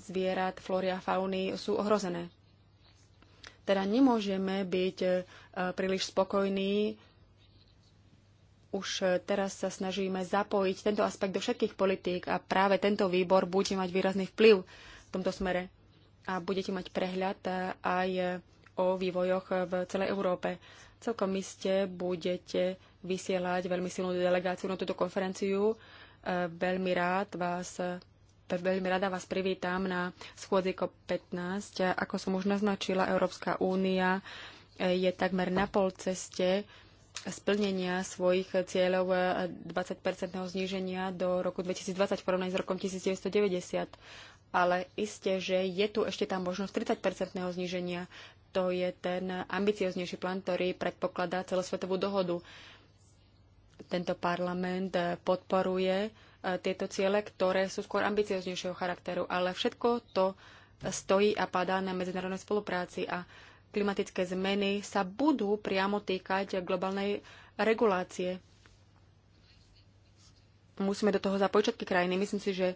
Speaker 1: zvierat, flóry a fauny, sú ohrozené. Teda nemôžeme byť e, príliš spokojní. Už teraz sa snažíme zapojiť tento aspekt do všetkých politík a práve tento výbor bude mať výrazný vplyv v tomto smere a budete mať prehľad aj o vývojoch v celej Európe. Celkom iste budete vysielať veľmi silnú delegáciu na túto konferenciu. E, veľmi rád vás e, veľmi rada vás privítam na schôdzi COP15. Ako som už naznačila, Európska únia e, je takmer na pol ceste splnenia svojich cieľov 20-percentného zníženia do roku 2020 v porovnaní s rokom 1990 ale isté, že je tu ešte tá možnosť 30-percentného zníženia. To je ten ambicioznejší plán, ktorý predpokladá celosvetovú dohodu. Tento parlament eh, podporuje eh, tieto ciele, ktoré sú skôr ambicioznejšieho charakteru, ale všetko to stojí a padá na medzinárodnej spolupráci a klimatické zmeny sa budú priamo týkať globálnej regulácie. Musíme do toho zapojiť všetky krajiny. Myslím si, že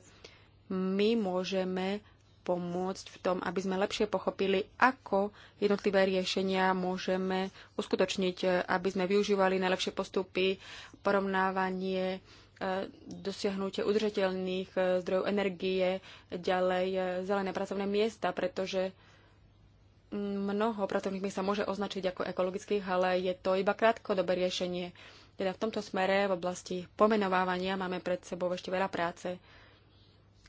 Speaker 1: my môžeme pomôcť v tom, aby sme lepšie pochopili, ako jednotlivé riešenia môžeme uskutočniť, eh, aby sme využívali najlepšie postupy, porovnávanie, eh, dosiahnutie udržateľných eh, zdrojov energie, ďalej zelené pracovné miesta, pretože mnoho pracovných miest sa môže označiť ako ekologických, ale je to iba krátkodobé riešenie. Teda v tomto smere v oblasti pomenovávania máme pred sebou ešte veľa práce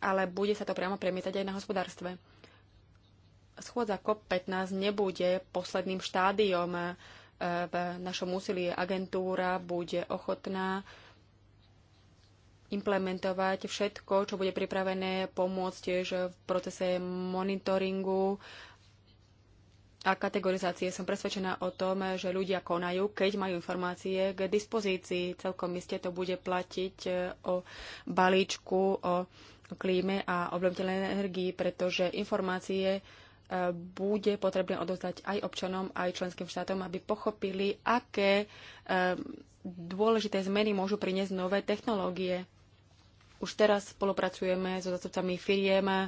Speaker 1: ale bude sa to priamo premietať aj na hospodárstve. Schôdza COP15 nebude posledným štádiom e, v našom úsilí. Agentúra bude ochotná implementovať všetko, čo bude pripravené, pomôcť tiež v procese monitoringu a kategorizácie. Som presvedčená o tom, že ľudia konajú, keď majú informácie k dispozícii. Celkom iste to bude platiť e, o balíčku, o klíme a obnoviteľnej energii, pretože informácie e, bude potrebné odozdať aj občanom, aj členským štátom, aby pochopili, aké e, dôležité zmeny môžu priniesť nové technológie. Už teraz spolupracujeme so zastupcami firiem, e,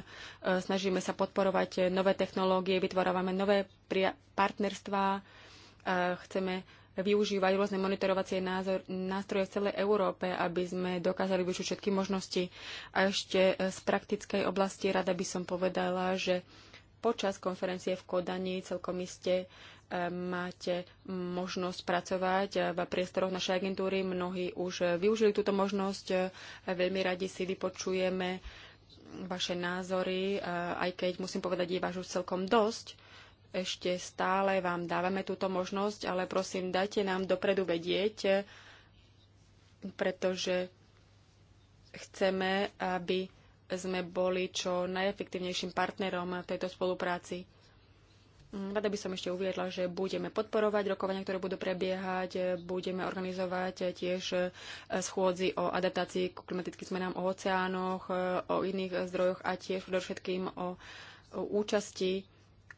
Speaker 1: snažíme sa podporovať nové technológie, vytvárame nové partnerstvá, chceme využívať rôzne monitorovacie názor, nástroje v celej Európe, aby sme dokázali vyšiť všetky možnosti. A ešte e, z praktickej oblasti rada by som povedala, že počas konferencie v Kodani celkom iste e, máte možnosť pracovať e, v priestoroch našej agentúry. Mnohí už využili túto možnosť. Veľmi radi si vypočujeme vaše názory, aj keď musím povedať, je váš už celkom dosť. Ešte stále vám dávame túto možnosť, ale prosím, dajte nám dopredu vedieť, pretože chceme, aby sme boli čo najefektívnejším partnerom v tejto spolupráci. Mm, rada by som ešte uviedla, že budeme podporovať rokovania, ktoré budú prebiehať, budeme organizovať tiež e, schôdzi o adaptácii k klimatickým zmenám, o oceánoch, e, o iných zdrojoch a tiež všetkým o účasti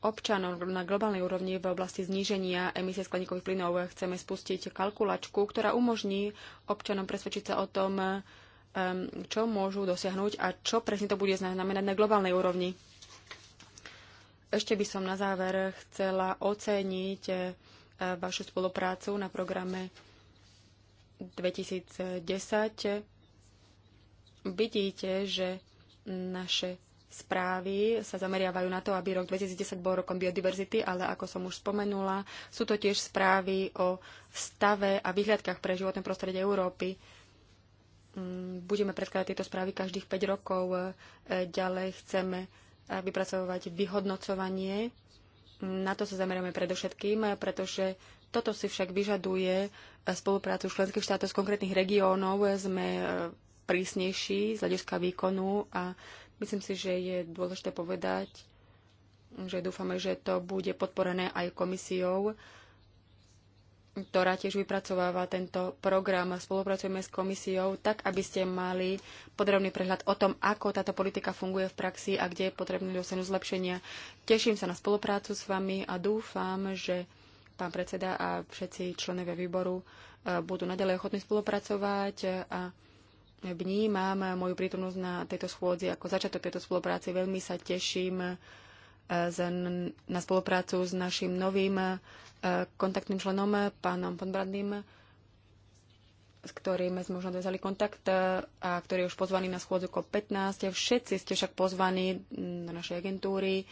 Speaker 1: občanov na globálnej úrovni v oblasti zníženia emisie skleníkových plynov. Chceme spustiť kalkulačku, ktorá umožní občanom presvedčiť sa o tom, um, čo môžu dosiahnuť a čo presne to bude znamenať na globálnej úrovni. Ešte by som na záver chcela oceniť uh, vašu spoluprácu na programe 2010. Vidíte, že naše správy sa zameriavajú na to, aby rok 2010 bol rokom biodiverzity, ale ako som už spomenula, sú to tiež správy o stave a výhľadkách pre životné prostredie Európy. Mm, budeme predkladať tieto správy každých 5 rokov. E, ďalej chceme e, vypracovať vyhodnocovanie. Mm, na to sa zameriame predovšetkým, pretože toto si však vyžaduje e, spoluprácu členských štátov z konkrétnych regiónov. Sme prísnejší z hľadiska výkonu a Myslím si, že je dôležité povedať, že dúfame, že to bude podporené aj komisiou, ktorá tiež vypracováva tento program. Spolupracujeme s komisiou tak, aby ste mali podrobný prehľad o tom, ako táto politika funguje v praxi a kde je potrebné dosenu zlepšenia. Teším sa na spoluprácu s vami a dúfam, že pán predseda a všetci členovia výboru eh, budú nadalej ochotní spolupracovať eh, a vnímam moju prítomnosť na tejto schôdzi ako začiatok tejto spolupráce. Veľmi sa teším e, na spoluprácu s našim novým e, kontaktným členom, pánom Podbradným, s ktorým sme možno dozali kontakt e, a ktorý je už pozvaný na schôdzu COP15. Všetci ste však pozvaní do našej agentúry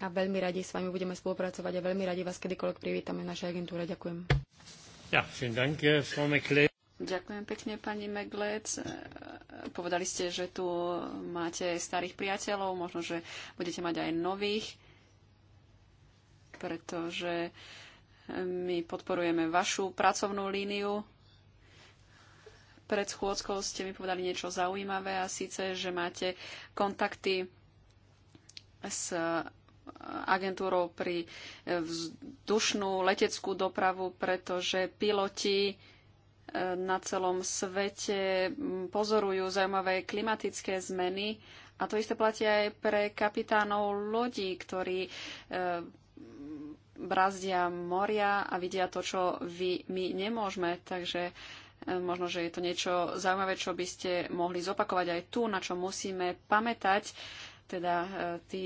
Speaker 1: a veľmi radi s vami budeme spolupracovať a veľmi radi vás kedykoľvek privítame v našej agentúre. Ďakujem. Ja, vielen Dank, Frau Ďakujem pekne, pani Meglec. Povedali ste, že tu
Speaker 3: máte starých priateľov, možno, že budete mať aj nových, pretože my podporujeme vašu pracovnú líniu. Pred schôdzkou ste mi povedali niečo zaujímavé a síce, že máte kontakty s agentúrou pri vzdušnú leteckú dopravu, pretože piloti na celom svete pozorujú zaujímavé klimatické zmeny a to isté platí aj pre kapitánov lodí, ktorí e, brazdia moria a vidia to, čo vy, my nemôžeme. Takže e, možno, že je to niečo zaujímavé, čo by ste mohli zopakovať aj tu, na čo musíme pamätať teda e, tí,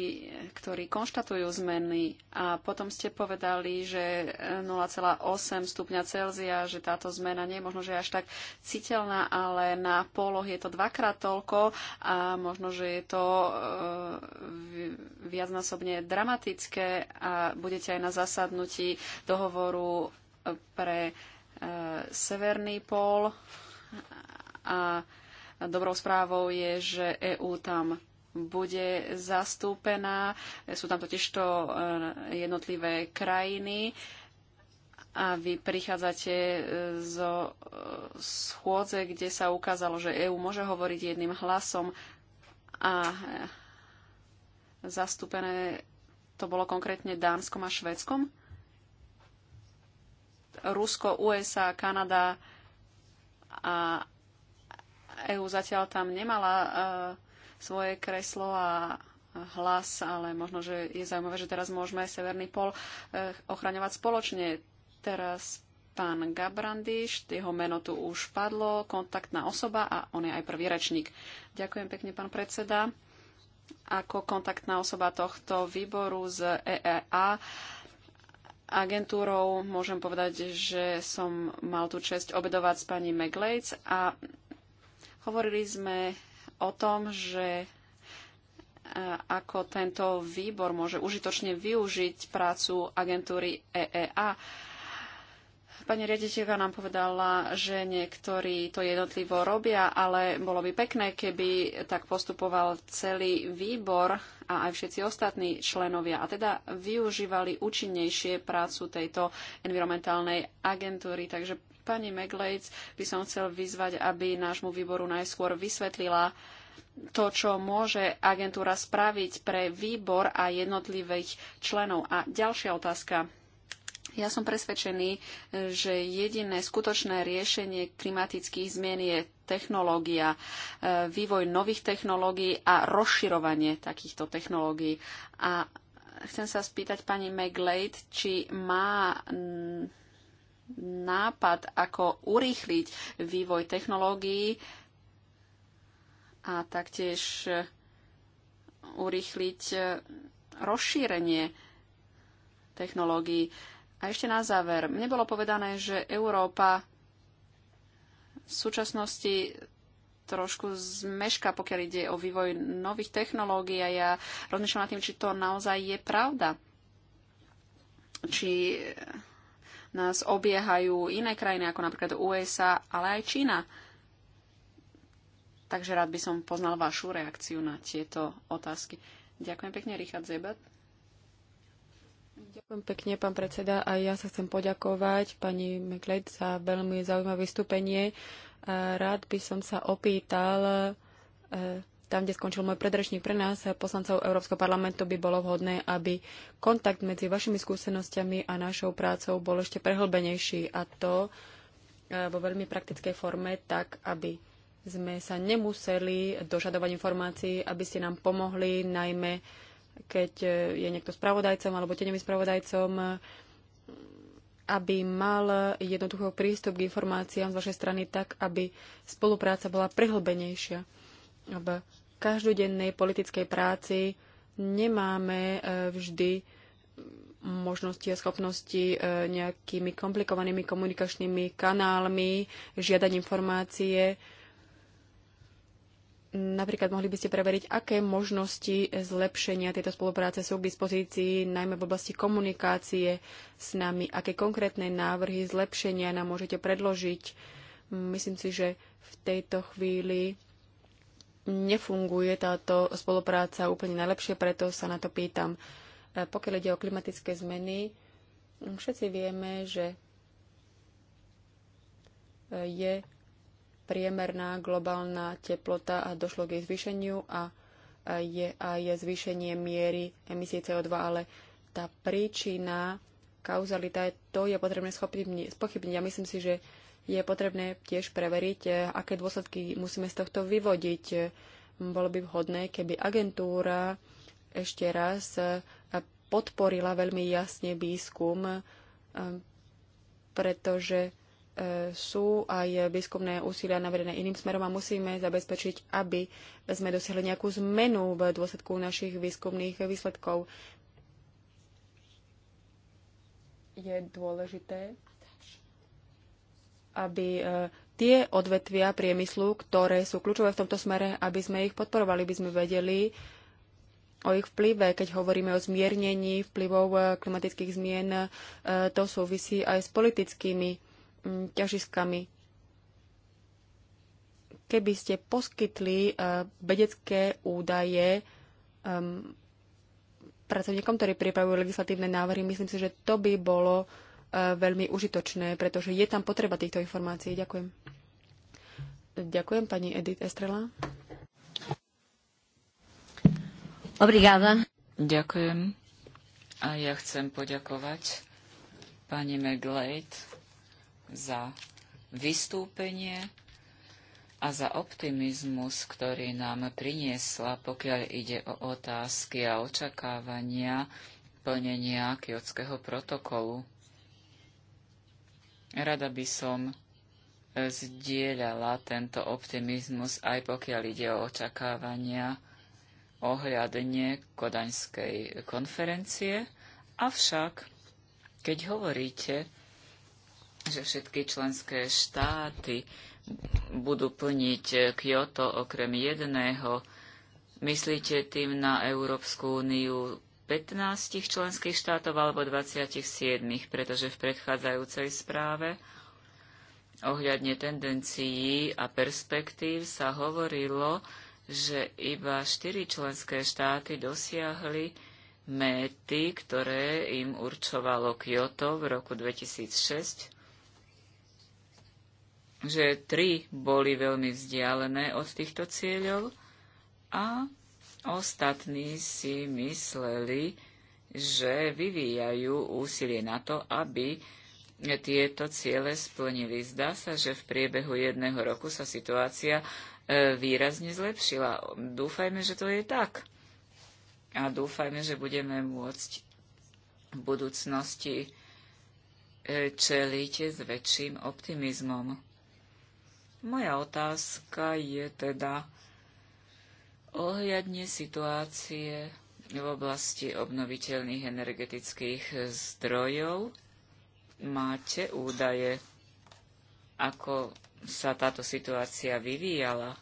Speaker 3: ktorí konštatujú zmeny. A potom ste povedali, že 0,8 e, stupňa Celzia, že táto zmena nie je možno, že až tak citeľná, ale na poloh je to dvakrát toľko a možno, že je to e, viacnásobne dramatické a budete aj na zasadnutí dohovoru pre severný pól a dobrou správou je, že EÚ tam bude zastúpená. Sú tam totiž to eh, jednotlivé krajiny a vy prichádzate eh, zo eh, schôdze, kde sa ukázalo, že EÚ môže hovoriť jedným hlasom a zastúpené to bolo konkrétne Dánskom a Švedskom. Rusko, USA, Kanada a EÚ zatiaľ tam nemala svoje kreslo a hlas, ale možno, že je zaujímavé, že teraz môžeme aj Severný pol eh, ochraňovať spoločne. Teraz pán Gabrandiš, jeho meno tu už padlo, kontaktná osoba a on je aj prvý rečník. Ďakujem pekne, pán predseda. Ako kontaktná osoba tohto výboru z EEA agentúrou môžem povedať, že som mal tú čest obedovať s pani Meglejc a hovorili sme o tom, že e, ako tento výbor môže užitočne využiť prácu agentúry EEA. Pani riaditeľka nám povedala, že niektorí to jednotlivo robia, ale bolo by pekné, keby tak postupoval celý výbor a aj všetci ostatní členovia a teda využívali účinnejšie prácu tejto environmentálnej agentúry. Takže Pani McGlades by som chcel vyzvať, aby nášmu výboru najskôr vysvetlila to, čo môže agentúra spraviť pre výbor a jednotlivých členov. A ďalšia otázka. Ja som presvedčený, že jediné skutočné riešenie klimatických zmien je technológia, e, vývoj nových technológií a rozširovanie takýchto technológií. A chcem sa spýtať pani McGlade, či má nápad, ako urýchliť vývoj technológií a taktiež urýchliť rozšírenie technológií. A ešte na záver, mne bolo povedané, že Európa v súčasnosti trošku zmeška, pokiaľ ide o vývoj nových technológií a ja rozmýšľam nad tým, či to naozaj je pravda. Či nás obiehajú iné krajiny, ako napríklad USA, ale aj Čína. Takže rád by som poznal vašu reakciu na tieto otázky. Ďakujem pekne, Richard Zebat.
Speaker 1: Ďakujem pekne, pán predseda. A ja sa chcem poďakovať pani Meklet za veľmi zaujímavé vystúpenie. Rád by som sa opýtal, e, tam, kde skončil môj predrečník pre nás, eh, poslancov Európskeho parlamentu, by bolo vhodné, aby kontakt medzi vašimi skúsenostiami a našou prácou bol ešte prehlbenejší a to eh, vo veľmi praktickej forme, tak aby sme sa nemuseli dožadovať informácií, aby ste nám pomohli, najmä keď eh, je niekto spravodajcom alebo tenevým spravodajcom, aby mal jednoduchý prístup k informáciám z vašej strany tak, aby spolupráca bola prehlbenejšia v každodennej politickej práci nemáme e, vždy možnosti a schopnosti e, nejakými komplikovanými komunikačnými kanálmi žiadať informácie. Napríklad mohli by ste preveriť, aké možnosti zlepšenia tejto spolupráce sú k dispozícii, najmä v oblasti komunikácie s nami, aké konkrétne návrhy zlepšenia nám môžete predložiť. Myslím si, že v tejto chvíli nefunguje táto spolupráca úplne najlepšie, preto sa na to pýtam. E, pokiaľ ide o klimatické zmeny, všetci vieme, že e, je priemerná globálna teplota a došlo k jej zvýšeniu a e, je aj zvýšenie miery emisie CO2, ale tá príčina, kauzalita, to je potrebné spochybniť. Ja myslím si, že je potrebné tiež preveriť, e, aké dôsledky musíme z tohto vyvodiť. Bolo by vhodné, keby agentúra ešte raz e, podporila veľmi jasne výskum, e, pretože sú aj výskumné úsilia navedené iným smerom a musíme zabezpečiť, aby sme dosiahli nejakú zmenu v dôsledku našich výskumných výsledkov. Je dôležité aby e, tie odvetvia priemyslu, ktoré sú kľúčové v tomto smere, aby sme ich podporovali, by sme vedeli o ich vplyve. Keď hovoríme o zmiernení vplyvov e, klimatických zmien, e, to súvisí aj s politickými ťažiskami. Keby ste poskytli vedecké údaje pracovníkom, ktorí pripravujú legislatívne návrhy, myslím si, že to by bolo E, veľmi užitočné, pretože je tam potreba týchto informácií. Ďakujem. Ďakujem pani Edith Estrela.
Speaker 2: Obrigada. Ďakujem. A ja chcem poďakovať pani McGlade za vystúpenie a za optimizmus, ktorý nám priniesla, pokiaľ ide o otázky a očakávania plnenia kiotského protokolu. Rada by som e, zdieľala tento optimizmus, aj pokiaľ ide o očakávania ohľadne kodaňskej konferencie. Avšak, keď hovoríte, že všetky členské štáty budú plniť Kyoto okrem jedného, myslíte tým na Európsku úniu 15 členských štátov alebo 27, pretože v predchádzajúcej správe ohľadne tendencií a perspektív sa hovorilo, že iba 4 členské štáty dosiahli méty, ktoré im určovalo Kyoto v roku 2006 že tri boli veľmi vzdialené od týchto cieľov a Ostatní si mysleli, že vyvíjajú úsilie na to, aby tieto ciele splnili. Zdá sa, že v priebehu jedného roku sa situácia e, výrazne zlepšila. Dúfajme, že to je tak. A dúfajme, že budeme môcť v budúcnosti e, čeliť s väčším optimizmom. Moja otázka je teda, Ohľadne situácie v oblasti obnoviteľných energetických zdrojov máte údaje, ako sa táto situácia vyvíjala e,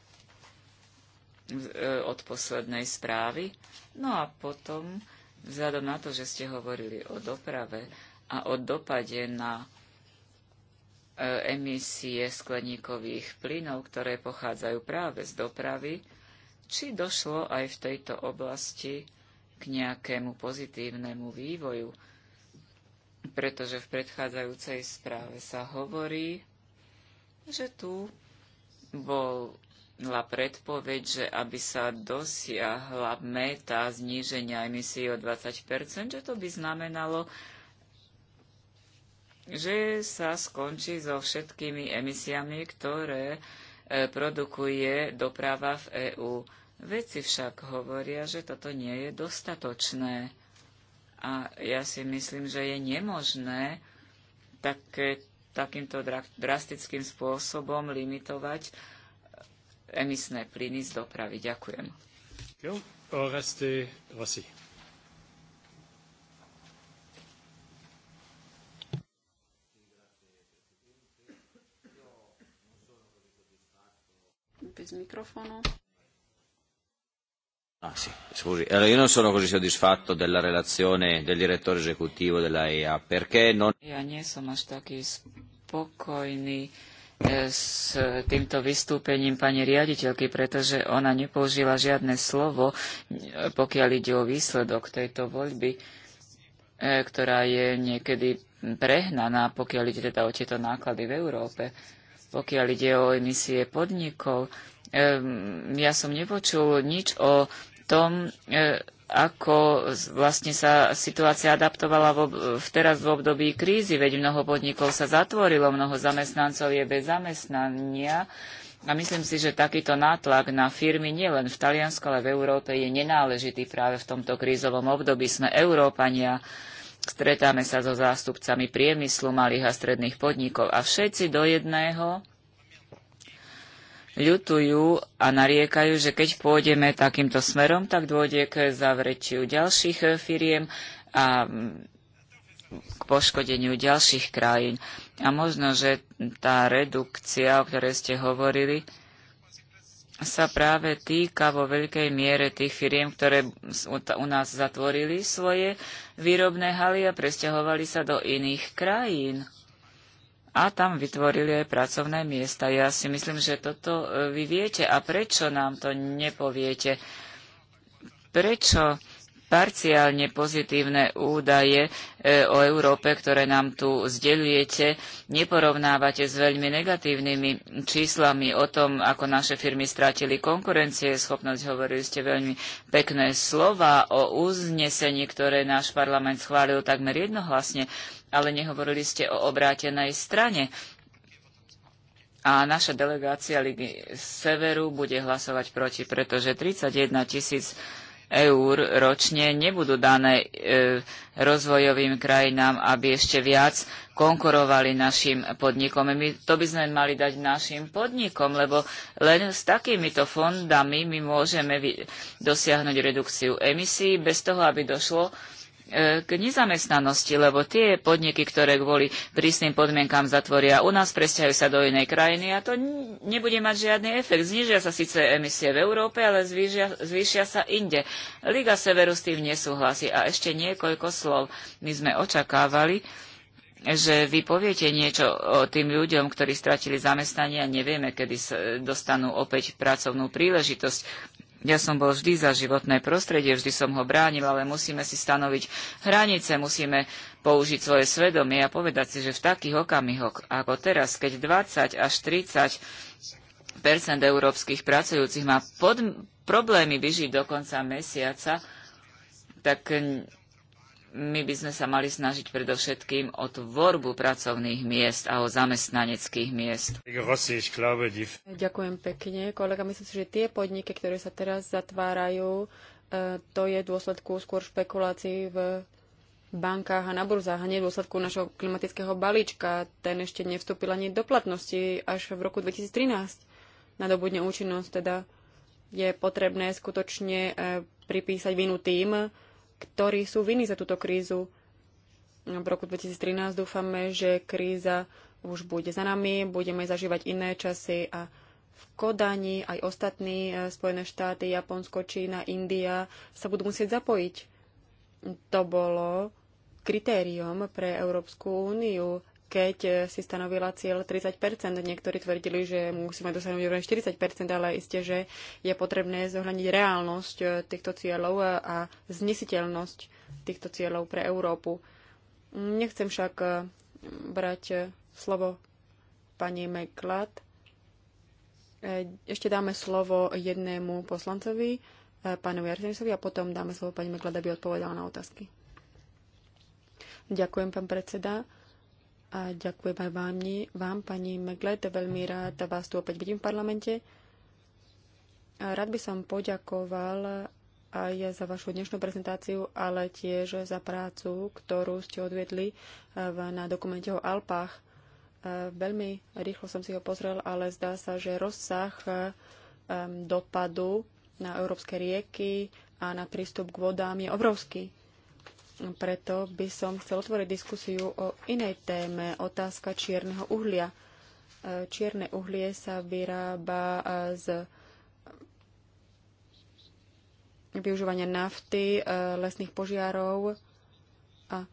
Speaker 2: od poslednej správy. No a potom, vzhľadom na to, že ste hovorili o doprave a o dopade na e, emisie skleníkových plynov, ktoré pochádzajú práve z dopravy, či došlo aj v tejto oblasti k nejakému pozitívnemu vývoju, pretože v predchádzajúcej správe sa hovorí, že tu bola predpoveď, že aby sa dosiahla meta zníženia emisí o 20 že to by znamenalo, že sa skončí so všetkými emisiami, ktoré eh, produkuje doprava v EÚ. Vedci však hovoria, že toto nie je dostatočné. A ja si myslím, že je nemožné také, takýmto drastickým spôsobom limitovať eh, emisné plyny z dopravy. Ďakujem.
Speaker 3: Oreste Rossi. Bez mikrofonu. Ah sì,
Speaker 2: scusi, allora io non sono così soddisfatto della relazione del direttore esecutivo della EA, perché non... Ja nie som až taký spokojný eh, s týmto vystúpením pani riaditeľky, pretože ona nepoužila žiadne slovo, eh, pokiaľ ide o výsledok tejto voľby, eh, ktorá je niekedy prehnaná, pokiaľ ide teda o tieto náklady v Európe, pokiaľ ide o emisie podnikov. Ja som nepočul nič o tom, e, ako vlastne sa situácia adaptovala v, v teraz v období krízy, veď mnoho podnikov sa zatvorilo, mnoho zamestnancov je bez zamestnania a myslím si, že takýto nátlak na firmy nielen v Taliansku, ale v Európe je nenáležitý práve v tomto krízovom období. Sme Európania, stretáme sa so zástupcami priemyslu, malých a stredných podnikov a všetci do jedného ľutujú a nariekajú, že keď pôjdeme takýmto smerom, tak dôjde k zavrečiu ďalších firiem a k poškodeniu ďalších krajín. A možno, že tá redukcia, o ktorej ste hovorili, sa práve týka vo veľkej miere tých firiem, ktoré u nás zatvorili svoje výrobné haly a presťahovali sa do iných krajín a tam vytvorili aj pracovné miesta. Ja si myslím, že toto e, vy viete a prečo nám to nepoviete? Prečo parciálne pozitívne údaje e, o Európe, ktoré nám tu zdeľujete, neporovnávate s veľmi negatívnymi číslami o tom, ako naše firmy strátili konkurencie, schopnosť hovorili ste veľmi pekné slova o uznesení, ktoré náš parlament schválil takmer jednohlasne, ale nehovorili ste o obrátenej strane a naša delegácia Ligy Severu bude hlasovať proti, pretože 31 tisíc eur ročne nebudú dané e, rozvojovým krajinám, aby ešte viac konkurovali našim podnikom. My to by sme mali dať našim podnikom, lebo len s takýmito fondami my môžeme dosiahnuť redukciu emisí bez toho, aby došlo k nezamestnanosti, lebo tie podniky, ktoré kvôli prísnym podmienkám zatvoria u nás, presťahujú sa do inej krajiny a to nebude mať žiadny efekt. Znižia sa síce emisie v Európe, ale zvýšia, zvýšia sa inde. Liga Severu s tým nesúhlasí. A ešte niekoľko slov. My sme očakávali, že vy poviete niečo o tým ľuďom, ktorí stratili zamestnanie a nevieme, kedy dostanú opäť pracovnú príležitosť. Ja som bol vždy za životné prostredie, vždy som ho bránil, ale musíme si stanoviť hranice, musíme použiť svoje svedomie a povedať si, že v takých okamihoch ako teraz, keď 20 až 30 percent európskych pracujúcich má pod, problémy vyžiť do konca mesiaca, tak my by sme sa mali snažiť predovšetkým o tvorbu pracovných miest a o zamestnaneckých miest.
Speaker 1: Ďakujem pekne. Kolega, myslím si, že tie podniky, ktoré sa teraz zatvárajú, e, to je v dôsledku skôr špekulácií v bankách a na burzách a nie v dôsledku našho klimatického balíčka. Ten ešte nevstúpil ani do platnosti až v roku 2013 nadobudne účinnosť, teda je potrebné skutočne e, pripísať vinu tým, ktorí sú vinní za túto krízu. V roku 2013 dúfame, že kríza už bude za nami, budeme zažívať iné časy a v Kodani aj ostatní e, Spojené štáty, Japonsko, Čína, India sa budú musieť zapojiť. To bolo kritérium pre Európsku úniu keď e, si stanovila cieľ 30 Niektorí tvrdili, že musíme dosiahnuť úroveň 40 ale isté, že je potrebné zohľadniť reálnosť e, týchto cieľov a znesiteľnosť týchto cieľov pre Európu. Nechcem však e, brať slovo pani Meklad. Ešte dáme slovo jednému poslancovi, pánovi Arsenisovi, a potom dáme slovo pani Meklad, aby odpovedala na otázky. Ďakujem, pán predseda a ďakujem aj vám, vám pani Meglet. Veľmi rád vás tu opäť vidím v parlamente. A rád by som poďakoval aj za vašu dnešnú prezentáciu, ale tiež za prácu, ktorú ste odvedli e, na dokumente o Alpách. E, veľmi rýchlo som si ho pozrel, ale zdá sa, že rozsah e, dopadu na európske rieky a na prístup k vodám je obrovský. Preto by som chcel otvoriť diskusiu o inej téme, otázka čierneho uhlia. E, čierne uhlie sa vyrába e, z využívania nafty, e, lesných požiarov a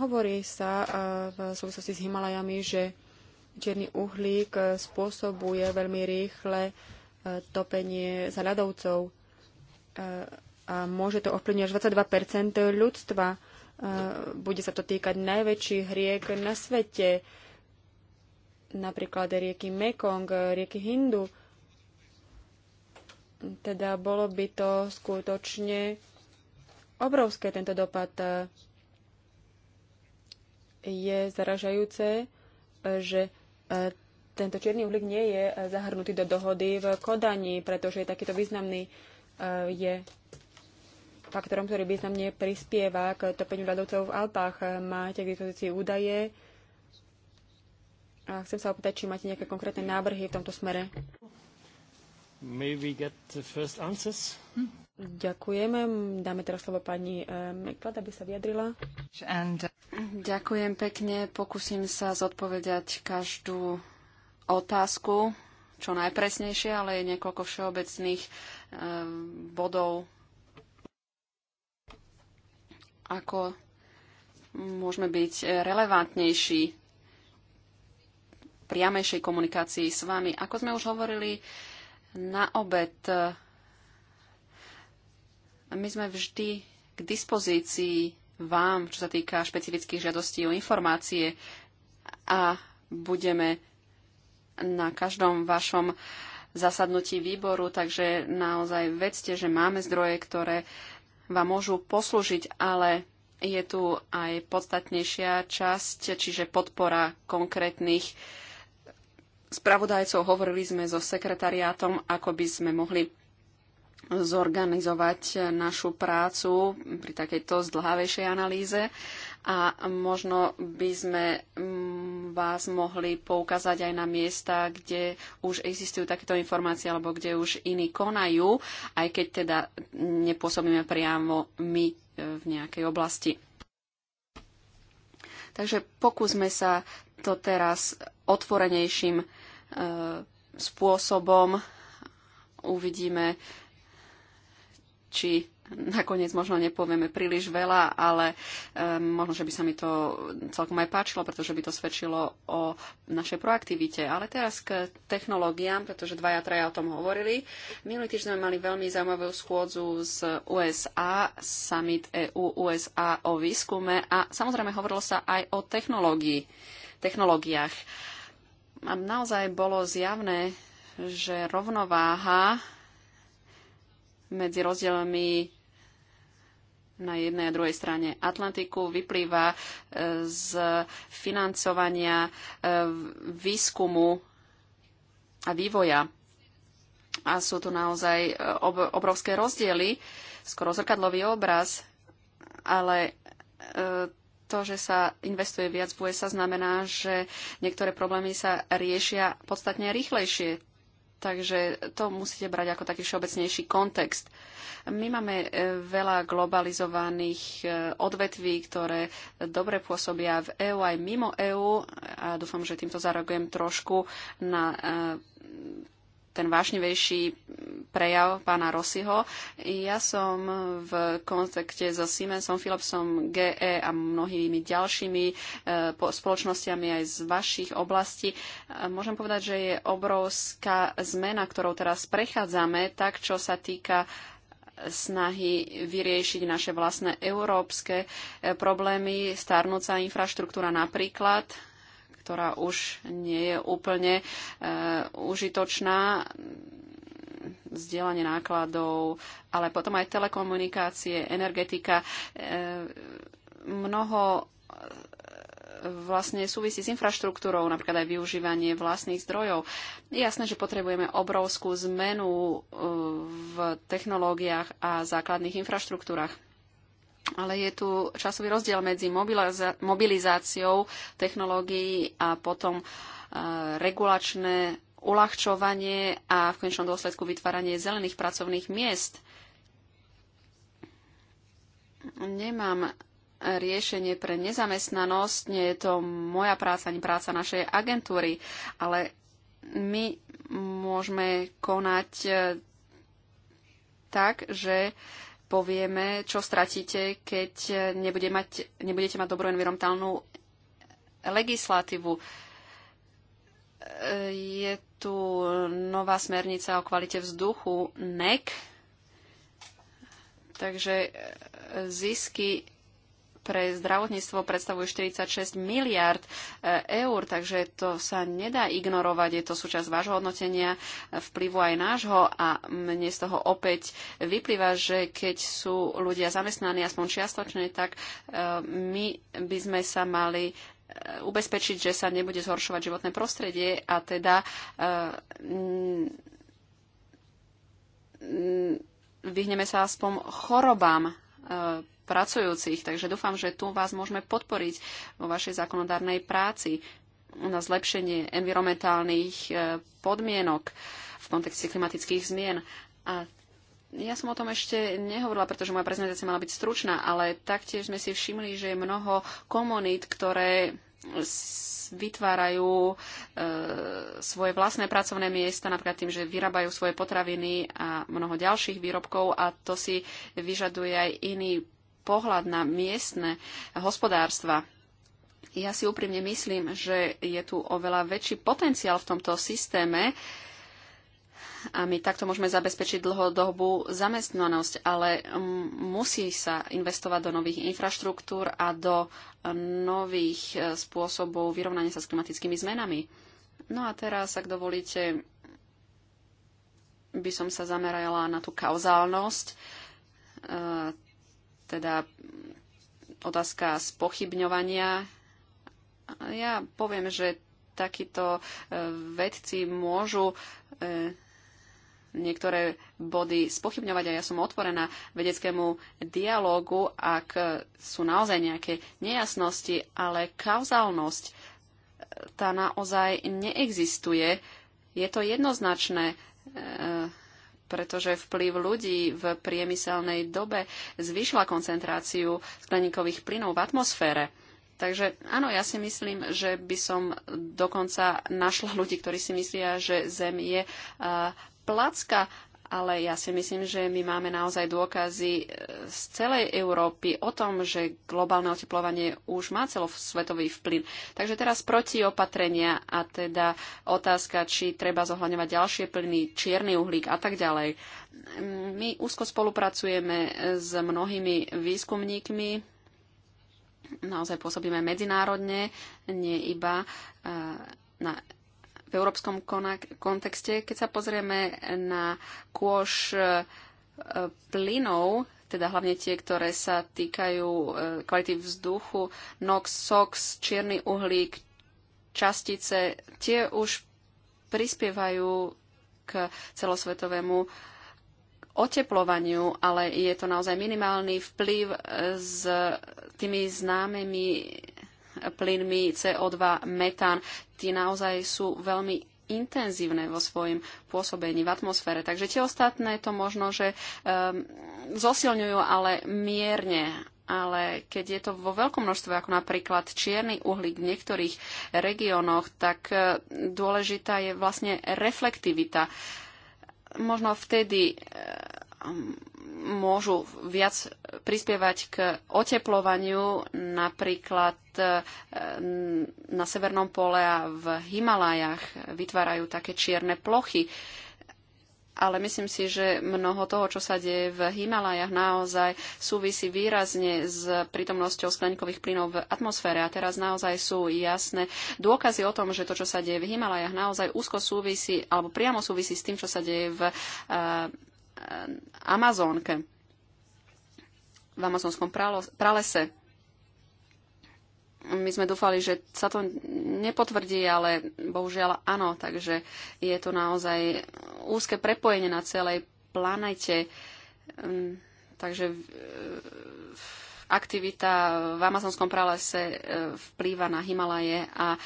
Speaker 1: hovorí sa v súvislosti s Himalajami, že čierny uhlík spôsobuje veľmi rýchle topenie za ľadovcov a môže to ovplyvniť až 22 ľudstva. Bude sa to týkať najväčších riek na svete, napríklad rieky Mekong, rieky Hindu. Teda bolo by to skutočne obrovské tento dopad. Je zaražajúce, že e, tento čierny uhlík nie je zahrnutý do dohody v Kodani, pretože je takýto významný. E, je faktorom, ktorý významne prispieva k topeniu ľadovcov v Alpách. Máte k dispozícii údaje a chcem sa opýtať, či máte nejaké konkrétne návrhy v tomto smere. Hm. Ďakujem. Dáme teraz slovo pani eh, Meklad, aby sa vyjadrila. And... Uh, ďakujem pekne. Pokúsim sa zodpovedať každú
Speaker 3: otázku, čo najpresnejšie, ale je niekoľko všeobecných eh, bodov, ako môžeme byť relevantnejší priamejšej komunikácii s vami. Ako sme už hovorili na obed, my sme vždy k dispozícii vám, čo sa týka špecifických žiadostí o informácie a budeme na každom vašom zasadnutí výboru, takže naozaj vedzte, že máme zdroje, ktoré vám môžu poslúžiť, ale je tu aj podstatnejšia časť, čiže podpora konkrétnych spravodajcov. Hovorili sme so sekretariátom, ako by sme mohli zorganizovať našu prácu pri takejto zdlhavejšej analýze a možno by sme mm, vás mohli poukázať aj na miesta, kde už existujú takéto informácie alebo kde už iní konajú, aj keď teda nepôsobíme priamo my e, v nejakej oblasti. Takže pokúsme sa to teraz otvorenejším e, spôsobom. Uvidíme, či nakoniec možno nepovieme príliš veľa, ale um, možno, že by sa mi to celkom aj páčilo, pretože by to svedčilo o našej proaktivite. Ale teraz k technológiám, pretože dvaja, traja o tom hovorili. Minulý týždeň sme mali veľmi zaujímavú schôdzu z USA, summit EU-USA o výskume a samozrejme hovorilo sa aj o technológii, technológiách. A naozaj bolo zjavné, že rovnováha medzi rozdielmi na jednej a druhej strane Atlantiku vyplýva e, z financovania e, výskumu a vývoja. A sú tu naozaj e, obrovské rozdiely, skoro zrkadlový obraz, ale to, že sa investuje viac v USA, znamená, že niektoré problémy sa riešia podstatne rýchlejšie. Takže to musíte brať ako taký všeobecnejší kontext. My máme e, veľa globalizovaných e, odvetví, ktoré dobre pôsobia v EÚ aj mimo EÚ a dúfam, že týmto zareagujem trošku na e, ten vášnevejší prejav pána Rossiho. Ja som v kontakte so Siemensom, Philipsom, GE a mnohými ďalšími e, spoločnosťami aj z vašich oblastí. E, môžem povedať, že je obrovská zmena, ktorou teraz prechádzame, tak čo sa týka snahy vyriešiť naše vlastné európske e, problémy, starnúca infraštruktúra napríklad, ktorá už nie je úplne e, užitočná zdieľanie nákladov, ale potom aj telekomunikácie, energetika. E, mnoho e, vlastne súvisí s infraštruktúrou, napríklad aj využívanie vlastných zdrojov. Je jasné, že potrebujeme obrovskú zmenu e, v technológiách a základných infraštruktúrach. Ale je tu časový rozdiel medzi mobilizáciou technológií a potom e, regulačné uľahčovanie a v konečnom dôsledku vytváranie zelených pracovných miest. Nemám riešenie pre nezamestnanosť, nie je to moja práca ani práca našej agentúry, ale my môžeme konať e, tak, že povieme, čo stratíte, keď nebude mať, nebudete mať dobrú environmentálnu legislatívu. Je tu nová smernica o kvalite vzduchu NEC, takže zisky pre zdravotníctvo predstavujú 46 miliard e, eur, takže to sa nedá ignorovať. Je to súčasť vášho hodnotenia, e, vplyvu aj nášho a mne z toho opäť vyplýva, že keď sú ľudia zamestnaní aspoň čiastočne, tak e, my by sme sa mali ubezpečiť, že sa nebude zhoršovať životné prostredie a teda vyhneme sa aspoň chorobám pracujúcich. Takže dúfam, že tu vás môžeme podporiť vo vašej zákonodárnej práci na zlepšenie environmentálnych e, podmienok v kontexte klimatických zmien. A ja som o tom ešte nehovorila, pretože moja prezentácia mala byť stručná, ale taktiež sme si všimli, že je mnoho komunít, ktoré vytvárajú e, svoje vlastné pracovné miesta, napríklad tým, že vyrábajú svoje potraviny a mnoho ďalších výrobkov a to si vyžaduje aj iný pohľad na miestne hospodárstva. Ja si úprimne myslím, že je tu oveľa väčší potenciál v tomto systéme a my takto môžeme zabezpečiť dlhodobú zamestnanosť, ale mm, musí sa investovať do nových infraštruktúr a do e, nových e, spôsobov vyrovnania sa s klimatickými zmenami. No a teraz, ak dovolíte, by som sa zamerala na tú kauzálnosť e, teda otázka spochybňovania. Ja poviem, že takíto e, vedci môžu e, niektoré body spochybňovať a ja som otvorená vedeckému dialógu, ak sú naozaj nejaké nejasnosti, ale kauzálnosť e, tá naozaj neexistuje. Je to jednoznačné pretože vplyv ľudí v priemyselnej dobe zvýšila koncentráciu skleníkových plynov v atmosfére. Takže áno, ja si myslím, že by som dokonca našla ľudí, ktorí si myslia, že Zem je uh, placka ale ja si myslím, že my máme naozaj dôkazy e, z celej Európy o tom, že globálne oteplovanie už má celosvetový vplyv. Takže teraz proti opatrenia a teda otázka, či treba zohľadňovať ďalšie plyny, čierny uhlík a tak ďalej. My úzko spolupracujeme s mnohými výskumníkmi, naozaj pôsobíme medzinárodne, nie iba e, na v európskom kontexte, keď sa pozrieme na kôž e, e, plynov, teda hlavne tie, ktoré sa týkajú e, kvality vzduchu, NOx, SOx, čierny uhlík, častice, tie už prispievajú k celosvetovému oteplovaniu, ale je to naozaj minimálny vplyv s tými známymi plynmi CO2, metán, tie naozaj sú veľmi intenzívne vo svojom pôsobení v atmosfére. Takže tie ostatné to možno, že um, zosilňujú, ale mierne. Ale keď je to vo veľkom množstve, ako napríklad čierny uhlík v niektorých regiónoch, tak uh, dôležitá je vlastne reflektivita. Možno vtedy uh, môžu viac prispievať k oteplovaniu napríklad e, na Severnom pole a v Himalajách vytvárajú také čierne plochy. Ale myslím si, že mnoho toho, čo sa deje v Himalajách, naozaj súvisí výrazne s prítomnosťou skleníkových plynov v atmosfére. A teraz naozaj sú jasné dôkazy o tom, že to, čo sa deje v Himalajach naozaj úzko súvisí alebo priamo súvisí s tým, čo sa deje v e, Amazónke, v amazonskom pralese. My sme dúfali, že sa to nepotvrdí, ale bohužiaľ áno, takže je to naozaj úzke prepojenie na celej planete. Hm, takže aktivita v amazonskom pralese e, vplýva na Himalaje a e,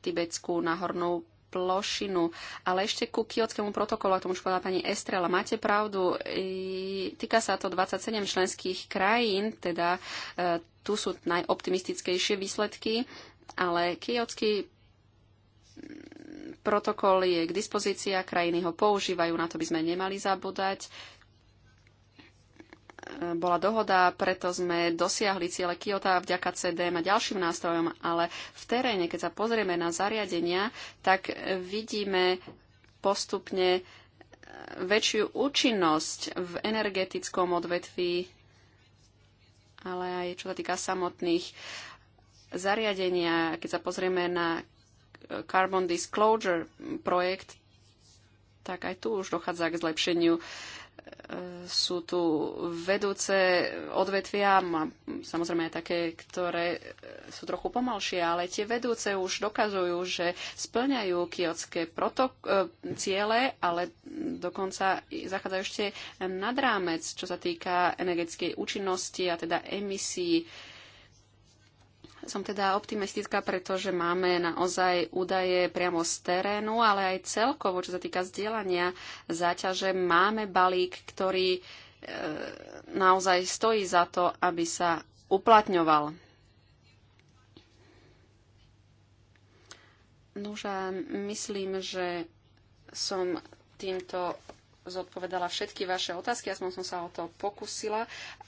Speaker 3: tibetskú nahornú plošinu. Ale ešte ku kiotskému protokolu, a tomu už povedala pani Estrela, máte pravdu, týka sa to 27 členských krajín, teda e, tu sú najoptimistickejšie výsledky, ale kiotský protokol je k dispozícii a krajiny ho používajú, na to by sme nemali zabúdať bola dohoda, preto sme dosiahli ciele Kyoto vďaka CDM a ďalším nástrojom, ale v teréne, keď sa pozrieme na zariadenia, tak vidíme postupne e, väčšiu účinnosť v energetickom odvetví, ale aj čo sa týka samotných zariadenia. Keď sa pozrieme na Carbon Disclosure projekt, tak aj tu už dochádza k zlepšeniu uh, sú tu vedúce odvetvia, samozrejme aj také, ktoré sú trochu pomalšie, ale tie vedúce už dokazujú, že splňajú kiotské protok- e, ciele, ale dokonca zachádzajú ešte nad rámec, čo sa týka energetickej účinnosti a teda emisí som teda optimistická, pretože máme naozaj údaje priamo z terénu, ale aj celkovo, čo sa týka zdieľania záťaže, máme balík, ktorý e, naozaj stojí za to, aby sa uplatňoval. Nože, myslím, že som týmto zodpovedala všetky vaše otázky, aspoň som sa o to pokusila.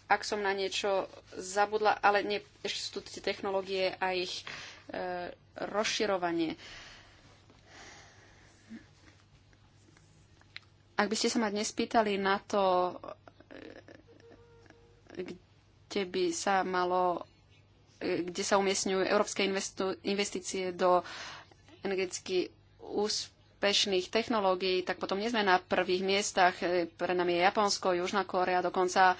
Speaker 3: Ak som na niečo zabudla, ale nie, ešte sú tu tie technológie a ich e, rozširovanie. Ak by ste sa ma dnes pýtali na to, e, kde by sa malo, e, kde sa umiestňujú európske investície do energeticky úspešných úspešných technológií, tak potom nie sme na prvých miestach. E, pre nami je Japonsko, Južná Kórea dokonca.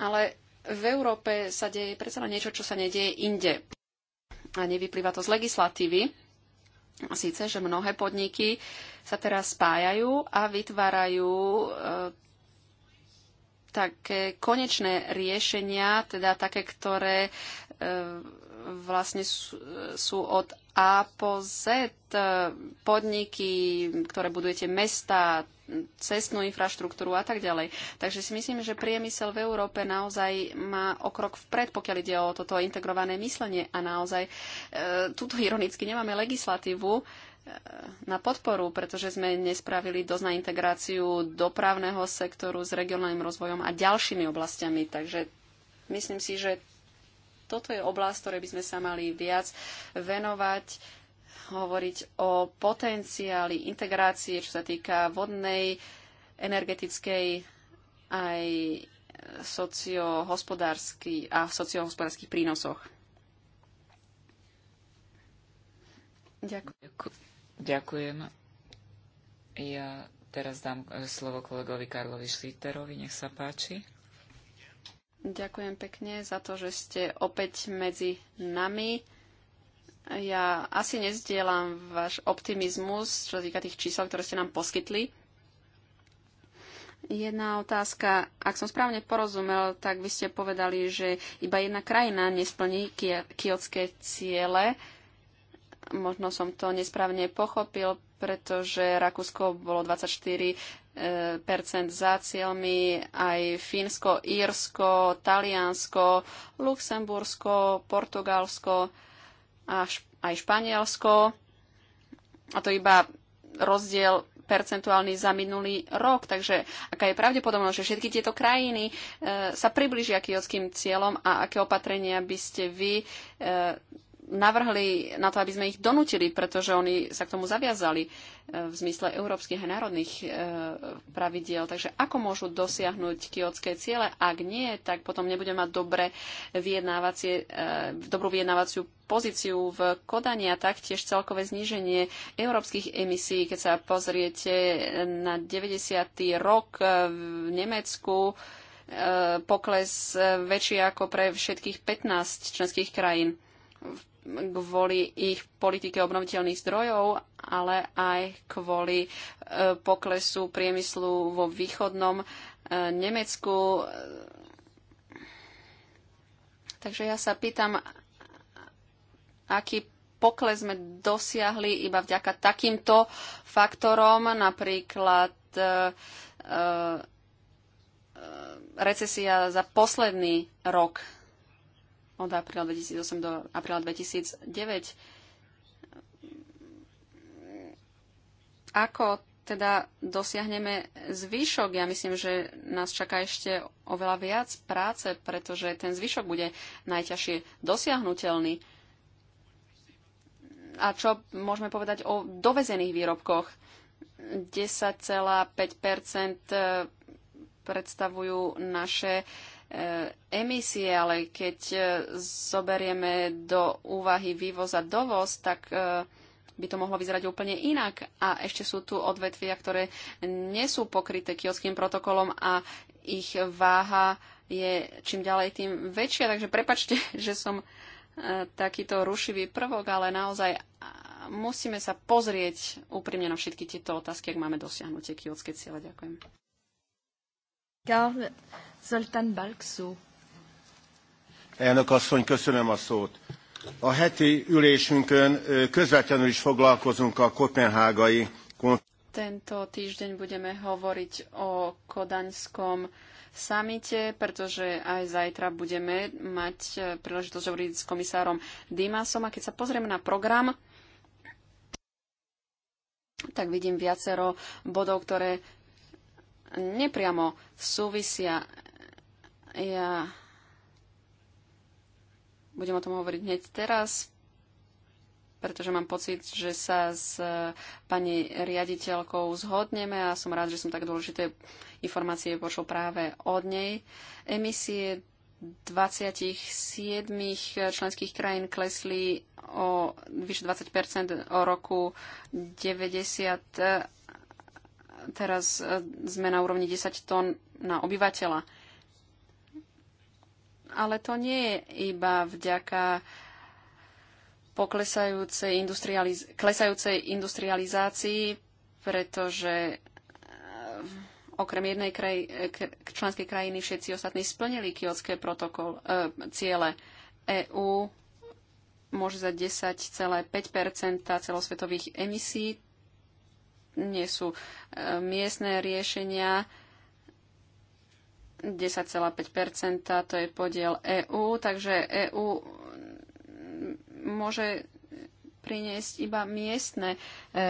Speaker 3: Ale v Európe sa deje predsa niečo, čo sa nedieje inde. A nevyplýva to z legislatívy. Síce, že mnohé podniky sa teraz spájajú a vytvárajú e, také konečné riešenia, teda také, ktoré e, vlastne sú, sú od A po Z. E, podniky, ktoré budujete, mesta, cestnú infraštruktúru a tak ďalej. Takže si myslím, že priemysel v Európe naozaj má okrok vpred, pokiaľ ide o toto integrované myslenie. A naozaj e, tuto ironicky nemáme legislatívu e, na podporu, pretože sme nespravili dosť na integráciu dopravného sektoru s regionálnym rozvojom a ďalšími oblastiami. Takže myslím si, že toto je oblasť, ktorej by sme sa mali viac venovať hovoriť o potenciáli integrácie, čo sa týka vodnej, energetickej aj sociohospodársky a sociohospodárskych prínosoch. Ďakujem.
Speaker 2: Ďakujem. Ja teraz dám eh, slovo kolegovi Karlovi Šlíterovi, nech sa páči.
Speaker 3: Ďakujem pekne za to, že ste opäť medzi nami. Ja asi nezdielam váš optimizmus, čo sa týka tých čísel, ktoré ste nám poskytli. Jedna otázka. Ak som správne porozumel, tak vy ste povedali, že iba jedna krajina nesplní kiotské ciele. Možno som to nesprávne pochopil pretože Rakúsko bolo 24 e, za cieľmi, aj Fínsko, Írsko, Taliansko, Luxembursko, Portugalsko a aj Španielsko. A to iba rozdiel percentuálny za minulý rok. Takže aká je pravdepodobnosť, že všetky tieto krajiny e, sa približia kiotským cieľom a aké opatrenia by ste vy e, navrhli na to, aby sme ich donútili, pretože oni sa k tomu zaviazali e, v zmysle európskych a národných e, pravidiel. Takže ako môžu dosiahnuť kiotské ciele? Ak nie, tak potom nebude mať dobré vyjednávacie, e, dobrú vyjednávaciu pozíciu v Kodani a taktiež celkové zníženie európskych emisí. Keď sa pozriete na 90. rok v Nemecku, pokles väčší ako pre všetkých 15 členských krajín v kvôli ich politike obnoviteľných zdrojov, ale aj kvôli e, poklesu priemyslu vo východnom e, Nemecku. Takže ja sa pýtam, aký pokles sme dosiahli iba vďaka takýmto faktorom, napríklad e, recesia za posledný rok od apríla 2008 do apríla 2009. Ako teda dosiahneme zvyšok? Ja myslím, že nás čaká ešte oveľa viac práce, pretože ten zvyšok bude najťažšie dosiahnutelný. A čo môžeme povedať o dovezených výrobkoch? 10,5 eh, predstavujú naše uh, E, emisie, ale keď e, zoberieme do úvahy vývoz a dovoz, tak e, by to mohlo vyzerať úplne inak. A ešte sú tu odvetvia, ktoré nie sú pokryté kiotským protokolom a ich váha je čím ďalej tým väčšia. Takže prepačte, že som takýto rušivý prvok, ale naozaj musíme sa pozrieť úprimne na všetky tieto otázky, ak máme dosiahnutie kiotské ciele. Ďakujem. Zoltán
Speaker 2: Elnök asszony, köszönöm a szót. A heti ülésünkön közvetlenül is foglalkozunk a kopenhágai
Speaker 3: tento týždeň budeme hovoriť o Kodanskom samite, pretože aj zajtra budeme mať e, príležitosť hovoriť s komisárom Dimasom. A keď sa pozrieme na program, tak vidím viacero bodov, ktoré nepriamo súvisia ja budem o tom hovoriť hneď teraz, pretože mám pocit, že sa s e, pani riaditeľkou zhodneme a som rád, že som tak dôležité informácie počul práve od nej. Emisie 27 členských krajín klesli o vyše 20 o roku 90. Teraz e, sme na úrovni 10 tón na obyvateľa. Ale to nie je iba vďaka poklesajúcej industrializ- klesajúcej industrializácii, pretože eh, okrem jednej kraj- eh, členskej krajiny všetci ostatní splnili kiotské protokol, eh, e, ciele. EÚ môže za 10,5 celosvetových emisí. Nie sú e, miestne riešenia 10,5 to je podiel EÚ, takže EÚ môže priniesť iba miestne e,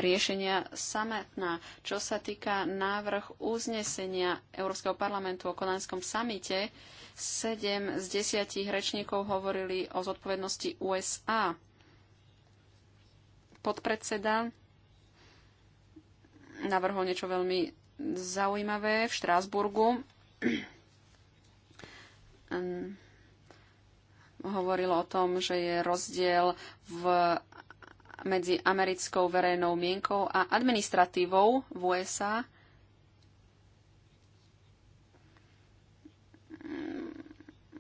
Speaker 3: riešenia samotná. Čo sa týka návrh uznesenia Európskeho parlamentu o Konanskom samite, 7 z 10 rečníkov hovorili o zodpovednosti USA. Podpredseda navrhol niečo veľmi zaujímavé v Štrásburgu hovorilo o tom, že je rozdiel v, medzi americkou verejnou mienkou a administratívou v USA.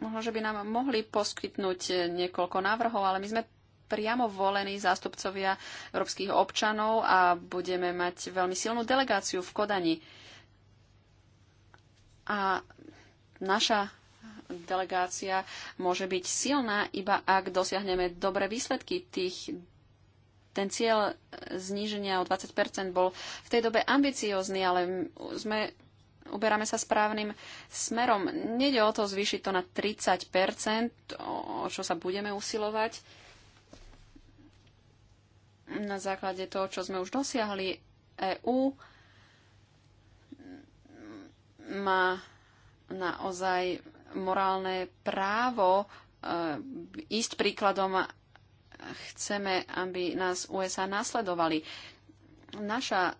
Speaker 3: Možno, že by nám mohli poskytnúť niekoľko návrhov, ale my sme priamo volení zástupcovia európskych občanov a budeme mať veľmi silnú delegáciu v Kodani. A naša delegácia môže byť silná, iba ak dosiahneme dobré výsledky tých ten cieľ zníženia o 20 bol v tej dobe ambiciózny, ale sme, uberáme sa správnym smerom. Nede o to zvýšiť to na 30 o čo sa budeme usilovať na základe toho, čo sme už dosiahli. EÚ má naozaj morálne právo e, ísť príkladom. Chceme, aby nás USA nasledovali. Naša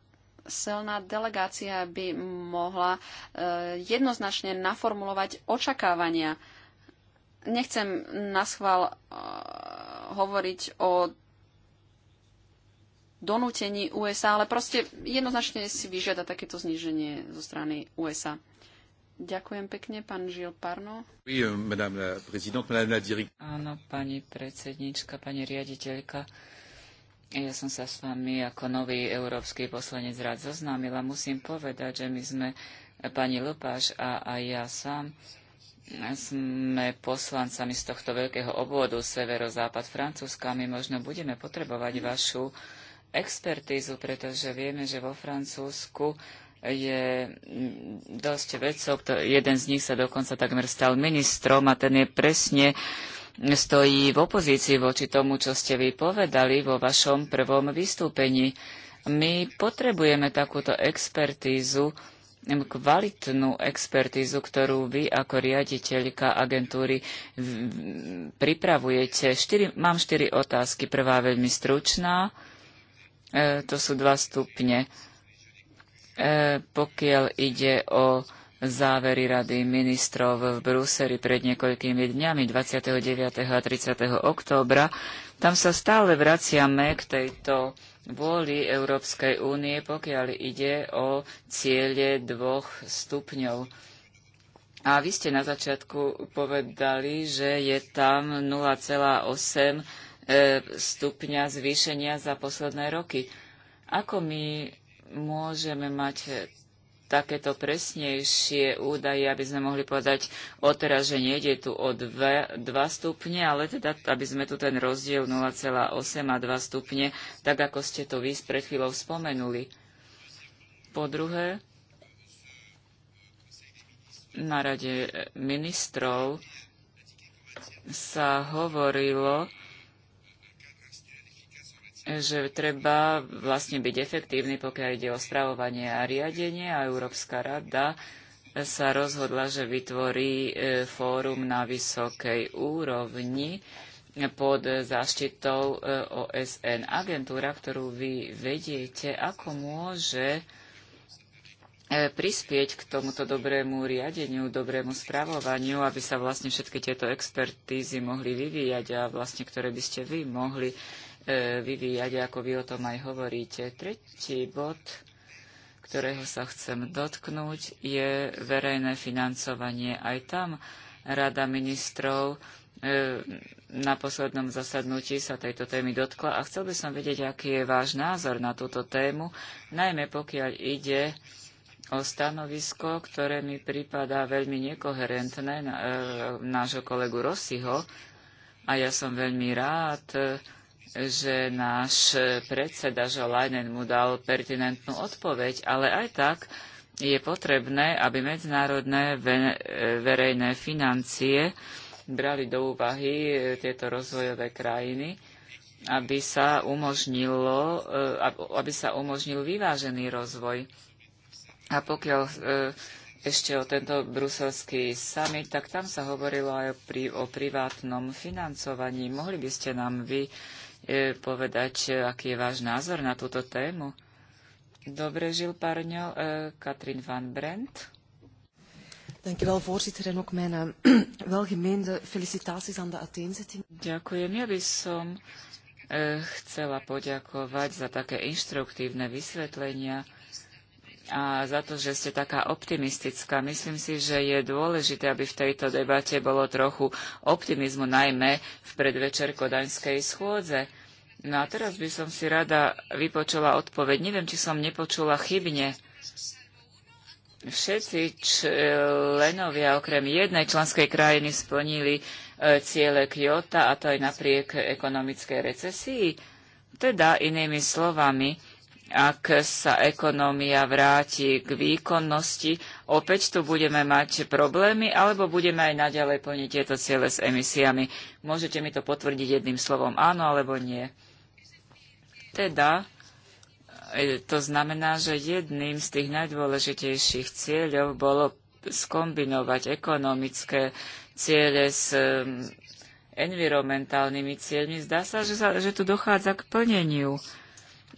Speaker 3: silná delegácia by mohla e, jednoznačne naformulovať očakávania. Nechcem naschval e, hovoriť o donútení USA, ale proste jednoznačne si vyžiada takéto zníženie zo strany USA. Ďakujem pekne, pán Žil Parno.
Speaker 2: Oui, euh, madame la présidente, madame la direct... Áno, pani predsednička, pani riaditeľka. Ja som sa s vami ako nový európsky poslanec rád zoznámila. Musím povedať, že my sme, pani Lopáš a, a ja sám, sme poslancami z tohto veľkého obvodu severozápad Francúzska. My možno budeme potrebovať vašu expertízu, pretože vieme, že vo Francúzsku je mm, dosť vedcov, jeden z nich sa dokonca takmer stal ministrom a ten je presne stojí v opozícii voči tomu, čo ste vy povedali vo vašom prvom vystúpení. My potrebujeme takúto expertízu, kvalitnú expertízu, ktorú vy ako riaditeľka agentúry pripravujete. Štyri, mám štyri otázky. Prvá veľmi stručná. E, to sú dva stupne. E, E, pokiaľ ide o závery Rady ministrov v Bruseli pred niekoľkými dňami 29. a 30. októbra. Tam sa stále vraciame k tejto vôli Európskej únie, pokiaľ ide o ciele dvoch stupňov. A vy ste na začiatku povedali, že je tam 0,8 e, stupňa zvýšenia za posledné roky. Ako my môžeme mať e, takéto presnejšie údaje, aby sme mohli povedať odteraz, že nejde tu o 2, 2 stupne, ale teda aby sme tu ten rozdiel 0,8 a 2 stupne, tak ako ste to vy pred chvíľou spomenuli. Po druhé, na rade e, ministrov sa hovorilo že treba vlastne byť efektívny, pokiaľ ide o spravovanie a riadenie a Európska rada sa rozhodla, že vytvorí e, fórum na vysokej úrovni pod záštitou e, OSN. Agentúra, ktorú vy vediete, ako môže e, prispieť k tomuto dobrému riadeniu, dobrému spravovaniu, aby sa vlastne všetky tieto expertízy mohli vyvíjať a vlastne ktoré by ste vy mohli E, vyvíjať, ako vy o tom aj hovoríte. Tretí bod, ktorého sa chcem dotknúť, je verejné financovanie. Aj tam Rada ministrov e, na poslednom zasadnutí sa tejto témy dotkla a chcel by som vedieť, aký je váš názor na túto tému, najmä pokiaľ ide o stanovisko, ktoré mi pripadá veľmi nekoherentné e, nášho kolegu Rossiho a ja som veľmi rád, že náš eh, predseda Žolajnen mu dal pertinentnú odpoveď, ale aj tak je potrebné, aby medzinárodné eh, verejné financie brali do úvahy eh, tieto rozvojové krajiny, aby sa, umožnilo, aby sa umožnil vyvážený rozvoj. A pokiaľ ešte o tento bruselský summit, tak tam sa hovorilo aj o, pri, o privátnom financovaní. Mohli by ste nám vy E, povedať, e, aký je váš názor na túto tému. Dobre, Žil Parňo, e, Katrin van Brent.
Speaker 1: Dank wel, voorzitter. En ook mijn uh, eh, welgemeende felicitaties aan de uiteenzetting.
Speaker 2: Ďakujem. Ja by som uh, chcela poďakovať za také inštruktívne vysvetlenia a za to, že ste taká optimistická. Myslím si, že je dôležité, aby v tejto debate bolo trochu optimizmu, najmä v predvečer kodaňskej schôdze. No a teraz by som si rada vypočula odpoveď. Neviem, či som nepočula chybne. Všetci členovia okrem jednej členskej krajiny splnili e, ciele Kyoto a to aj napriek ekonomickej recesii. Teda inými slovami, ak sa ekonomia vráti k výkonnosti, opäť tu budeme mať problémy, alebo budeme aj naďalej plniť tieto ciele s emisiami. Môžete mi to potvrdiť jedným slovom áno alebo nie. Teda, e, to znamená, že jedným z tých najdôležitejších cieľov bolo skombinovať ekonomické ciele s mm, environmentálnymi cieľmi. Zdá sa, že, sa, že tu dochádza k plneniu.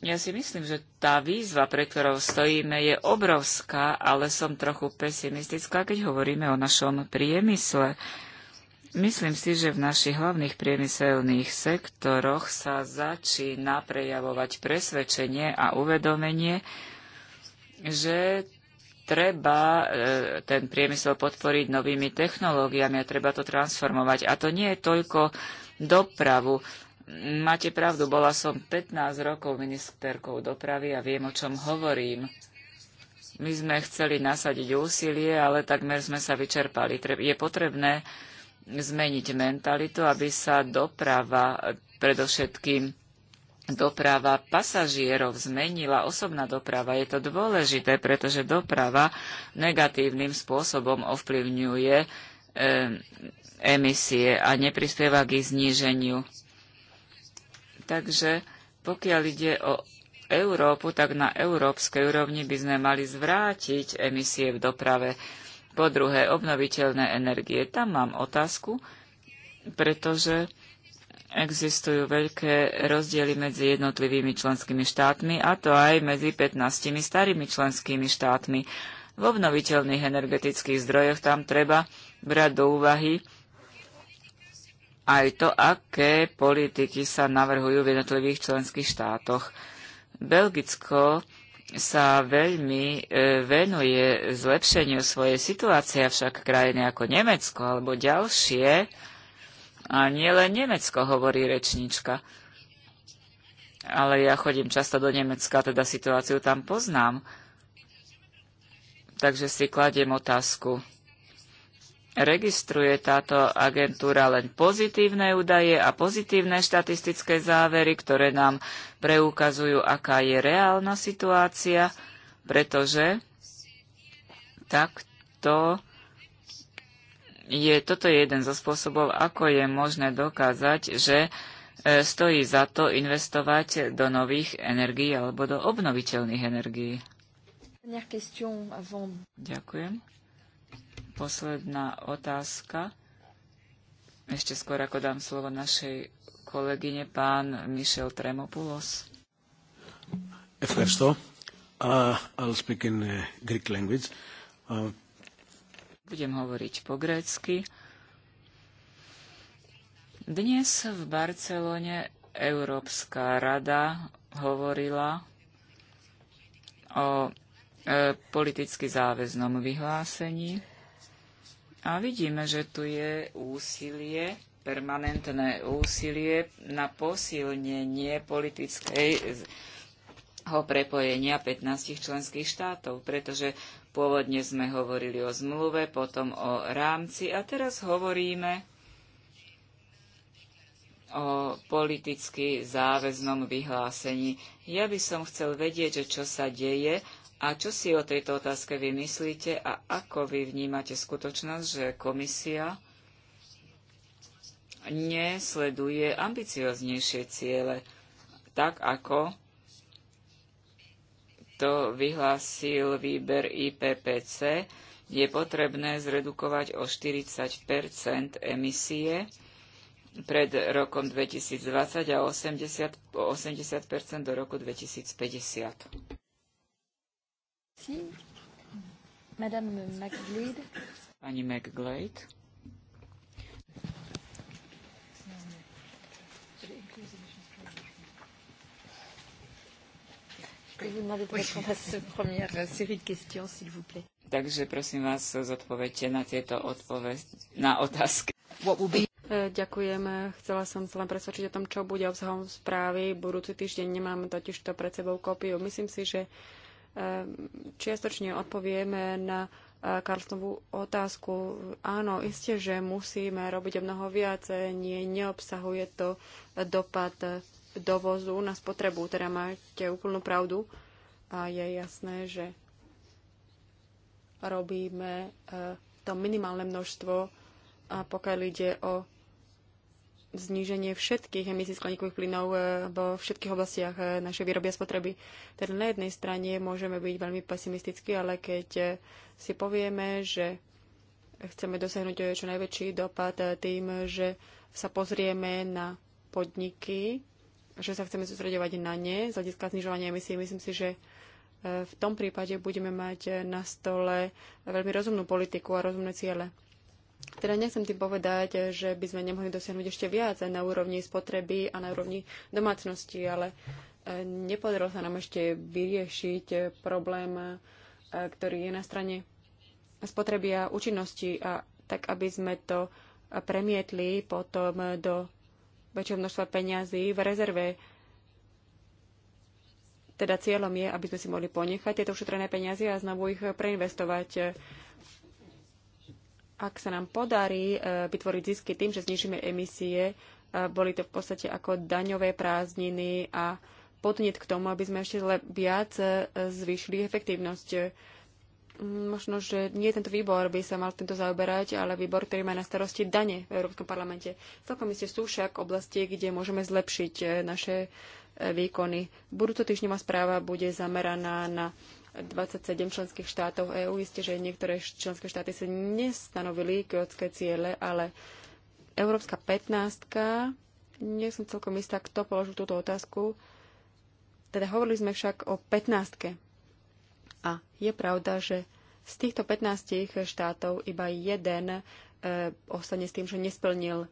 Speaker 2: Ja si myslím, že tá výzva, pre ktorou stojíme, je obrovská, ale som trochu pesimistická, keď hovoríme o našom priemysle. Myslím si, že v našich hlavných priemyselných sektoroch sa začína prejavovať presvedčenie a uvedomenie, že treba e, ten priemysel podporiť novými technológiami a treba to transformovať. A to nie je toľko dopravu. Máte pravdu, bola som 15 rokov ministerkou dopravy a viem, o čom hovorím. My sme chceli nasadiť úsilie, ale takmer sme sa vyčerpali. Je potrebné zmeniť mentalitu, aby sa doprava, predovšetkým doprava pasažierov zmenila, osobná doprava. Je to dôležité, pretože doprava negatívnym spôsobom ovplyvňuje e, emisie a neprispieva k ich zníženiu Takže pokiaľ ide o Európu, tak na európskej úrovni by sme mali zvrátiť emisie v doprave. Po druhé, obnoviteľné energie. Tam mám otázku, pretože existujú veľké rozdiely medzi jednotlivými členskými štátmi a to aj medzi 15 starými členskými štátmi. V obnoviteľných energetických zdrojoch tam treba brať do úvahy aj to, aké politiky sa navrhujú v jednotlivých členských štátoch. Belgicko sa veľmi e, venuje zlepšeniu svojej situácie, avšak krajiny ako Nemecko alebo ďalšie, a len Nemecko, hovorí rečnička. Ale ja chodím často do Nemecka, teda situáciu tam poznám. Takže si kladiem otázku registruje táto agentúra len pozitívne údaje a pozitívne štatistické závery, ktoré nám preukazujú, aká je reálna situácia, pretože takto je, toto je jeden zo spôsobov, ako je možné dokázať, že e, stojí za to investovať do nových energií alebo do obnoviteľných energií.
Speaker 3: Ďakujem.
Speaker 2: Posledná otázka. Ešte skôr ako dám slovo našej kolegyne, pán Michel Tremopoulos.
Speaker 1: Uh, I'll speak in uh, Greek language. Uh,
Speaker 2: Budem hovoriť po grécky. Dnes v Barcelone Európska rada hovorila o e, politicky záväznom vyhlásení a vidíme, že tu je úsilie, permanentné úsilie na posilnenie politického prepojenia 15 členských štátov, pretože pôvodne sme hovorili o zmluve, potom o rámci a teraz hovoríme o politicky záväznom vyhlásení. Ja by som chcel vedieť, že čo sa deje a čo si o tejto otázke vy myslíte a ako vy vnímate skutočnosť, že komisia nesleduje ambicioznejšie ciele, tak ako to vyhlásil výber IPPC, je potrebné zredukovať o 40 emisie pred rokom 2020 a 80, 80 do roku 2050.
Speaker 1: Merci. Madame McGlade.
Speaker 2: Pani McGlade.
Speaker 1: Euh,
Speaker 2: Takže prosím vás, zodpovedte na tieto odpoved, na otázky.
Speaker 1: E, ďakujem. Chcela som sa len presvedčiť o tom, čo bude obsahom správy. Budúci týždeň nemám totiž to pred sebou kópiu. Myslím si, že Ehm, čiastočne odpovieme na e, Karlsnovú otázku. Áno, isté, že musíme robiť mnoho viac. Nie, neobsahuje to dopad dovozu na spotrebu. Teda máte úplnú pravdu a je jasné, že robíme e, to minimálne množstvo, a pokiaľ ide o zníženie všetkých emisí skleníkových plynov e, vo všetkých oblastiach e, našej výroby a spotreby. Teda na jednej strane môžeme byť veľmi pesimistickí, ale keď e, si povieme, že chceme dosiahnuť čo najväčší dopad tým, že sa pozrieme na podniky, že sa chceme sústredovať na ne z hľadiska znižovania emisí. Myslím si, že v tom prípade budeme mať na stole veľmi rozumnú politiku a rozumné ciele. Teda nechcem tým povedať, že by sme nemohli dosiahnuť ešte viac na úrovni spotreby a na úrovni domácnosti, ale e, nepodarilo sa nám ešte vyriešiť e, problém, e, ktorý je na strane spotreby a účinnosti, a tak aby sme to premietli potom do väčšieho množstva peňazí v rezerve. Teda cieľom je, aby sme si mohli ponechať tieto ušetrené peniaze a znovu ich preinvestovať ak sa nám podarí e, vytvoriť zisky tým, že znižíme emisie, e, boli to v podstate ako daňové prázdniny a podnet k tomu, aby sme ešte viac e, zvýšili efektívnosť mm, možno, že nie tento výbor by sa mal tento zaoberať, ale výbor, ktorý má na starosti dane v Európskom parlamente. Celkom iste sú však oblasti, kde môžeme zlepšiť naše výkony. Budúco týždňová správa bude zameraná na 27 členských štátov EÚ. Isté, že niektoré členské štáty si nestanovili kyotské ciele, ale Európska 15 nie som celkom istá, kto položil túto otázku. Teda hovorili sme však o 15 A je pravda, že z týchto 15 štátov iba jeden e, ostane s tým, že nesplnil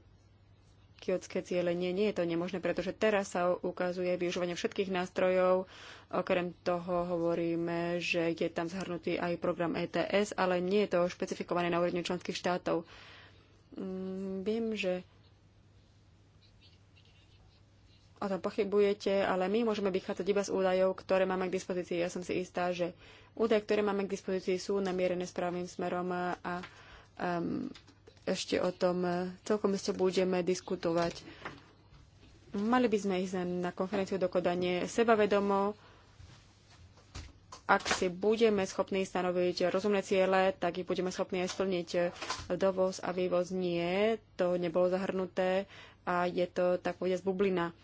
Speaker 1: kiotské ciele. Nie, nie je to nemožné, pretože teraz sa ukazuje využívanie všetkých nástrojov. Okrem toho hovoríme, že je tam zhrnutý aj program ETS, ale nie je to špecifikované na úrovni členských štátov. Mm, viem, že o tom pochybujete, ale my môžeme vychádzať iba z údajov, ktoré máme k dispozícii. Ja som si istá, že údaje, ktoré máme k dispozícii, sú namierené správnym smerom a um, ešte o tom e, celkom ešte budeme diskutovať. Mali by sme ísť na konferenciu do Kodane sebavedomo. Ak si budeme schopní stanoviť rozumné ciele, tak ich budeme schopní aj splniť. Dovoz a vývoz nie, to nebolo zahrnuté a je to tak povediať bublina. E,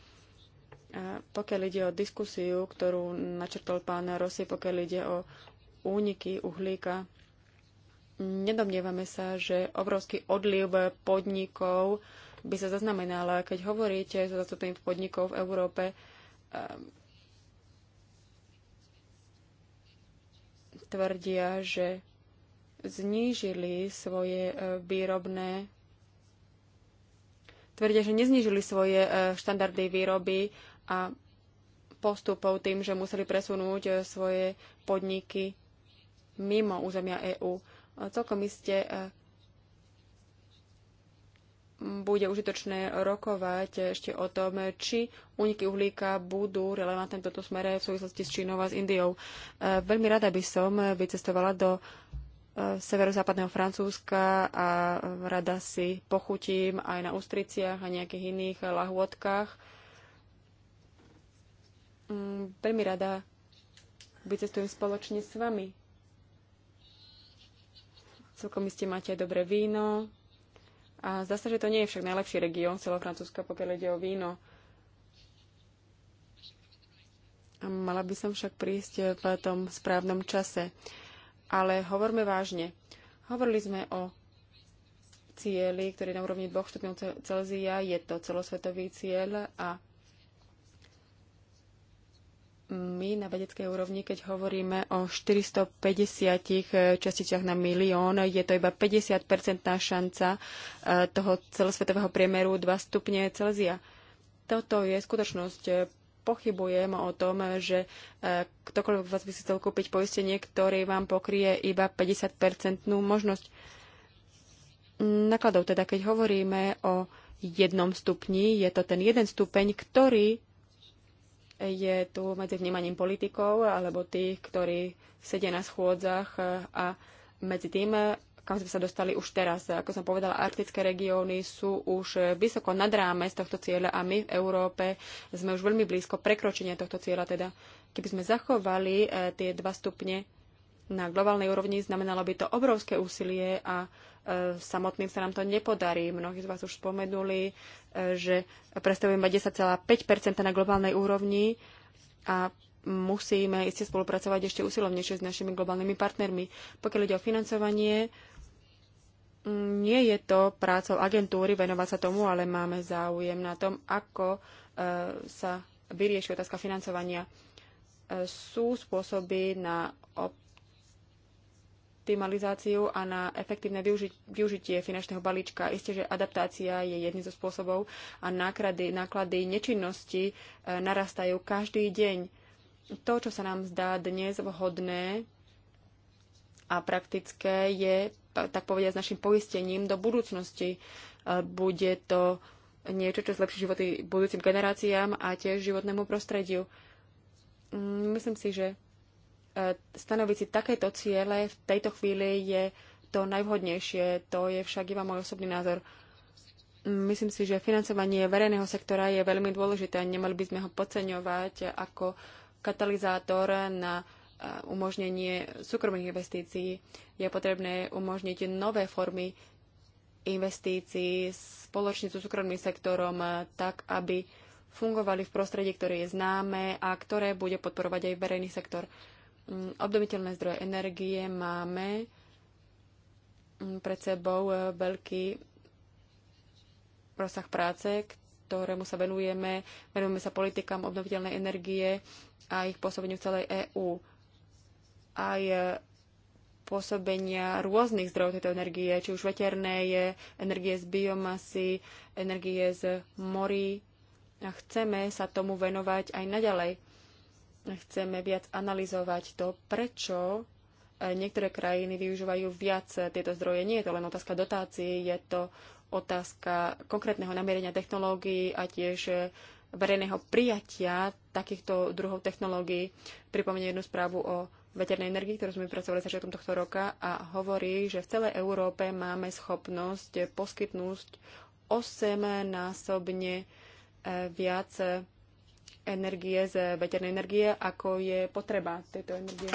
Speaker 1: pokiaľ ide o diskusiu, ktorú načrtol pán Rossi, pokiaľ ide o úniky uhlíka, nedomnievame sa, že obrovský odliv podnikov by sa zaznamenal. Keď hovoríte so zastupnými podnikov v Európe, ehm, tvrdia, že znížili svoje e, výrobné tvrdia, že neznížili svoje e, štandardy výroby a postupov tým, že museli presunúť e, svoje podniky mimo územia EÚ celkom iste e, bude užitočné rokovať ešte o tom, či úniky uhlíka budú relevantné v tomto smere v súvislosti s Čínou a s Indiou. E, veľmi rada by som vycestovala do e, severozápadného Francúzska a rada si pochutím aj na ústriciach a nejakých iných lahôdkach. Mm, veľmi rada vycestujem spoločne s vami Celkom iste máte aj dobré víno. A zdá sa, že to nie je však najlepší región Francúzska, pokiaľ ide o víno. A mala by som však prísť v tom správnom čase. Ale hovorme vážne. Hovorili sme o cieli, ktorý na úrovni 2 stupňov Celzia. Je to celosvetový cieľ a my na vedeckej úrovni, keď hovoríme o 450 eh, časticiach na milión, je to iba 50-percentná šanca eh, toho celosvetového priemeru 2 stupne Celzia. Toto je skutočnosť. Pochybujem o tom, že eh, ktokoľvek vás by si chcel kúpiť poistenie, ktoré vám pokrie iba 50-percentnú možnosť nakladov. Teda keď hovoríme o jednom stupni, je to ten jeden stupeň, ktorý je tu medzi vnímaním politikov alebo tých, ktorí sedia na schôdzach e, a medzi tým, e, kam sme sa dostali už teraz. E, ako som povedala, arktické regióny sú už vysoko nad ráme z tohto cieľa a my v Európe sme už veľmi blízko prekročenia tohto cieľa. Teda keby sme zachovali tie dva stupne na globálnej úrovni, znamenalo by to obrovské úsilie a e, samotným sa nám to nepodarí. Mnohí z vás už spomenuli, e, že predstavujeme 10,5 na globálnej úrovni a musíme iste spolupracovať ešte usilovnejšie s našimi globálnymi partnermi. Pokiaľ ide o financovanie, mm, nie je to prácou agentúry venovať sa tomu, ale máme záujem na tom, ako e, sa vyrieši otázka financovania. E, sú spôsoby na op- optimalizáciu a na efektívne využitie finančného balíčka. Isté, že adaptácia je jedným zo spôsobov a náklady, náklady nečinnosti e, narastajú každý deň. To, čo sa nám zdá dnes vhodné a praktické, je tak povediať s našim poistením do budúcnosti. E, bude to niečo, čo zlepší životy budúcim generáciám a tiež životnému prostrediu. Mm, myslím si, že E, stanoviť si takéto ciele v tejto chvíli je to najvhodnejšie. To je však iba môj osobný názor. Myslím si, že financovanie verejného sektora je veľmi dôležité. a Nemali by sme ho podceňovať ako katalizátor na e, umožnenie súkromných investícií. Je potrebné umožniť nové formy investícií spoločne so súkromným sektorom e, tak, aby fungovali v prostredí, ktoré je známe a ktoré bude podporovať aj verejný sektor. Mm, obnoviteľné zdroje energie máme mm, pred sebou e, veľký rozsah práce, ktorému sa venujeme. Venujeme sa politikám obnoviteľnej energie a ich pôsobeniu v celej EÚ. Aj e, pôsobenia rôznych zdrojov tejto energie, či už veternej, energie z biomasy, energie z morí. A chceme sa tomu venovať aj naďalej chceme viac analyzovať to, prečo eh, niektoré krajiny využívajú viac eh, tieto zdroje. Nie je to len otázka dotácií, je to otázka konkrétneho namierenia technológií a tiež eh, verejného prijatia takýchto druhov technológií. Pripomeniem jednu správu o veternej energii, ktorú sme vypracovali začiatkom tohto roka a hovorí, že v celej Európe máme schopnosť poskytnúť 8 násobne viac energie z veternej energie, ako je potreba tejto energie.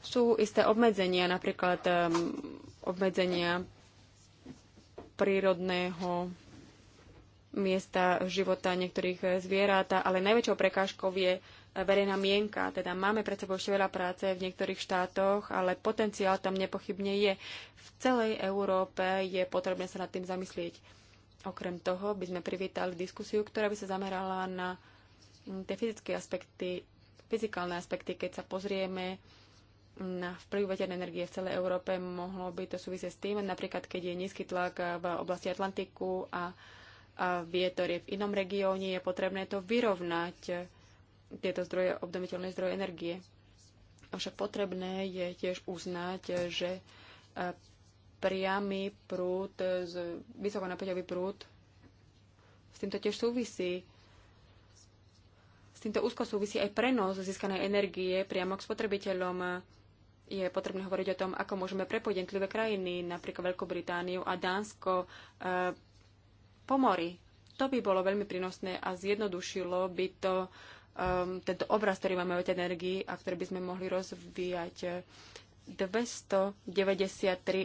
Speaker 1: Sú isté obmedzenia, napríklad um, obmedzenia prírodného miesta života niektorých zvierat, ale najväčšou prekážkou je verejná mienka. Teda máme pred sebou ešte veľa práce v niektorých štátoch, ale potenciál tam nepochybne je. V celej Európe je potrebné sa nad tým zamyslieť. Okrem toho by sme privítali diskusiu, ktorá by sa zamerala na tie fyzické aspekty, fyzikálne aspekty, keď sa pozrieme na vplyv veternej energie v celej Európe, mohlo by to súvisieť s tým, napríklad keď je nízky tlak v oblasti Atlantiku a, a vietor je v inom regióne, je potrebné to vyrovnať, tieto zdroje, obnoviteľné zdroje energie. Avšak potrebné je tiež uznať, že priamy prúd, e, z, vysokonapäťový prúd. S týmto tiež súvisí. S týmto úzko súvisí aj prenos získanej energie priamo k spotrebiteľom. Je potrebné hovoriť o tom, ako môžeme prepojiť jednotlivé krajiny, napríklad Veľkú Britániu a Dánsko, e, po mori. To by bolo veľmi prínosné a zjednodušilo by to um, tento obraz, ktorý máme o tej energii a ktorý by sme mohli rozvíjať. 293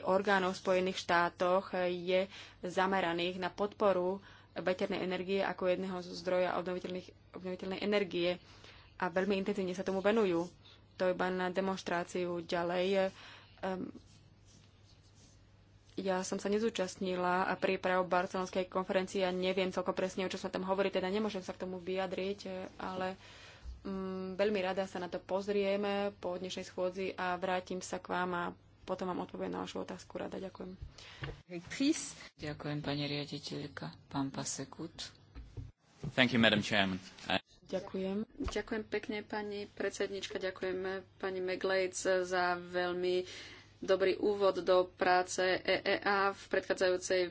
Speaker 1: orgánov v Spojených štátoch je zameraných na podporu veternej energie ako jedného zo zdroja obnoviteľnej energie a veľmi intenzívne sa tomu venujú. To iba na demonstráciu ďalej. Ehm, ja som sa nezúčastnila a príprav barcelonskej konferencie a neviem celkom presne, o čo sa tam hovorí, teda nemôžem sa k tomu vyjadriť, ale uh, Mm, veľmi rada sa na to pozrieme po dnešnej schôdzi a vrátim sa k vám a potom vám odpoviem na vašu otázku. Rada ďakujem.
Speaker 2: Ďakujem, pani riaditeľka. Pán Pasekut. Thank you, Madam Chairman. Uh,
Speaker 1: ďakujem.
Speaker 3: Ďakujem pekne, pani predsednička. Ďakujem pani Meglejc za veľmi dobrý úvod do práce EEA. V predchádzajúcej,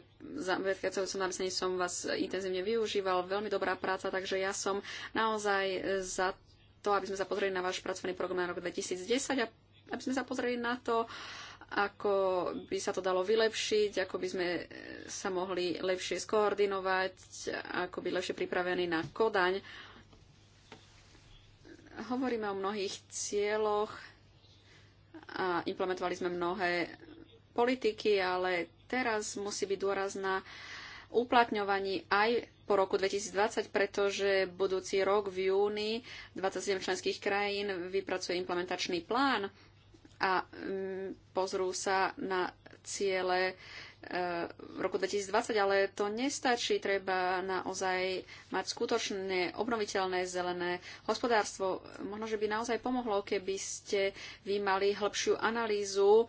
Speaker 3: predchádzajúcom zamestnaní som vás intenzívne využíval. Veľmi dobrá práca, takže ja som naozaj e, za to, aby sme sa pozreli na váš pracovný program na rok 2010 a aby sme sa pozreli na to, ako by sa to dalo vylepšiť, ako by sme e, sa mohli lepšie skoordinovať, ako byť lepšie pripravení na Kodaň. Hovoríme o mnohých cieľoch, a implementovali sme mnohé politiky, ale teraz musí byť dôraz na uplatňovaní aj po roku 2020, pretože budúci rok v júni 27 členských krajín vypracuje implementačný plán a mm, pozrú sa na ciele v roku 2020, ale to nestačí. Treba naozaj mať skutočne obnoviteľné zelené hospodárstvo. Možno, že by naozaj pomohlo, keby ste vy mali hĺbšiu analýzu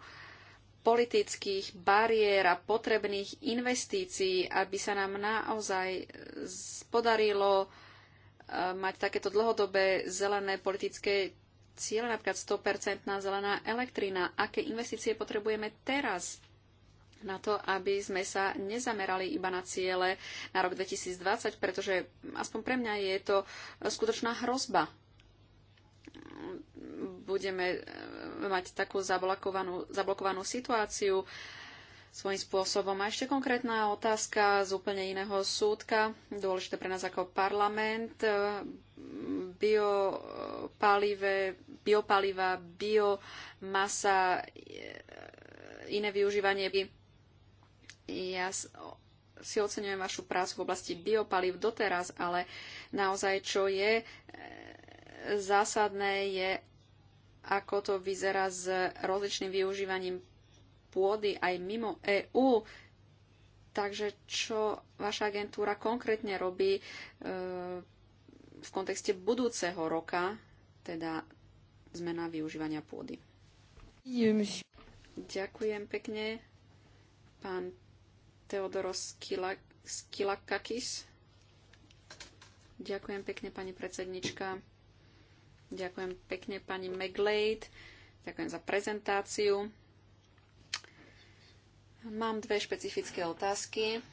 Speaker 3: politických bariér a potrebných investícií, aby sa nám naozaj podarilo e, mať takéto dlhodobé zelené politické cieľe, napríklad 100% zelená elektrina. Aké investície potrebujeme teraz? na to, aby sme sa nezamerali iba na ciele na rok 2020, pretože aspoň pre mňa je to skutočná hrozba. Budeme eh, mať takú zablokovanú, zablokovanú situáciu svojím spôsobom. A ešte konkrétna otázka z úplne iného súdka, dôležité pre nás ako parlament. Biopalive, biopaliva, biomasa, eh, iné využívanie ja si oceňujem vašu prácu v oblasti biopalív doteraz, ale naozaj, čo je e, zásadné, je, ako to vyzerá s rozličným využívaním pôdy aj mimo EÚ. Takže čo vaša agentúra konkrétne robí e, v kontexte budúceho roka, teda zmena využívania pôdy? Ďakujem pekne, pán Teodoros Skilakakis. Ďakujem pekne, pani predsednička. Ďakujem pekne, pani Meglade. Ďakujem za prezentáciu. Mám dve špecifické otázky.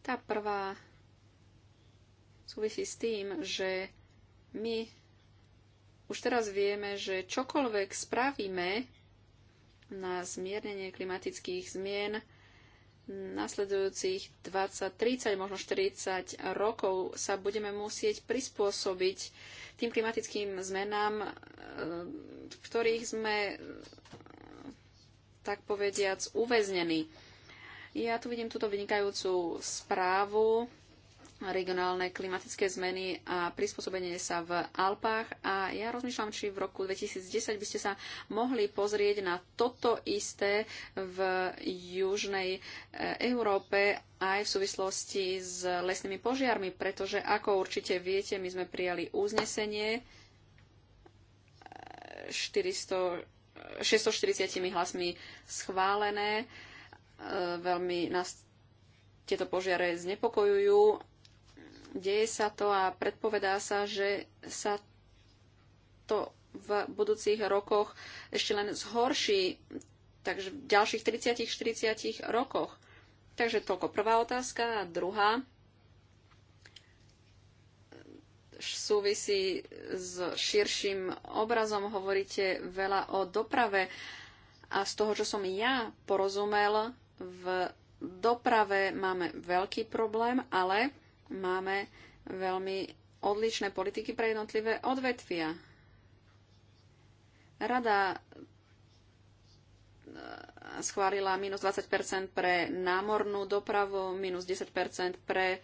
Speaker 3: Tá prvá súvisí s tým, že my už teraz vieme, že čokoľvek spravíme, na zmiernenie klimatických zmien nasledujúcich 20, 30, možno 40 rokov sa budeme musieť prispôsobiť tým klimatickým zmenám, e, v ktorých sme, e, tak povediac, uväznení. Ja tu vidím túto vynikajúcu správu regionálne klimatické zmeny a prispôsobenie sa v Alpách. A ja rozmýšľam, či v roku 2010 by ste sa mohli pozrieť na toto isté v južnej e, Európe aj v súvislosti s lesnými požiarmi, pretože ako určite viete, my sme prijali uznesenie 640 e, e, hlasmi schválené. Veľmi nás tieto požiare znepokojujú deje sa to a predpovedá sa, že sa to v budúcich rokoch ešte len zhorší, takže v ďalších 30-40 rokoch. Takže toľko prvá otázka. A druhá súvisí s širším obrazom. Hovoríte veľa o doprave a z toho, čo som ja porozumel, v doprave máme veľký problém, ale máme veľmi odlišné politiky pre jednotlivé odvetvia. Rada e, schválila minus 20 pre námornú dopravu, minus 10 pre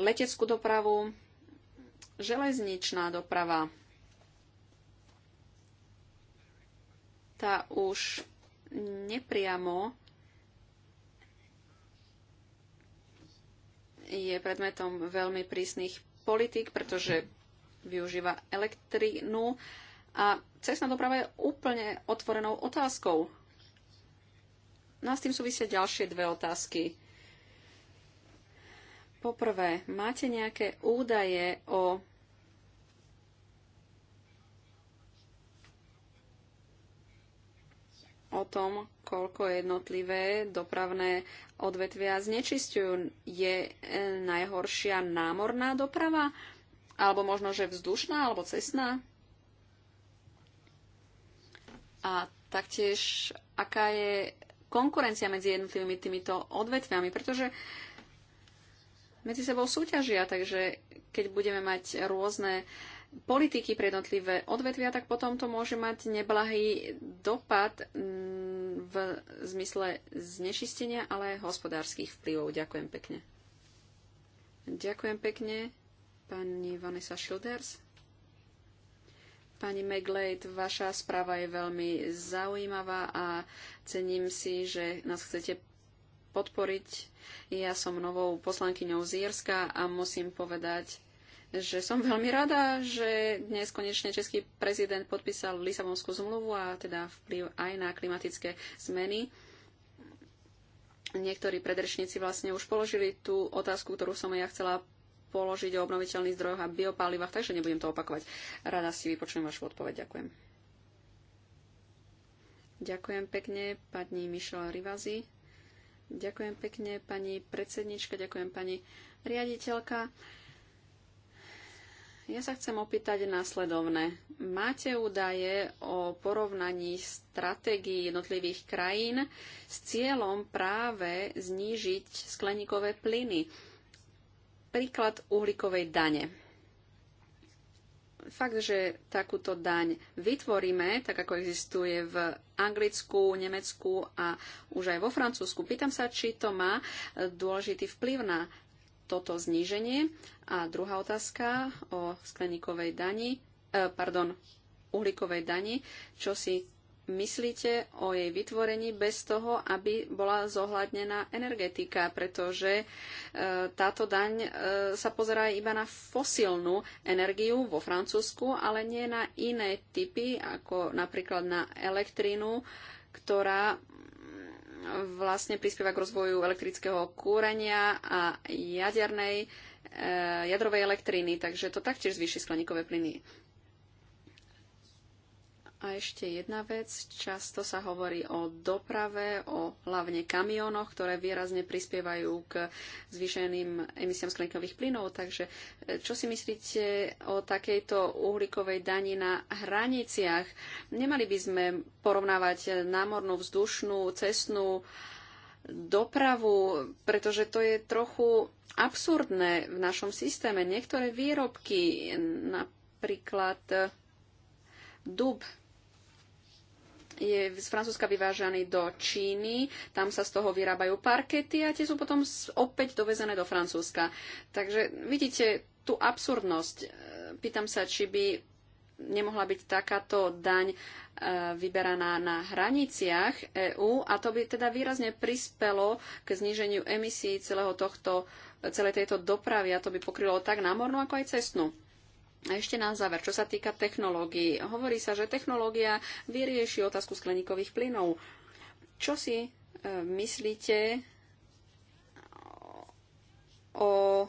Speaker 3: leteckú dopravu, železničná doprava. Tá už nepriamo je predmetom veľmi prísnych politík, pretože využíva elektrínu a cestná doprava je úplne otvorenou otázkou. No a s tým súvisia ďalšie dve otázky. Poprvé, máte nejaké údaje o o tom, koľko jednotlivé dopravné odvetvia znečistujú. Je e, najhoršia námorná doprava? Alebo možno, že vzdušná alebo cestná? A taktiež, aká je konkurencia medzi jednotlivými týmito odvetviami, pretože medzi sebou súťažia, takže keď budeme mať rôzne politiky pre jednotlivé odvetvia, tak potom to môže mať neblahý dopad mm, v zmysle znečistenia, ale hospodárskych vplyvov. Ďakujem pekne. Ďakujem pekne, pani Vanessa Schilders. Pani Meglade, vaša správa je veľmi zaujímavá a cením si, že nás chcete podporiť. Ja som novou poslankyňou z Jerska a musím povedať, že som veľmi rada, že dnes konečne český prezident podpísal Lisabonskú zmluvu a teda vplyv aj na klimatické zmeny. Niektorí predrečníci vlastne už položili tú otázku, ktorú som ja chcela položiť o obnoviteľných zdrojoch a biopálivách, takže nebudem to opakovať. Rada si vypočujem vašu odpoveď. Ďakujem. Ďakujem pekne pani Mišela Rivazi. Ďakujem pekne pani predsednička, ďakujem pani riaditeľka. Ja sa chcem opýtať následovné. Máte údaje o porovnaní stratégií jednotlivých krajín s cieľom práve znížiť skleníkové plyny? Príklad uhlíkovej dane. Fakt, že takúto daň vytvoríme, tak ako existuje v Anglicku, Nemecku a už aj vo Francúzsku, pýtam sa, či to má dôležitý vplyv na toto zníženie? A druhá otázka o skleníkovej dani, eh, pardon, uhlíkovej dani. Čo si myslíte o jej vytvorení bez toho, aby bola zohľadnená energetika, pretože e, táto daň e, sa pozerá iba na fosilnú energiu vo Francúzsku, ale nie na iné typy, ako napríklad na elektrínu, ktorá vlastne prispieva k rozvoju elektrického kúrenia a jadernej, eh, jadrovej elektriny, takže to taktiež zvýši skleníkové plyny. A ešte jedna vec, často sa hovorí o doprave, o hlavne kamionoch, ktoré výrazne prispievajú k zvýšeným emisiám skleníkových plynov. Takže e, čo si myslíte o takejto uhlíkovej dani na hraniciach? Nemali by sme porovnávať námornú, vzdušnú, cestnú dopravu, pretože to je trochu absurdné v našom systéme. Niektoré výrobky, napríklad e, dub, je z Francúzska vyvážaný do Číny, tam sa z toho vyrábajú parkety a tie sú potom opäť dovezené do Francúzska. Takže vidíte tú absurdnosť. E, pýtam sa, či by nemohla byť takáto daň e, vyberaná na hraniciach EÚ a to by teda výrazne prispelo k zníženiu emisí celého tohto, celej tejto dopravy a to by pokrylo tak námornú, ako aj cestnú. A ešte na záver, čo sa týka technológií. Hovorí sa, že technológia vyrieši otázku skleníkových plynov. Čo si e, myslíte o e,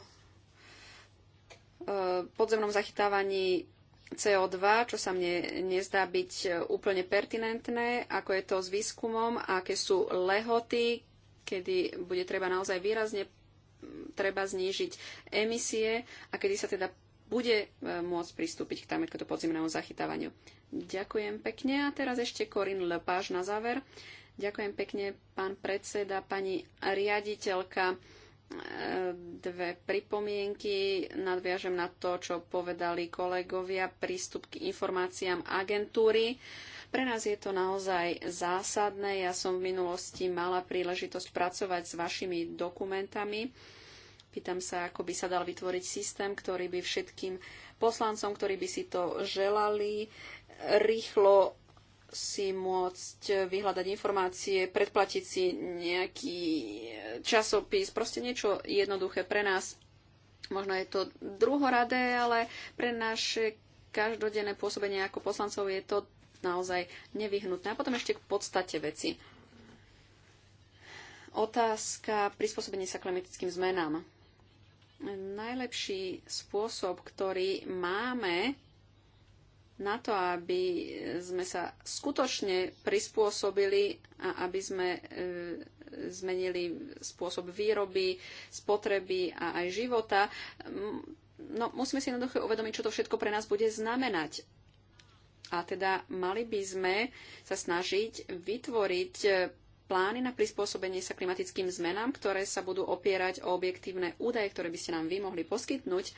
Speaker 3: podzemnom zachytávaní CO2, čo sa mne nezdá byť úplne pertinentné, ako je to s výskumom, aké sú lehoty, kedy bude treba naozaj výrazne treba znížiť emisie a kedy sa teda bude e, môcť pristúpiť k tamto podzimnému zachytávaniu. Ďakujem pekne a teraz ešte Corinne Lepáš na záver. Ďakujem pekne, pán predseda, pani riaditeľka. E, dve pripomienky. Nadviažem na to, čo povedali kolegovia. Prístup k informáciám agentúry. Pre nás je to naozaj zásadné. Ja som v minulosti mala príležitosť pracovať s vašimi dokumentami Pýtam sa, ako by sa dal vytvoriť systém, ktorý by všetkým poslancom, ktorí by si to želali, rýchlo si môcť vyhľadať informácie, predplatiť si nejaký časopis, proste niečo jednoduché pre nás. Možno je to druhoradé, ale pre naše každodenné pôsobenie ako poslancov je to naozaj nevyhnutné. A potom ešte k podstate veci. Otázka prispôsobenie sa klimatickým zmenám najlepší spôsob, ktorý máme na to, aby sme sa skutočne prispôsobili a aby sme e, zmenili spôsob výroby, spotreby a aj života. No, musíme si jednoducho uvedomiť, čo to všetko pre nás bude znamenať. A teda mali by sme sa snažiť vytvoriť plány na prispôsobenie sa klimatickým zmenám, ktoré sa budú opierať o objektívne údaje, ktoré by ste nám vy mohli poskytnúť.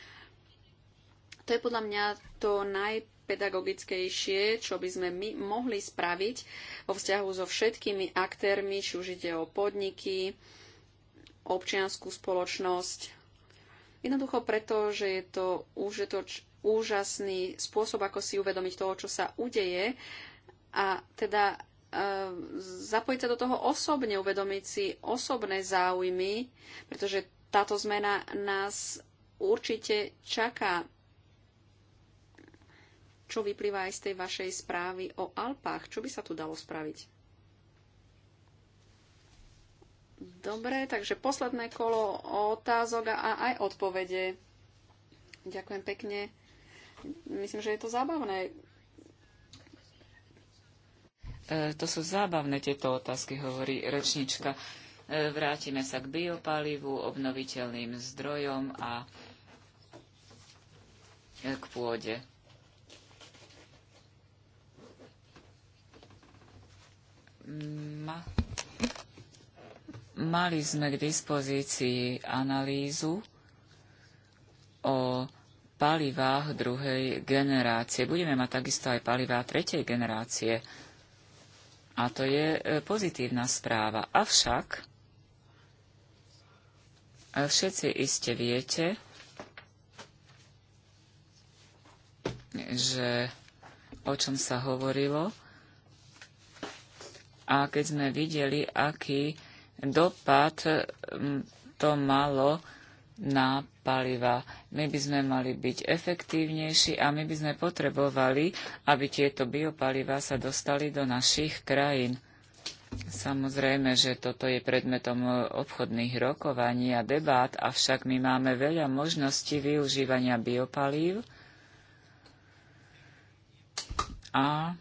Speaker 3: To je podľa mňa to najpedagogickejšie, čo by sme my mohli spraviť vo vzťahu so všetkými aktérmi, či už ide o podniky, občianskú spoločnosť. Jednoducho preto, že je to užitoč, úžasný spôsob, ako si uvedomiť toho, čo sa udeje a teda Eh, zapojiť sa do toho osobne, uvedomiť si osobné záujmy, pretože táto zmena nás určite čaká, čo vyplýva aj z tej vašej správy o Alpách. Čo by sa tu dalo spraviť? Dobre, takže posledné kolo otázok a aj odpovede. Ďakujem pekne. Myslím, že je to zábavné
Speaker 2: E, to sú zábavné tieto otázky, hovorí rečnička. E, vrátime sa k biopalivu, obnoviteľným zdrojom a e, k pôde. Ma... Mali sme k dispozícii analýzu o palivách druhej generácie. Budeme mať takisto aj palivá tretej generácie. A to je e, pozitívna správa. Avšak e, všetci iste viete, že o čom sa hovorilo a keď sme videli, aký dopad to malo na paliva. My by sme mali byť efektívnejší a my by sme potrebovali, aby tieto biopaliva sa dostali do našich krajín. Samozrejme, že toto je predmetom obchodných rokovaní a debát, avšak my máme veľa možností využívania biopalív a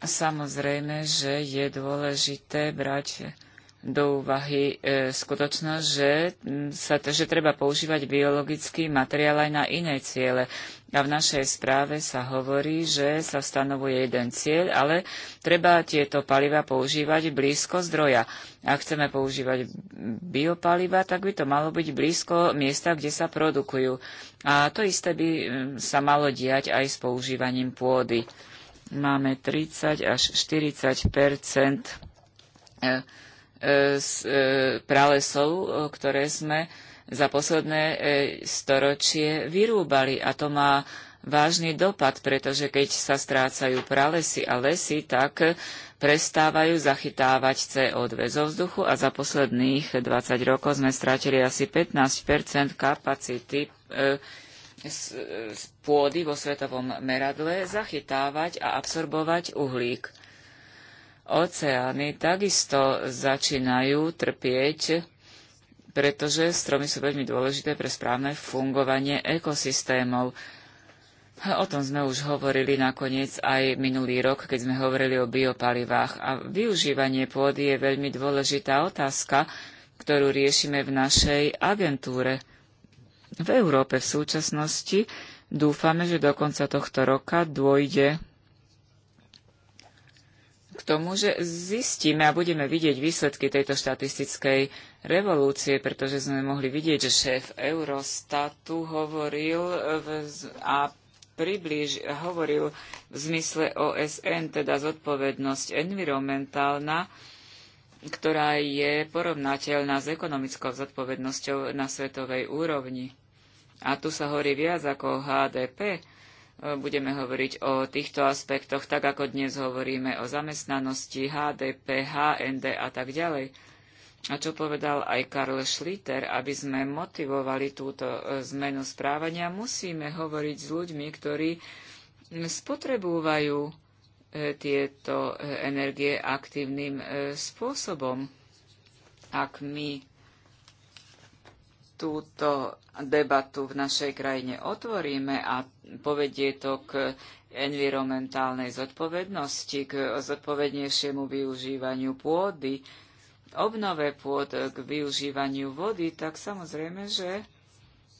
Speaker 2: samozrejme, že je dôležité brať do úvahy e, skutočnosť, že, sa, že treba používať biologický materiál aj na iné ciele. A v našej správe sa hovorí, že sa stanovuje jeden cieľ, ale treba tieto paliva používať blízko zdroja. Ak chceme používať biopaliva, tak by to malo byť blízko miesta, kde sa produkujú. A to isté by sa malo diať aj s používaním pôdy. Máme 30 až 40 z e, pralesov, e, ktoré sme za posledné e, storočie vyrúbali. A to má vážny dopad, pretože keď sa strácajú pralesy a lesy, tak prestávajú zachytávať CO2 zo vzduchu a za posledných 20 rokov sme strátili asi 15 kapacity z pôdy vo svetovom meradle zachytávať a absorbovať uhlík oceány takisto začínajú trpieť, pretože stromy sú veľmi dôležité pre správne fungovanie ekosystémov. O tom sme už hovorili nakoniec aj minulý rok, keď sme hovorili o biopalivách. A využívanie pôdy je veľmi dôležitá otázka, ktorú riešime v našej agentúre. V Európe v súčasnosti dúfame, že do konca tohto roka dôjde k tomu, že zistíme a budeme vidieť výsledky tejto štatistickej revolúcie, pretože sme mohli vidieť, že šéf Eurostatu hovoril e, v, a približ hovoril v zmysle OSN, teda zodpovednosť environmentálna, ktorá je porovnateľná s ekonomickou zodpovednosťou na svetovej úrovni. A tu sa hovorí viac ako o HDP, budeme hovoriť o týchto aspektoch, tak ako dnes hovoríme o zamestnanosti, HDP, HND a tak ďalej. A čo povedal aj Karl Schlitter, aby sme motivovali túto e, zmenu správania, musíme hovoriť s ľuďmi, ktorí spotrebúvajú e, tieto e, energie aktívnym spôsobom. Ak my túto debatu v našej krajine otvoríme a povedie to k environmentálnej zodpovednosti, k zodpovednejšiemu využívaniu pôdy, obnove pôd, k využívaniu vody, tak samozrejme, že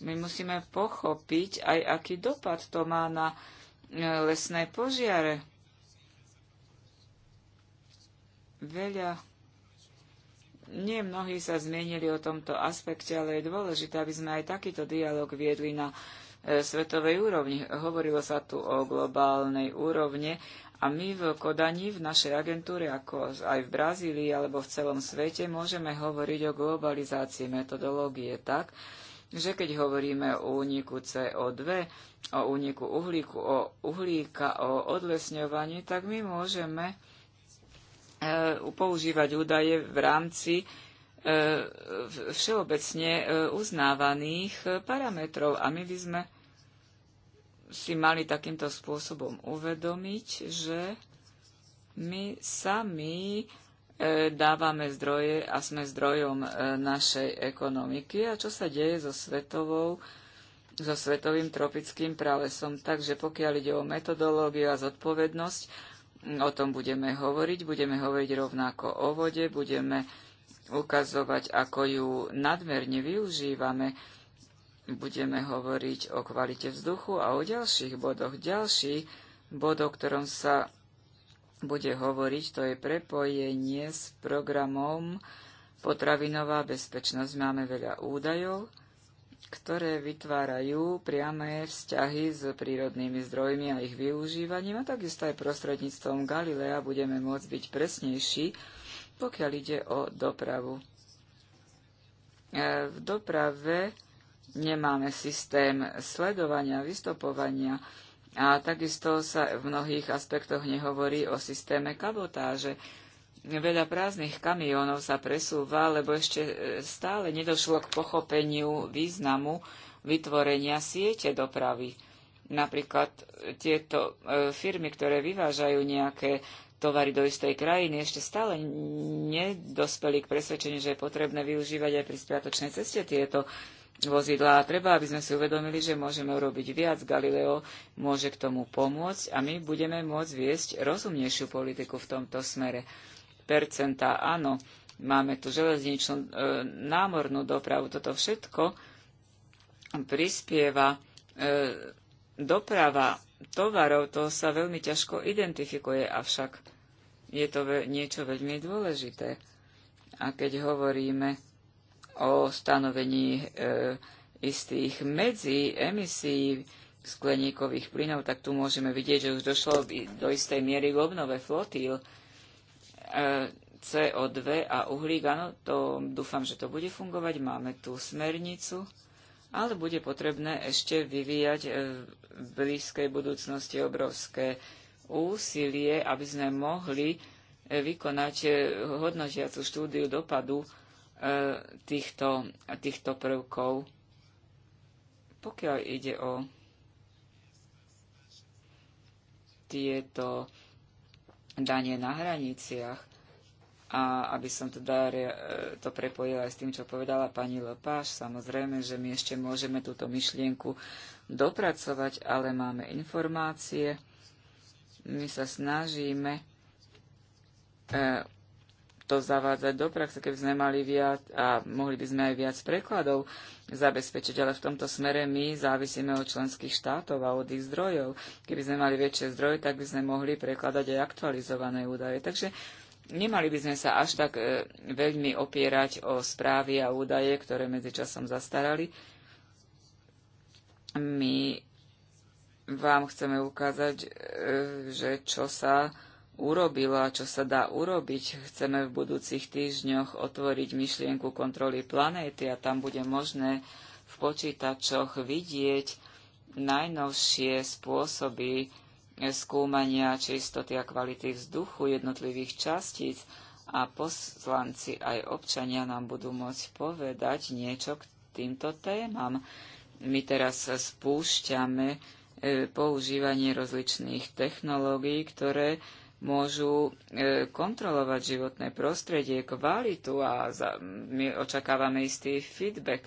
Speaker 2: my musíme pochopiť aj, aký dopad to má na e, lesné požiare. Veľa. Nie mnohí sa zmienili o tomto aspekte, ale je dôležité, aby sme aj takýto dialog viedli na E, svetovej úrovni. Hovorilo sa tu o globálnej úrovne a my v Kodani, v našej agentúre, ako aj v Brazílii alebo v celom svete, môžeme hovoriť o globalizácii metodológie tak, že keď hovoríme o úniku CO2, o úniku uhlíku, o uhlíka, o odlesňovaní, tak my môžeme e, používať údaje v rámci E, všeobecne e, uznávaných parametrov. A my by sme si mali takýmto spôsobom uvedomiť, že my sami e, dávame zdroje a sme zdrojom našej ekonomiky a čo sa deje so svetovou so svetovým tropickým pralesom. Takže pokiaľ ide o metodológiu a zodpovednosť, o tom budeme hovoriť. Budeme hovoriť rovnako o vode, budeme ukazovať, ako ju nadmerne využívame. Budeme hovoriť o kvalite vzduchu a o ďalších bodoch. Ďalší bod, o ktorom sa bude hovoriť, to je prepojenie s programom Potravinová bezpečnosť. Máme veľa údajov, ktoré vytvárajú priame vzťahy s prírodnými zdrojmi a ich využívaním a takisto aj prostredníctvom Galilea budeme môcť byť presnejší pokiaľ ide o dopravu. E, v doprave nemáme systém sledovania, vystopovania a takisto sa v mnohých aspektoch nehovorí o systéme kabotáže. Veľa prázdnych kamiónov sa presúva, lebo ešte e, stále nedošlo k pochopeniu významu vytvorenia siete dopravy. Napríklad tieto e, firmy, ktoré vyvážajú nejaké tovary do istej krajiny, ešte stále nedospeli k presvedčeniu, že je potrebné využívať aj pri spiatočnej ceste tieto vozidlá. A treba, aby sme si uvedomili, že môžeme urobiť viac. Galileo môže k tomu pomôcť a my budeme môcť viesť rozumnejšiu politiku v tomto smere. Percenta áno, máme tu železničnú e, námornú dopravu, toto všetko prispieva e, doprava tovarov, to sa veľmi ťažko identifikuje, avšak je to ve- niečo veľmi dôležité. A keď hovoríme o stanovení e, istých medzi emisí skleníkových plynov, tak tu môžeme vidieť, že už došlo do istej miery k obnove flotíl. E, CO2 a uhlík, áno, to dúfam, že to bude fungovať. Máme tú smernicu, ale bude potrebné ešte vyvíjať e, v blízkej budúcnosti obrovské úsilie, aby sme mohli eh, vykonať eh, hodnotiacu štúdiu dopadu eh, týchto, týchto prvkov. Pokiaľ ide o tieto danie na hraniciach, a aby som teda to prepojila aj s tým, čo povedala pani Lepáš, samozrejme, že my ešte môžeme túto myšlienku dopracovať, ale máme informácie, my sa snažíme e, to zavádzať do praxe, keby sme mali viac a mohli by sme aj viac prekladov zabezpečiť, ale v tomto smere my závisíme od členských štátov a od ich zdrojov. Keby sme mali väčšie zdroje, tak by sme mohli prekladať aj aktualizované údaje. Takže nemali by sme sa až tak e, veľmi opierať o správy a údaje, ktoré medzičasom zastarali. My vám chceme ukázať, e, že čo sa urobilo a čo sa dá urobiť. Chceme v budúcich týždňoch otvoriť myšlienku kontroly planéty a tam bude možné v počítačoch vidieť najnovšie spôsoby e, skúmania čistoty a kvality vzduchu jednotlivých častíc a poslanci aj občania nám budú môcť povedať niečo k týmto témam. My teraz spúšťame E, používanie rozličných technológií, ktoré môžu e, kontrolovať životné prostredie, kvalitu a my očakávame istý feedback.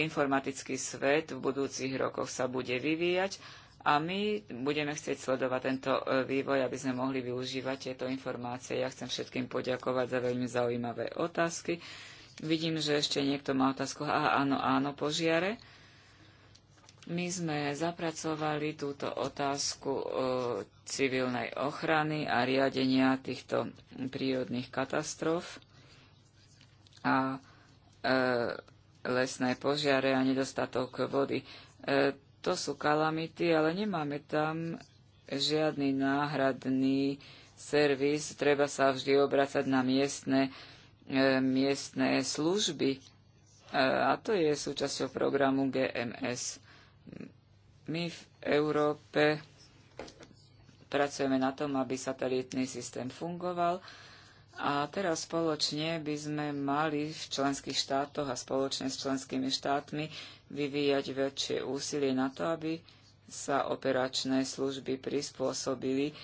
Speaker 2: informatický svet v budúcich rokoch sa bude vyvíjať a my budeme chcieť sledovať tento e, vývoj, aby sme mohli využívať tieto informácie. Ja chcem všetkým poďakovať za veľmi zaujímavé otázky. Vidím, že ešte niekto má otázku. Aha, áno, áno, požiare. My sme zapracovali túto otázku e, civilnej ochrany a riadenia týchto prírodných katastrof a e, lesné požiare a nedostatok vody. E, to sú kalamity, ale nemáme tam žiadny náhradný servis. Treba sa vždy obracať na miestne, miestne služby. a to je súčasťou programu GMS. My v Európe pracujeme na tom, aby satelitný systém fungoval a teraz spoločne by sme mali v členských štátoch a spoločne s členskými štátmi vyvíjať väčšie úsilie na to, aby sa operačné služby prispôsobili e,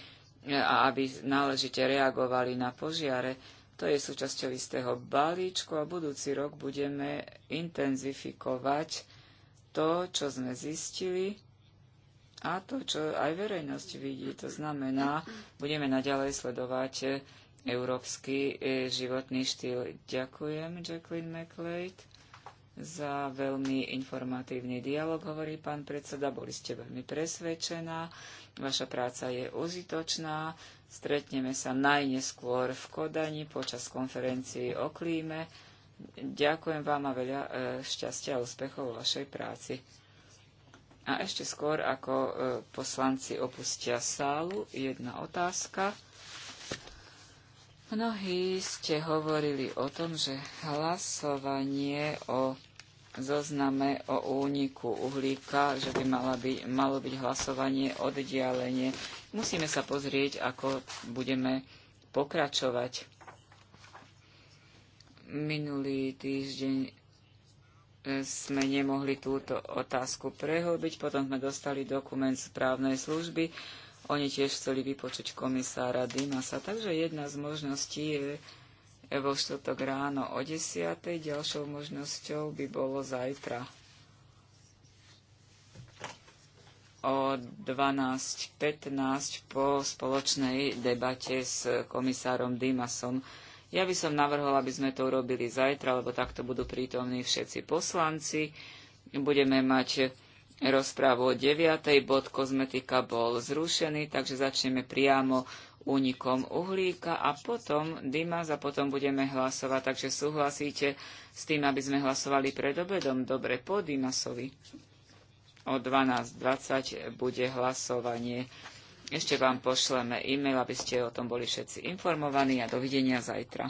Speaker 2: a aby náležite reagovali na požiare. To je súčasťou istého balíčku a budúci rok budeme intenzifikovať to, čo sme zistili a to, čo aj verejnosť vidí. To znamená, budeme naďalej sledovať eh, európsky eh, životný štýl. Ďakujem, Jacqueline McLeod, za veľmi informatívny dialog, hovorí pán predseda. Boli ste veľmi presvedčená. Vaša práca je užitočná. Stretneme sa najneskôr v Kodani počas konferencii o klíme Ďakujem vám a veľa e, šťastia a úspechov v vašej práci. A ešte skôr, ako e, poslanci opustia sálu, jedna otázka. Mnohí ste hovorili o tom, že hlasovanie o zozname o úniku uhlíka, že by mala byť, malo byť hlasovanie oddialenie. Musíme sa pozrieť, ako budeme pokračovať. Minulý týždeň e, sme nemohli túto otázku prehlbiť, potom sme dostali dokument správnej služby, oni tiež chceli vypočuť komisára Dimasa, takže jedna z možností je e, vo štvrtok ráno o 10. Ďalšou možnosťou by bolo zajtra o 12.15 po spoločnej debate s komisárom Dimasom. Ja by som navrhol, aby sme to urobili zajtra, lebo takto budú prítomní všetci poslanci. Budeme mať rozprávu o 9. bod kozmetika bol zrušený, takže začneme priamo únikom uhlíka a potom Dimas a potom budeme hlasovať. Takže súhlasíte s tým, aby sme hlasovali pred obedom? Dobre, po Dimasovi. O 12.20 bude hlasovanie. Ešte vám pošleme e-mail, aby ste o tom boli všetci informovaní a dovidenia zajtra.